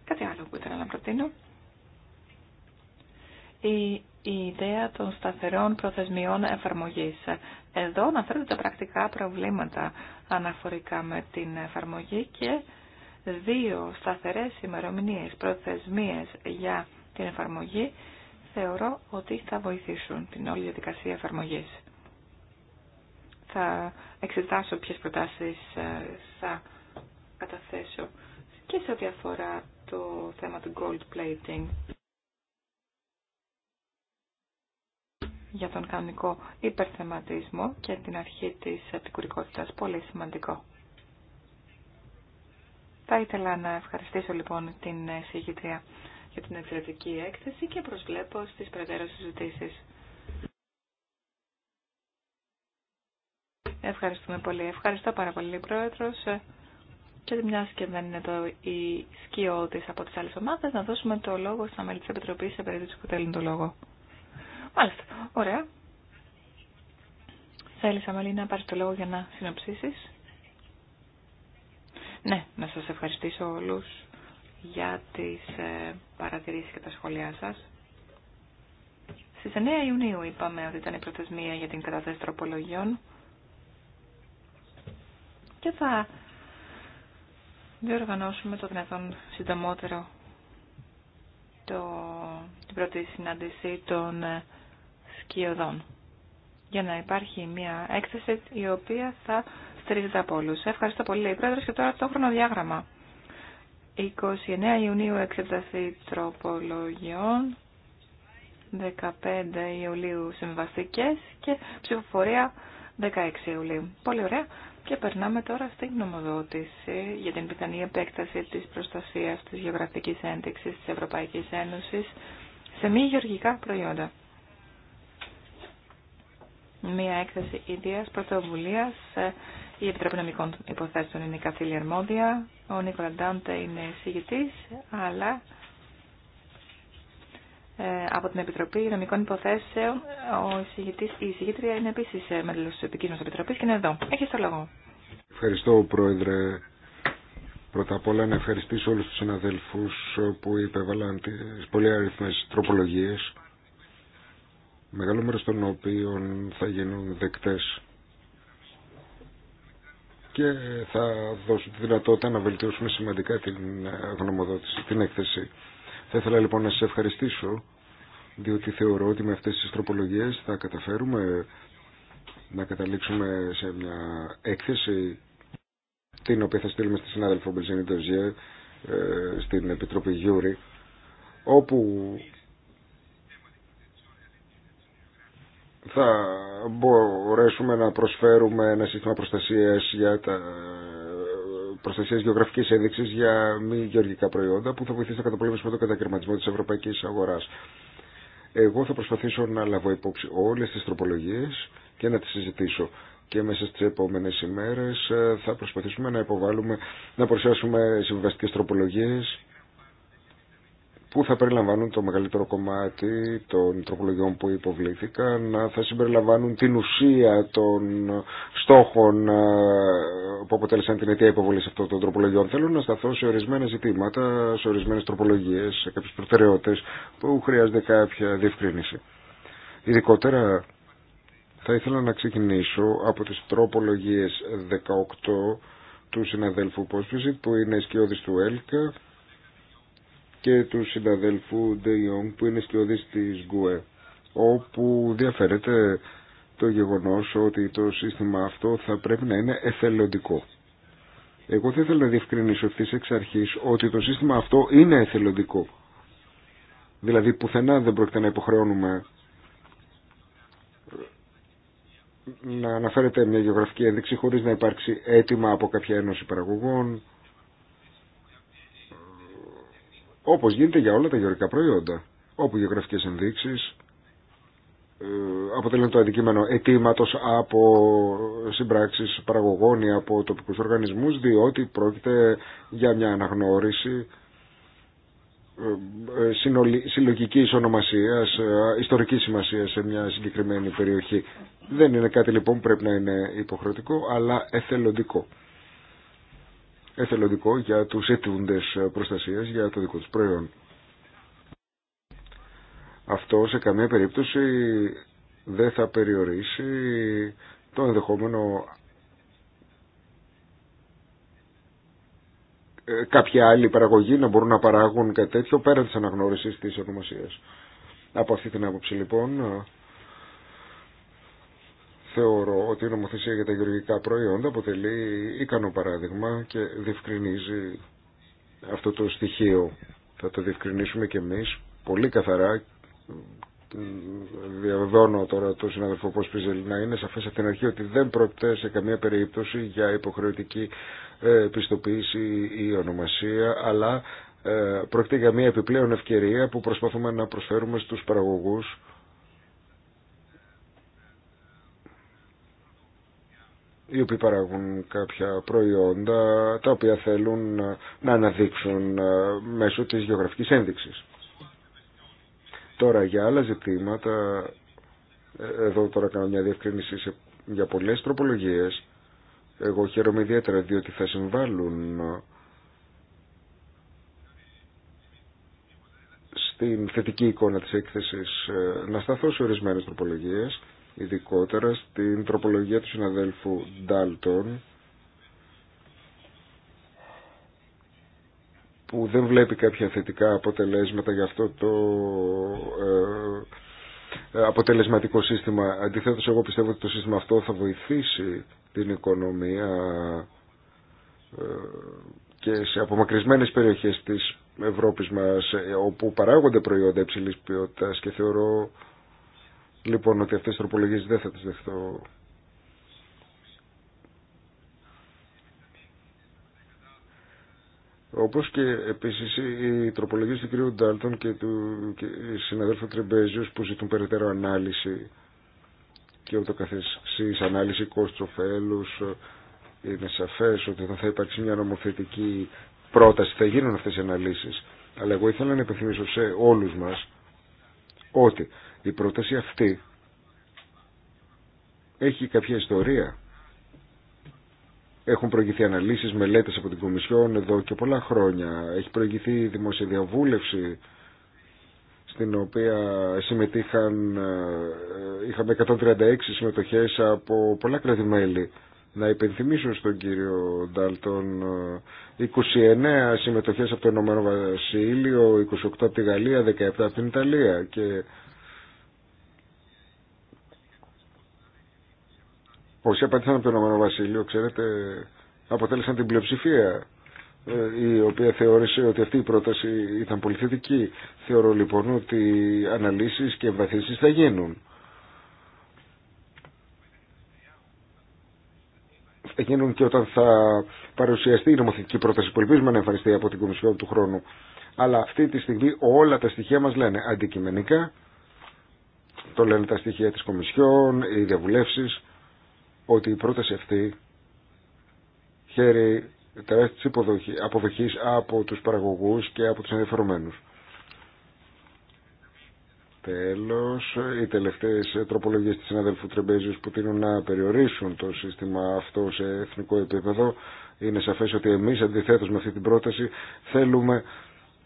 Κάτι άλλο που ήθελα να προτείνω. Η, η ιδέα των σταθερών προθεσμιών εφαρμογής. Εδώ αναφέρονται τα πρακτικά προβλήματα αναφορικά με την εφαρμογή και δύο σταθερές ημερομηνίες προθεσμίες για την εφαρμογή θεωρώ ότι θα βοηθήσουν την όλη διαδικασία εφαρμογή. Θα εξετάσω ποιε προτάσεις ε, θα καταθέσω και σε ό,τι αφορά το θέμα του gold plating για τον κανονικό υπερθεματισμό και την αρχή της επικουρικότητας. Πολύ σημαντικό. Θα ήθελα να ευχαριστήσω λοιπόν την συγγητρία για την εξαιρετική έκθεση και προσβλέπω στις περαιτέρω συζητήσει. Ευχαριστούμε πολύ. Ευχαριστώ πάρα πολύ, Πρόεδρος. Και μια και δεν είναι εδώ η τη από τι άλλε ομάδε, να δώσουμε το λόγο στα μέλη τη Επιτροπή σε περίπτωση που θέλουν το λόγο. Μάλιστα. Ωραία. Θέλει, Αμαλή, να πάρει το λόγο για να συνοψίσει. Ναι, να σα ευχαριστήσω όλου για τις ε, παρατηρήσεις και τα σχόλιά σας. Στις 9 Ιουνίου είπαμε ότι ήταν η προθεσμία για την κατάθεση τροπολογιών και θα διοργανώσουμε το δυνατόν συντομότερο το, την πρώτη συνάντηση των ε, σκιωδών για να υπάρχει μια έκθεση η οποία θα στηρίζεται από όλους. Ευχαριστώ πολύ, Πρόεδρος, και τώρα το χρονοδιάγραμμα. 29 Ιουνίου εξεταστή τροπολογιών, 15 Ιουλίου συμβαστικές και ψηφοφορία 16 Ιουλίου. Πολύ ωραία. Και περνάμε τώρα στην γνωμοδότηση για την πιθανή επέκταση της προστασίας της γεωγραφικής ένδειξης της Ευρωπαϊκής Ένωσης σε μη γεωργικά προϊόντα. Μία έκθεση ιδίας πρωτοβουλίας ε, η Επιτροπή Νομικών Υποθέσεων είναι η καθήλια αρμόδια. Ο Νίκολα Ντάντε είναι συγγητή, αλλά ε, από την Επιτροπή Νομικών Υποθέσεων ο συγητής, η συγγετρία είναι επίση ε, μέλο τη επική μα επιτροπή και είναι εδώ. Έχει το λόγο. Ευχαριστώ, Πρόεδρε. Πρώτα απ' όλα να ευχαριστήσω όλους τους συναδέλφους που υπέβαλαν τις πολύ αριθμές τροπολογίες, μεγάλο μέρος των οποίων θα γίνουν δεκτές και θα δώσουν τη δυνατότητα να βελτιώσουμε σημαντικά την ε, γνωμοδότηση, την έκθεση. Θα ήθελα λοιπόν να σας ευχαριστήσω διότι θεωρώ ότι με αυτές τις τροπολογίες θα καταφέρουμε να καταλήξουμε σε μια έκθεση την οποία θα στείλουμε στη συνάδελφο Μπελζίνη Τοζιέ ε, στην Επιτροπή Γιούρη όπου θα μπορέσουμε να προσφέρουμε ένα σύστημα προστασίας για τα προστασίας γεωγραφικής ένδειξης για μη γεωργικά προϊόντα που θα βοηθήσει να καταπολεμήσουμε τον κατακαιρματισμό της ευρωπαϊκής αγοράς. Εγώ θα προσπαθήσω να λάβω υπόψη όλες τις τροπολογίες και να τις συζητήσω και μέσα στις επόμενες ημέρες ε, θα προσπαθήσουμε να υποβάλουμε, να παρουσιάσουμε συμβαστικές τροπολογίες που θα περιλαμβάνουν το μεγαλύτερο κομμάτι των τροπολογιών που υποβλήθηκαν, θα συμπεριλαμβάνουν την ουσία των στόχων ε, που αποτέλεσαν την αιτία υποβολή αυτών των τροπολογιών. Θέλω να σταθώ σε ορισμένα ζητήματα, σε ορισμένε τροπολογίε, σε κάποιε προτεραιότητε που χρειάζεται κάποια διευκρίνηση. Ειδικότερα θα ήθελα να ξεκινήσω από τι τροπολογίε 18 του συναδέλφου Πόσπιζιτ που είναι σκιώδη του ΕΛΚΑ και του συναδέλφου Ντε που είναι σκιώδης της ΓΚΟΕ όπου διαφέρεται το γεγονός ότι το σύστημα αυτό θα πρέπει να είναι εθελοντικό. Εγώ θα ήθελα να διευκρινίσω ευθύ εξ αρχή ότι το σύστημα αυτό είναι εθελοντικό. Δηλαδή πουθενά δεν πρόκειται να υποχρεώνουμε να αναφέρεται μια γεωγραφική ένδειξη χωρίς να υπάρξει αίτημα από κάποια ένωση παραγωγών όπως γίνεται για όλα τα γεωργικά προϊόντα, όπου γεωγραφικές ενδείξεις ε, αποτελούν το αντικείμενο αιτήματο από συμπράξεις παραγωγών ή από τοπικούς οργανισμούς, διότι πρόκειται για μια αναγνώριση ε, ε, συλλογικής ονομασίας, ιστορικής σημασίας σε μια συγκεκριμένη περιοχή. Δεν είναι κάτι λοιπόν που πρέπει να είναι υποχρεωτικό, αλλά εθελοντικό εθελοντικό για τους αιτούντε προστασίας για το δικό τους προϊόν. Αυτό σε καμία περίπτωση δεν θα περιορίσει το ενδεχόμενο ε, ...καποια άλλη παραγωγή να μπορούν να παράγουν κάτι τέτοιο πέρα της αναγνώρισης της ονομασίας. Από αυτή την άποψη λοιπόν Θεωρώ ότι η νομοθεσία για τα γεωργικά προϊόντα αποτελεί ικανό παράδειγμα και διευκρινίζει αυτό το στοιχείο. Θα το διευκρινίσουμε και εμείς πολύ καθαρά. Διαβεβαιώνω τώρα τον συναδελφό Ποσπιζελ να είναι σαφές από την αρχή ότι δεν πρόκειται σε καμία περίπτωση για υποχρεωτική ε, πιστοποίηση ή ονομασία, αλλά ε, πρόκειται για μια επιπλέον ευκαιρία που προσπαθούμε να προσφέρουμε στους παραγωγούς οι οποίοι παράγουν κάποια προϊόντα τα οποία θέλουν να αναδείξουν ε, μέσω της γεωγραφικής ένδειξης. Τώρα για άλλα ζητήματα, ε, εδώ τώρα κάνω μια διευκρίνηση για πολλές τροπολογίες, εγώ χαίρομαι ιδιαίτερα διότι θα συμβάλλουν ε, στην θετική εικόνα της έκθεσης να σταθώ σε ορισμένες τροπολογίες ειδικότερα στην τροπολογία του συναδέλφου Ντάλτον που δεν βλέπει κάποια θετικά αποτελέσματα για αυτό το ε, ε, αποτελεσματικό σύστημα. Αντιθέτως εγώ πιστεύω ότι το σύστημα αυτό θα βοηθήσει την οικονομία ε, και σε απομακρυσμένες περιοχές της Ευρώπης μας όπου παράγονται προϊόντα υψηλής ποιότητας και θεωρώ λοιπόν ότι αυτές τις τροπολογίες δεν θα τις δεχτώ. Όπως και επίσης οι τροπολογίες του κ. Ντάλτον και του και συναδέλφου Τρεμπέζιους που ζητούν περαιτέρω ανάλυση και ούτω καθεσής ανάλυση κόστος ωφέλους είναι σαφές ότι θα υπάρξει μια νομοθετική πρόταση θα γίνουν αυτές οι αναλύσεις αλλά εγώ ήθελα να υπενθυμίσω σε όλους μας ότι η πρόταση αυτή έχει κάποια ιστορία. Έχουν προηγηθεί αναλύσεις, μελέτες από την Κομισιόν εδώ και πολλά χρόνια. Έχει προηγηθεί δημόσια διαβούλευση στην οποία συμμετείχαν, ε, είχαμε 136 συμμετοχές από πολλά κράτη-μέλη. Να υπενθυμίσω στον κύριο Ντάλτον 29 ε, συμμετοχές από το Ηνωμένο Βασίλειο, 28 από τη Γαλλία, 17 από την Ιταλία και Όσοι απαντήσαν από το Ηνωμένο Βασίλειο, ξέρετε, αποτέλεσαν την πλειοψηφία ε, η οποία θεώρησε ότι αυτή η πρόταση ήταν πολύ θετική. Θεωρώ λοιπόν ότι αναλύσεις και βαθύσεις θα γίνουν. Θα γίνουν και όταν θα παρουσιαστεί η νομοθετική πρόταση που ελπίζουμε να εμφανιστεί από την Κομισιόν του χρόνου. Αλλά αυτή τη στιγμή όλα τα στοιχεία μας λένε αντικειμενικά, το λένε τα στοιχεία της Κομισιόν, οι διαβουλεύσεις, ότι η πρόταση αυτή χαίρει τεράστιες αποδοχής από τους παραγωγούς και από τους ενδιαφερομένους. Τέλος, οι τελευταίες τροπολογίες της συναδέλφου Τρεμπέζιος που τείνουν να περιορίσουν το σύστημα αυτό σε εθνικό επίπεδο είναι σαφές ότι εμείς αντιθέτως με αυτή την πρόταση θέλουμε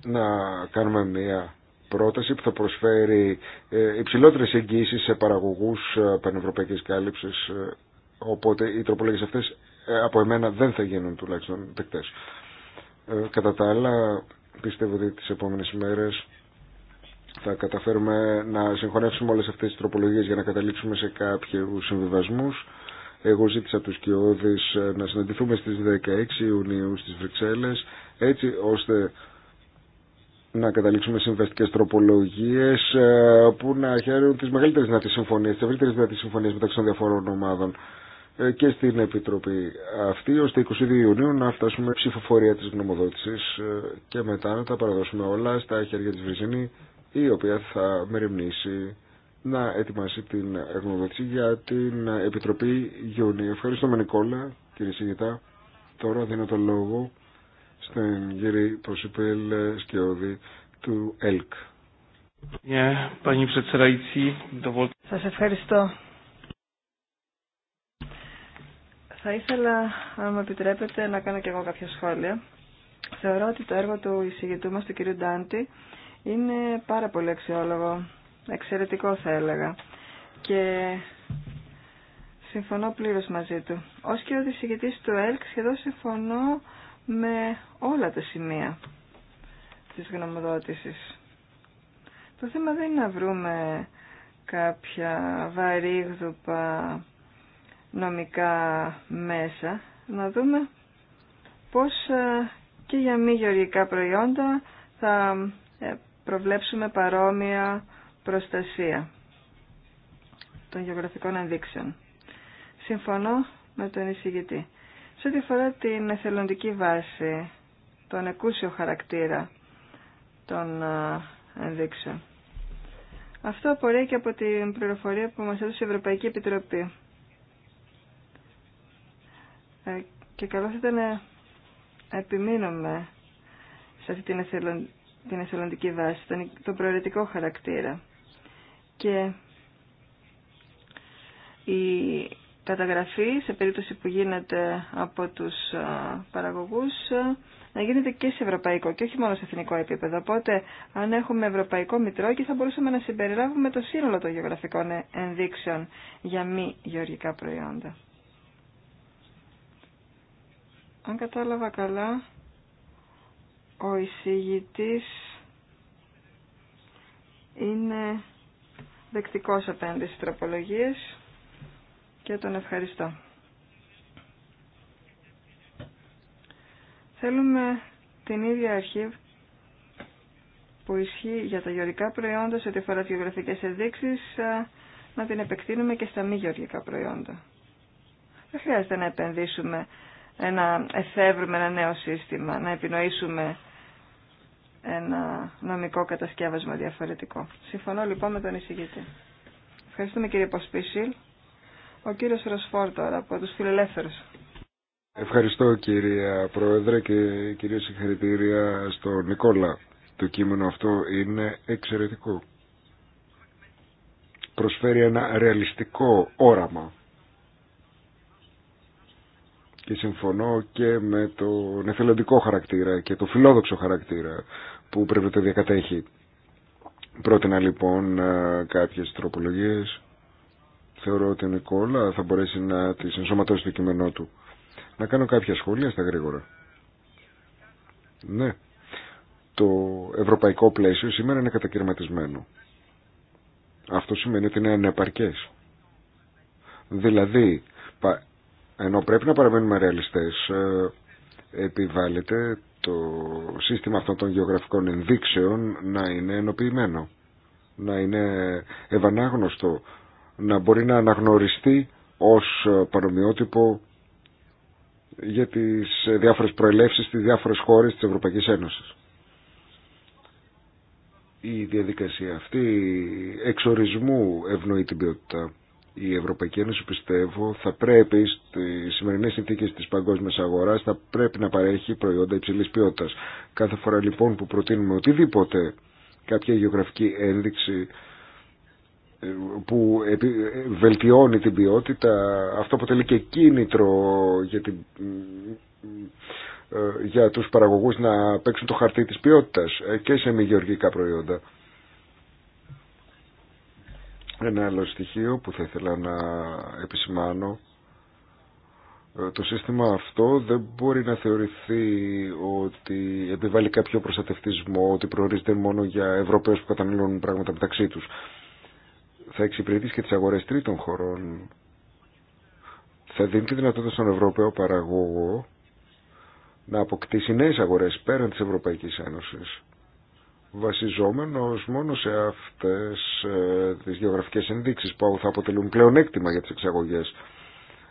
να κάνουμε μια πρόταση που θα προσφέρει ε, υψηλότερες εγγύσεις σε παραγωγούς ε, πανευρωπαϊκής κάλυψης ε, Οπότε οι τροπολογίες αυτές ε, από εμένα δεν θα γίνουν τουλάχιστον δεκτέ. Ε, κατά τα άλλα, πιστεύω ότι τι επόμενε ημέρες θα καταφέρουμε να συγχωνεύσουμε όλε αυτέ τις τροπολογίε για να καταλήξουμε σε κάποιου συμβιβασμού. Εγώ ζήτησα τους Κιώδη ε, να συναντηθούμε στι 16 Ιουνίου στι Βρυξέλλες, έτσι ώστε να καταλήξουμε συμβαστικέ τροπολογίε που να χαίρουν τι μεγαλύτερε δυνατέ συμφωνίε, δυνατέ συμφωνίε μεταξύ των διαφορών ομάδων. Ε, και στην Επιτροπή αυτή, ώστε 22 Ιουνίου να φτάσουμε ψηφοφορία της γνωμοδότησης ε, και μετά να τα παραδώσουμε όλα στα χέρια της Βρυζίνη η οποία θα μεριμνήσει να ετοιμάσει την γνωμοδότηση για την Επιτροπή Ιουνίου. Ευχαριστούμε Νικόλα, κύριε Σιγητά. Τώρα δίνω το λόγο στον γύρι Προσυπέλ Σκιώδη του ΕΛΚ. Ναι, Σας ευχαριστώ. Θα ήθελα, αν με επιτρέπετε, να κάνω και εγώ κάποια σχόλια. Θεωρώ ότι το έργο του εισηγητού μας, του κυρίου Ντάντη, είναι πάρα πολύ αξιόλογο, εξαιρετικό θα έλεγα. Και συμφωνώ πλήρως μαζί του. Ως και ο εισηγητής του ΕΛΚ σχεδόν συμφωνώ με όλα τα σημεία της γνωμοδότησης. Το θέμα δεν είναι να βρούμε κάποια βαρύγδουπα νομικά μέσα, να δούμε πώς ε, και για μη γεωργικά προϊόντα θα ε, προβλέψουμε παρόμοια προστασία των γεωγραφικών ενδείξεων. Συμφωνώ με τον εισηγητή. Σε ό,τι αφορά την εθελοντική βάση, τον εκούσιο χαρακτήρα των ε, ενδείξεων. Αυτό απορρέει και από την πληροφορία που μας έδωσε η Ευρωπαϊκή Επιτροπή. Ε, και καλό θα ήταν να επιμείνουμε σε αυτή την εθελοντική βάση, τον προαιρετικό χαρακτήρα. Και η καταγραφή, σε περίπτωση που γίνεται από τους παραγωγούς, να γίνεται και σε ευρωπαϊκό και όχι μόνο σε εθνικό επίπεδο. Οπότε, αν έχουμε ευρωπαϊκό μητρό και θα μπορούσαμε να συμπεριλάβουμε το σύνολο των γεωγραφικών ενδείξεων για μη γεωργικά προϊόντα. Αν κατάλαβα καλά, ο εισηγητής είναι δεκτικός απέναντι στις τροπολογίες και τον ευχαριστώ. Θέλουμε την ίδια αρχή που ισχύει για τα γεωργικά προϊόντα σε ό,τι αφορά τις γεωγραφικές ενδείξεις να την επεκτείνουμε και στα μη γεωργικά προϊόντα. Δεν χρειάζεται να επενδύσουμε να εφεύρουμε ένα νέο σύστημα, να επινοήσουμε ένα νομικό κατασκεύασμα διαφορετικό. Συμφωνώ λοιπόν με τον εισηγητή. Ευχαριστούμε κύριε Ποσπίσιλ. Ο κύριος Ροσφόρ τώρα από τους φιλελεύθερους. Ευχαριστώ κύριε Πρόεδρε και κυρίες συγχαρητήρια στον Νικόλα. Το κείμενο αυτό είναι εξαιρετικό. Προσφέρει ένα ρεαλιστικό όραμα και συμφωνώ και με τον εθελοντικό χαρακτήρα και το φιλόδοξο χαρακτήρα που πρέπει να το διακατέχει. Πρότεινα λοιπόν ε, κάποιες τροπολογίες. Θεωρώ ότι ο Νικόλα θα μπορέσει να τις ενσωματώσει το κείμενό του. Να κάνω κάποια σχόλια στα γρήγορα. Ναι. Το ευρωπαϊκό πλαίσιο σήμερα είναι κατακαιρματισμένο. Αυτό σημαίνει ότι είναι ανεπαρκές. Δηλαδή, ενώ πρέπει να παραμένουμε ρεαλιστές ε, επιβάλλεται το σύστημα αυτών των γεωγραφικών ενδείξεων να είναι ενοποιημένο να είναι ευανάγνωστο να μπορεί να αναγνωριστεί ως παρομοιότυπο για τις διάφορες προελεύσεις στις διάφορες χώρες της Ευρωπαϊκής Ένωσης. Η διαδικασία αυτή εξορισμού ευνοεί την ποιότητα η Ευρωπαϊκή Ένωση πιστεύω θα πρέπει στις σημερινές συνθήκες της παγκόσμιας αγοράς θα πρέπει να παρέχει προϊόντα υψηλής ποιότητας. Κάθε φορά λοιπόν που προτείνουμε οτιδήποτε κάποια γεωγραφική ένδειξη ε, που ε, βελτιώνει την ποιότητα αυτό αποτελεί και κίνητρο για, την, ε, για τους παραγωγούς να παίξουν το χαρτί της ποιότητας και σε μη γεωργικά προϊόντα. Ένα άλλο στοιχείο που θα ήθελα να επισημάνω ε, το σύστημα αυτό δεν μπορεί να θεωρηθεί ότι επιβάλλει κάποιο προστατευτισμό, ότι προορίζεται μόνο για Ευρωπαίους που καταναλώνουν πράγματα μεταξύ τους. Θα εξυπηρετήσει και τις αγορές τρίτων χωρών. Θα δίνει τη δυνατότητα στον Ευρωπαίο παραγωγό να αποκτήσει νέες αγορές πέραν της Ευρωπαϊκής Ένωσης βασιζόμενος μόνο σε αυτές ε, τις γεωγραφικές ενδείξεις που θα αποτελούν πλέον πλεονέκτημα για τις εξαγωγές.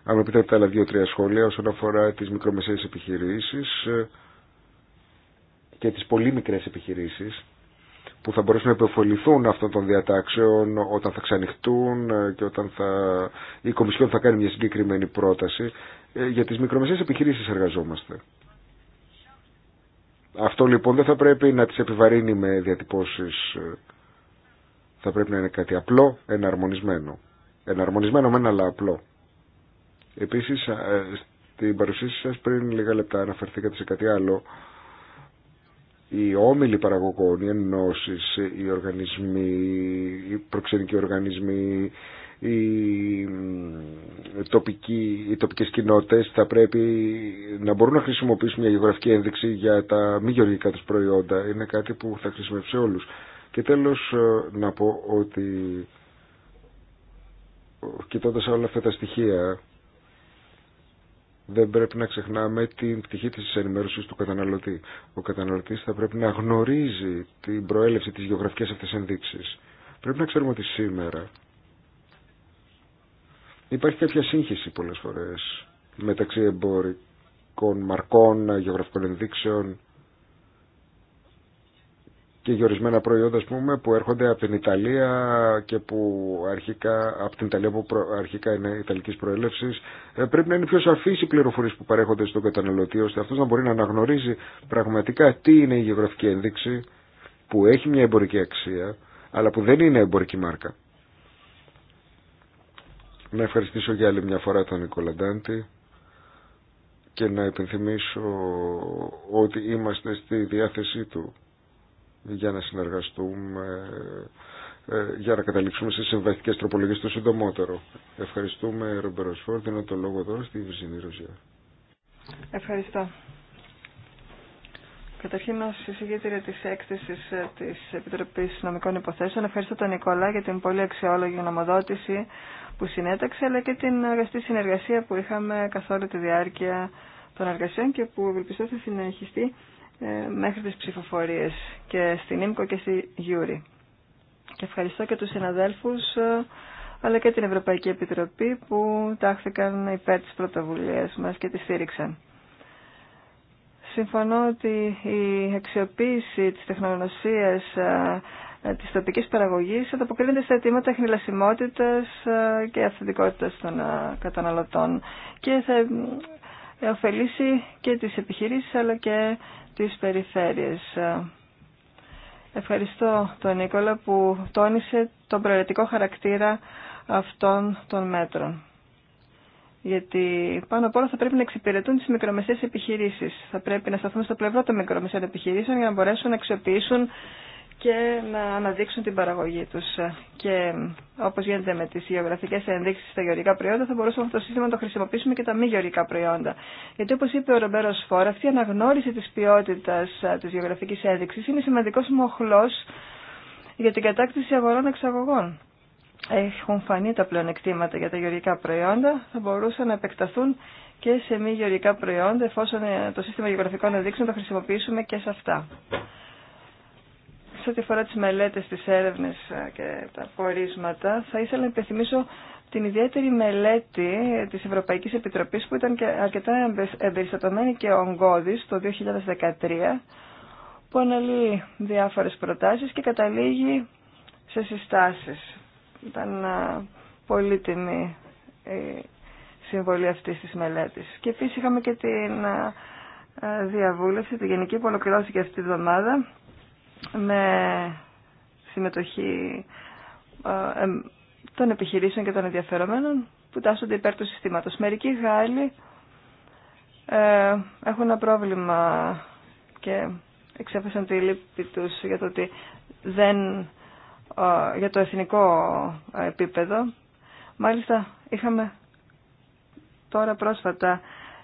Αν με επιτρέπετε άλλα δύο-τρία σχόλια όσον αφορά τις μικρομεσαίες επιχειρήσεις ε, και τις πολύ μικρές επιχειρήσεις που θα μπορέσουν να επωφεληθούν αυτών των διατάξεων όταν θα ξανοιχτούν ε, και όταν θα... η Κομισιόν θα κάνει μια συγκεκριμένη πρόταση. Για τις μικρομεσαίες επιχειρήσεις εργαζόμαστε. Αυτό λοιπόν δεν θα πρέπει να τις επιβαρύνει με διατυπώσεις. Ε, θα πρέπει να είναι κάτι απλό, εναρμονισμένο. Εναρμονισμένο με ένα αλλά απλό. Επίσης, ε, στην παρουσίαση σας πριν λίγα λεπτά αναφερθήκατε σε κάτι άλλο. Οι όμιλοι παραγωγών, οι ενώσεις, οι οργανισμοί, οι προξενικοί οργανισμοί, οι, ε, τοπικοί, οι τοπικές κοινότητες θα πρέπει να μπορούν να χρησιμοποιήσουν μια γεωγραφική ένδειξη για τα μη γεωργικά τους προϊόντα. Είναι κάτι που θα χρησιμεύσει όλους. Και τέλος ε, να πω ότι ε, κοιτώντας όλα αυτά τα στοιχεία δεν πρέπει να ξεχνάμε την πτυχή της ενημέρωσης του καταναλωτή. Ο καταναλωτής θα πρέπει να γνωρίζει την προέλευση της γεωγραφικής αυτής ενδείξης. Πρέπει να ξέρουμε ότι σήμερα Υπάρχει κάποια σύγχυση πολλές φορές μεταξύ εμπορικών μαρκών, γεωγραφικών ενδείξεων και γεωρισμένα προϊόντα που έρχονται από την Ιταλία και που αρχικά, από την Ιταλία αρχικά είναι ιταλικής προέλευσης ε, πρέπει να είναι πιο σαφείς οι πληροφορίες που παρέχονται στον καταναλωτή ώστε αυτός να μπορεί να αναγνωρίζει πραγματικά τι είναι η γεωγραφική ένδειξη που έχει μια εμπορική αξία αλλά που δεν είναι εμπορική μάρκα. Να ευχαριστήσω για άλλη μια φορά τον Νικόλα Ντάντη και να υπενθυμίσω ότι είμαστε στη διάθεσή του για να συνεργαστούμε ε, για να καταλήξουμε σε συμβαστικές τροπολογίες το συντομότερο. Ευχαριστούμε Ρομπεροσφόρ, δίνω το λόγο εδώ στη Βυζινή Ρουζιά. Ευχαριστώ. Καταρχήν, ω εισηγήτρια τη έκθεση ε, τη Επιτροπή Νομικών Υποθέσεων, ευχαριστώ τον Νικόλα για την πολύ αξιόλογη γνωμοδότηση που συνέταξε, αλλά και την αγαστή συνεργασία που είχαμε καθ' όλη τη διάρκεια των εργασιών και που ευελπιστώ θα συνεχιστεί ε, μέχρι τις ψηφοφορίες και στην ΙΜΚΟ και στη Γιούρη. Και ευχαριστώ και τους συναδέλφους ε, αλλά και την Ευρωπαϊκή Επιτροπή που τάχθηκαν υπέρ της πρωτοβουλίας μας και τη στήριξαν. Συμφωνώ ότι η αξιοποίηση της τεχνογνωσίας ε, ε, τη τοπική παραγωγή ανταποκρίνεται σε αιτήματα χνηλασιμότητας ε, και αυθεντικότητα των ε, καταναλωτών και θα ωφελήσει και τι επιχειρήσει αλλά και τι περιφέρειες. Ευχαριστώ τον Νίκολα που τόνισε τον προαιρετικό χαρακτήρα αυτών των μέτρων. Γιατί πάνω απ' όλα θα πρέπει να εξυπηρετούν τι μικρομεσαίε επιχειρήσει. Θα πρέπει να σταθούν στο πλευρό των μικρομεσαίων επιχειρήσεων για να μπορέσουν να αξιοποιήσουν και να αναδείξουν την παραγωγή τους. Και όπως γίνεται με τις γεωγραφικές ενδείξεις στα γεωργικά προϊόντα, θα μπορούσαμε αυτό το σύστημα να το χρησιμοποιήσουμε και τα μη γεωργικά προϊόντα. Γιατί όπως είπε ο Ρομπέρο Φόρ, αυτή η αναγνώριση της ποιότητας της γεωγραφικής ένδειξης είναι σημαντικός μοχλός για την κατάκτηση αγορών εξαγωγών. Έχουν φανεί τα πλεονεκτήματα για τα γεωργικά προϊόντα, θα μπορούσαν να επεκταθούν και σε μη γεωργικά προϊόντα, εφόσον ε, το σύστημα γεωγραφικών ενδείξεων το χρησιμοποιήσουμε και σε αυτά σε ό,τι αφορά τις μελέτες, τις έρευνες ε, και τα πορίσματα, θα ήθελα να υπενθυμίσω την ιδιαίτερη μελέτη της Ευρωπαϊκής Επιτροπής που ήταν και αρκετά εμπεριστατωμένη και ογκώδης το 2013 που αναλύει διάφορες προτάσεις και καταλήγει σε συστάσεις. Ήταν ε, πολύτιμη η ε, συμβολή αυτής της μελέτης. Και επίσης είχαμε και την διαβούλευση, τη γενική που ολοκληρώθηκε αυτή τη βδομάδα με συμμετοχή ε, ε, των επιχειρήσεων και των ενδιαφερομένων που τάσσονται υπέρ του συστήματος. Μερικοί Γάλλοι ε, έχουν ένα πρόβλημα και εξέφεσαν τη λύπη τους για το δεν για το εθνικό επίπεδο. Μάλιστα είχαμε τώρα πρόσφατα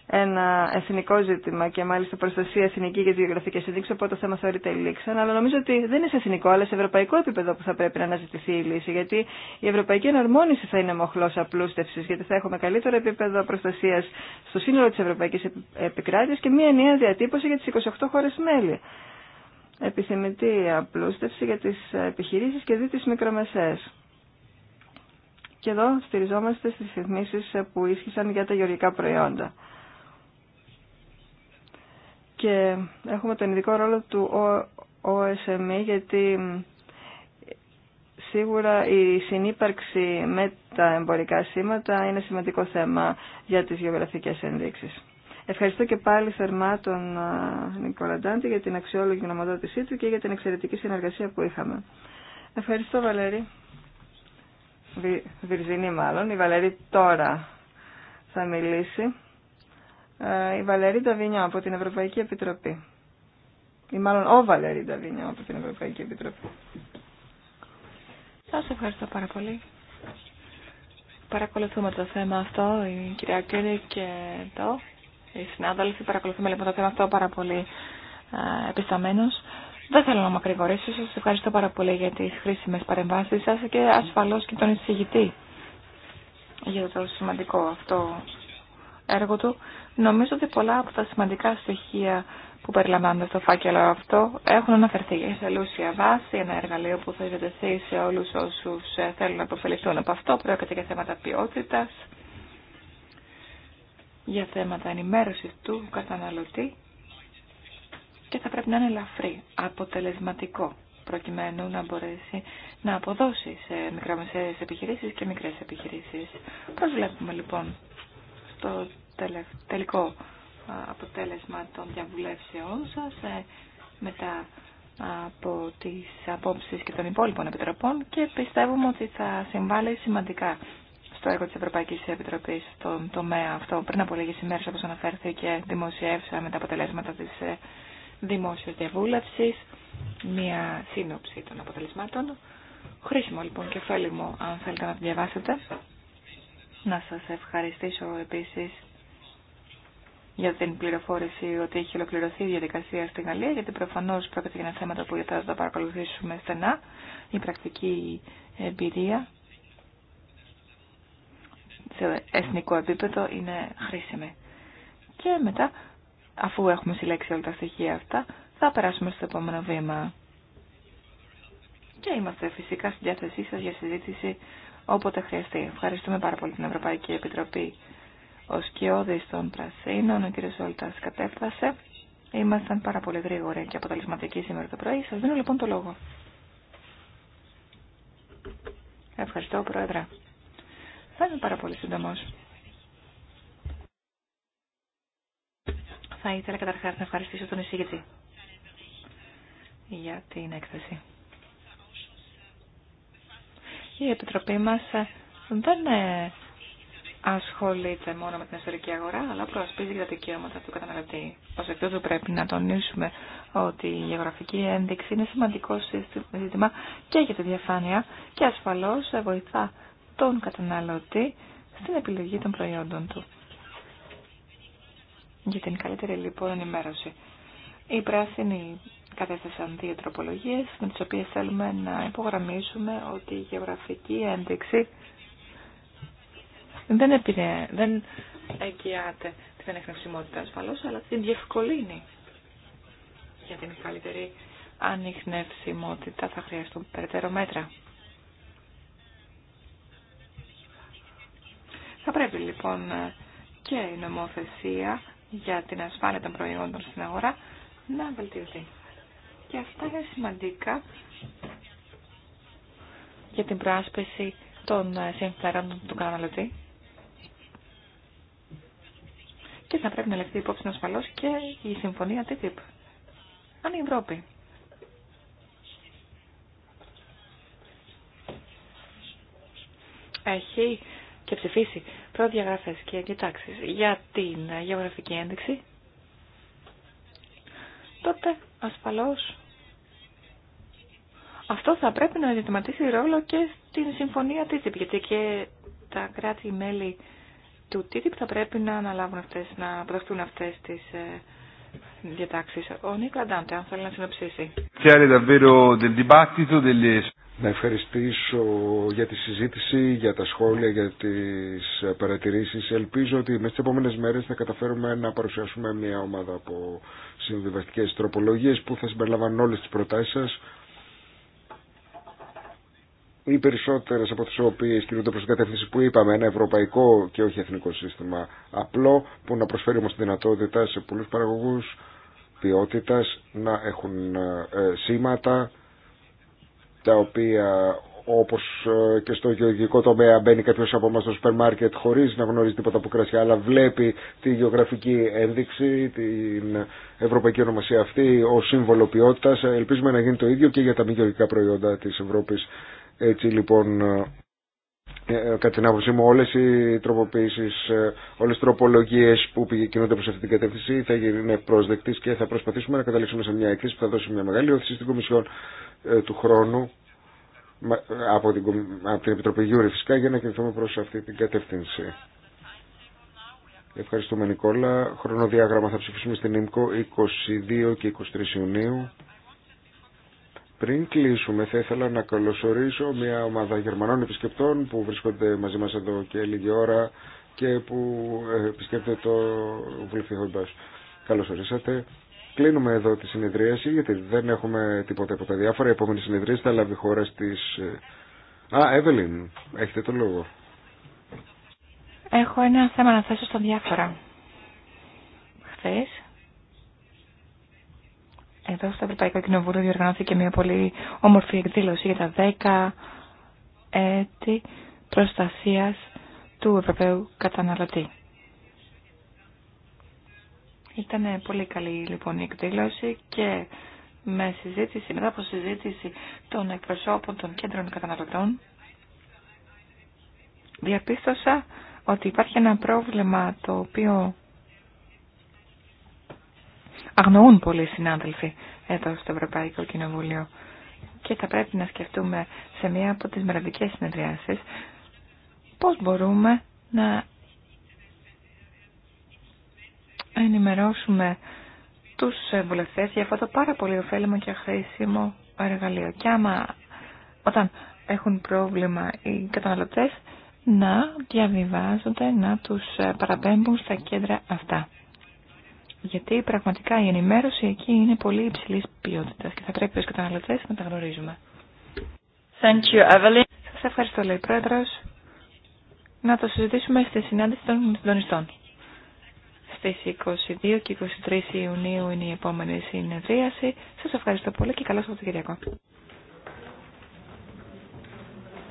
ένα εθνικό ζήτημα και μάλιστα προστασία εθνική για τι γεωγραφικέ οπότε το θέμα θεωρείται λήξαν. Αλλά νομίζω ότι δεν είναι σε εθνικό, αλλά σε ευρωπαϊκό επίπεδο που θα πρέπει να αναζητηθεί η λύση. Γιατί η ευρωπαϊκή εναρμόνιση θα είναι μοχλό απλούστευση, γιατί θα έχουμε καλύτερο επίπεδο προστασία στο σύνολο τη ευρωπαϊκή επικράτεια και μία ενιαία διατύπωση για τι 28 χώρε μέλη. Επιθυμητή απλούστευση για τι επιχειρήσει και δι τι μικρομεσαίε. Και εδώ στηριζόμαστε στι ρυθμίσει που ίσχυσαν για τα γεωργικά προϊόντα και έχουμε τον ειδικό ρόλο του OSME γιατί σίγουρα η συνύπαρξη με τα εμπορικά σήματα είναι σημαντικό θέμα για τις γεωγραφικές ενδείξεις. Ευχαριστώ και πάλι θερμά τον Νικόλα Ντάντη για την αξιόλογη γνωμοδότησή του και για την εξαιρετική συνεργασία που είχαμε. Ευχαριστώ Βαλερή. Βι... Βυρζινή μάλλον. Η Βαλερή τώρα θα μιλήσει. Ε, η Βαλερή Νταβινιό από την Ευρωπαϊκή Επιτροπή. Ή μάλλον ο Βαλερή Νταβινιό από την Ευρωπαϊκή Επιτροπή. Σας ευχαριστώ πάρα πολύ. Παρακολουθούμε το θέμα αυτό, η κυρία Κέννη και εδώ, οι συνάδελφοι. Παρακολουθούμε λοιπόν το θέμα αυτό πάρα πολύ ε, επισταμένος. Δεν θέλω να μακρηγορήσω. Σα ευχαριστώ πάρα πολυ επισταμενος δεν θελω να μακρηγορησω Σα ευχαριστω παρα πολυ για τι χρήσιμε παρεμβάσει σα και ασφαλώ και τον εισηγητή για το σημαντικό αυτό έργο του. Νομίζω ότι πολλά από τα σημαντικά στοιχεία που περιλαμβάνονται στο φάκελο αυτό έχουν αναφερθεί σε λούσια βάση, ένα εργαλείο που θα ειδετεθεί σε όλους όσους ε, θέλουν να αποφεληθούν από αυτό. Πρόκειται για θέματα ποιότητας, για θέματα ενημέρωσης του καταναλωτή και θα πρέπει να είναι ελαφρύ, αποτελεσματικό προκειμένου να μπορέσει να αποδώσει σε μικρομεσαίες επιχειρήσεις και μικρές επιχειρήσεις. Προσβλέπουμε λοιπόν στο τελικό αποτέλεσμα των διαβουλεύσεών σας ε, μετά από τις απόψεις και των υπόλοιπων επιτροπών και πιστεύουμε ότι θα συμβάλλει σημαντικά στο έργο της Ευρωπαϊκής Επιτροπής στον τομέα αυτό. Πριν από λίγες ημέρες, όπως αναφέρθηκε, δημοσιεύσαμε τα αποτελέσματα της ε, δημόσιας διαβούλευσης, μία σύνοψη των αποτελεσμάτων. Χρήσιμο λοιπόν και ωφέλιμο αν θέλετε να διαβάσετε. Να σας ευχαριστήσω επίσης για την πληροφόρηση ότι έχει ολοκληρωθεί η διαδικασία στην Γαλλία, γιατί προφανώ πρόκειται για ένα θέμα που θα το παρακολουθήσουμε στενά, η πρακτική εμπειρία σε εθνικό επίπεδο είναι χρήσιμη. Και μετά, αφού έχουμε συλλέξει όλα τα στοιχεία αυτά, θα περάσουμε στο επόμενο βήμα. Και είμαστε φυσικά στη διάθεσή σας για συζήτηση όποτε χρειαστεί. Ευχαριστούμε πάρα πολύ την Ευρωπαϊκή Επιτροπή ο σκιώδης των Πρασίνων, ο κ. Σόλτας κατέφτασε. Ήμασταν πάρα πολύ γρήγοροι και αποτελεσματικοί σήμερα το πρωί. Σας δίνω λοιπόν το λόγο. Ευχαριστώ, Πρόεδρε. Θα είμαι πάρα πολύ σύντομο. Θα ήθελα καταρχάς να ευχαριστήσω τον εισηγητή για την έκθεση. Η Επιτροπή μας δεν ε, ασχολείται μόνο με την εσωτερική αγορά, αλλά προασπίζει και τα δικαιώματα του καταναλωτή. Ω εκ του πρέπει να τονίσουμε ότι η γεωγραφική ένδειξη είναι σημαντικό ζήτημα και για τη διαφάνεια και ασφαλώς βοηθά τον καταναλωτή στην επιλογή των προϊόντων του. Για την καλύτερη λοιπόν ενημέρωση. Οι πράσινοι κατέθεσαν δύο τροπολογίες με τις οποίες θέλουμε να υπογραμμίσουμε ότι η γεωγραφική ένδειξη δεν, εγκυάται δεν εγγυάται την ανεχνευσιμότητα ασφαλώ, αλλά την διευκολύνει για την καλύτερη ανιχνευσιμότητα θα χρειαστούν περαιτέρω μέτρα. Θα πρέπει λοιπόν και η νομοθεσία για την ασφάλεια των προϊόντων στην αγορά να βελτιωθεί. Και αυτά είναι σημαντικά για την προάσπιση των συμφέροντων του καταναλωτή και θα πρέπει να λεφτεί υπόψη ασφαλώ και η συμφωνία TTIP. Αν η Ευρώπη έχει και ψηφίσει προδιαγραφές και κοιτάξει για την γεωγραφική ένδειξη, τότε ασφαλώ. αυτό θα πρέπει να διαδηματίσει ρόλο και στην συμφωνία TTIP, γιατί και τα κράτη-μέλη του τι θα πρέπει να αναλάβουν αυτές, να αποδεχτούν αυτές τις ε, διατάξεις. Ο Νίκλα Ντάντε, αν θέλει να συνοψίσει. Να ευχαριστήσω για τη συζήτηση, για τα σχόλια, για τις παρατηρήσεις. Ελπίζω ότι μέσα στις επόμενες μέρες θα καταφέρουμε να παρουσιάσουμε μια ομάδα από συμβιβαστικές τροπολογίες που θα συμπεριλαμβάνουν όλες τις προτάσεις σας οι περισσότερες από τις οποίες κινούνται προς την κατεύθυνση που είπαμε, ένα ευρωπαϊκό και όχι εθνικό σύστημα απλό που να προσφέρει όμως τη δυνατότητα σε πολλούς παραγωγούς ποιότητας να έχουν ε, σήματα τα οποία όπως ε, και στο γεωργικό τομέα μπαίνει κάποιος από εμάς στο σούπερ μάρκετ χωρίς να γνωρίζει τίποτα από κρασιά αλλά βλέπει τη γεωγραφική ένδειξη, την ευρωπαϊκή ονομασία αυτή ως σύμβολο ποιότητας. Ελπίζουμε να γίνει το ίδιο και για τα μη γεωργικά προϊόντα της Ευρώπης. Έτσι λοιπόν, ε, ε, κατά την άποψή μου, όλες οι τροποποίησεις, ε, όλες οι τροπολογίες που κινούνται προς αυτή την κατεύθυνση θα γίνουν προσδεκτής και θα προσπαθήσουμε να καταλήξουμε σε μια εκθέση που θα δώσει μια μεγάλη όθηση στην Κομισιόν του χρόνου από την, από την Επιτροπή Γιούρη φυσικά για να κινηθούμε προς αυτή την κατεύθυνση. Ευχαριστούμε Νικόλα. Χρονοδιάγραμμα θα ψηφίσουμε στην ΙΜΚΟ 22 και 23 Ιουνίου. Πριν κλείσουμε, θα ήθελα να καλωσορίσω μια ομάδα Γερμανών επισκεπτών που βρίσκονται μαζί μας εδώ και λίγη ώρα και που ε, επισκέπτεται το βουλευτή Καλώς ορίσατε. Κλείνουμε εδώ τη συνεδρίαση γιατί δεν έχουμε τίποτα από τα διάφορα. Η επόμενη συνεδρίαση θα λάβει χώρα στις... Ε, Α, Εύελιν, έχετε το λόγο. Έχω ένα θέμα να θέσω στον διάφορα. Χθες εδώ στο Ευρωπαϊκό Κοινοβούλιο διοργανώθηκε μια πολύ όμορφη εκδήλωση για τα 10 έτη προστασίας του Ευρωπαίου καταναλωτή. Ήταν πολύ καλή λοιπόν η εκδήλωση και με συζήτηση, μετά από συζήτηση των εκπροσώπων των κέντρων καταναλωτών, διαπίστωσα ότι υπάρχει ένα πρόβλημα το οποίο αγνοούν πολλοί συνάδελφοι εδώ στο Ευρωπαϊκό Κοινοβούλιο. Και θα πρέπει να σκεφτούμε σε μία από τις μεραδικές συνεδριάσεις πώς μπορούμε να ενημερώσουμε τους βουλευτές για αυτό το πάρα πολύ ωφέλιμο και χρήσιμο εργαλείο. Και άμα όταν έχουν πρόβλημα οι καταναλωτές να διαβιβάζονται, να τους παραπέμπουν στα κέντρα αυτά. Γιατί πραγματικά η ενημέρωση εκεί είναι πολύ υψηλή ποιότητα και θα πρέπει ω καταναλωτέ να τα γνωρίζουμε. Thank you, Evelyn. Σα ευχαριστώ, λέει πρόεδρο. Να το συζητήσουμε στη συνάντηση των συντονιστών. Στι 22 και 23 Ιουνίου είναι η επόμενη συνεδρίαση. Σα ευχαριστώ πολύ και καλό Σαββατοκύριακο.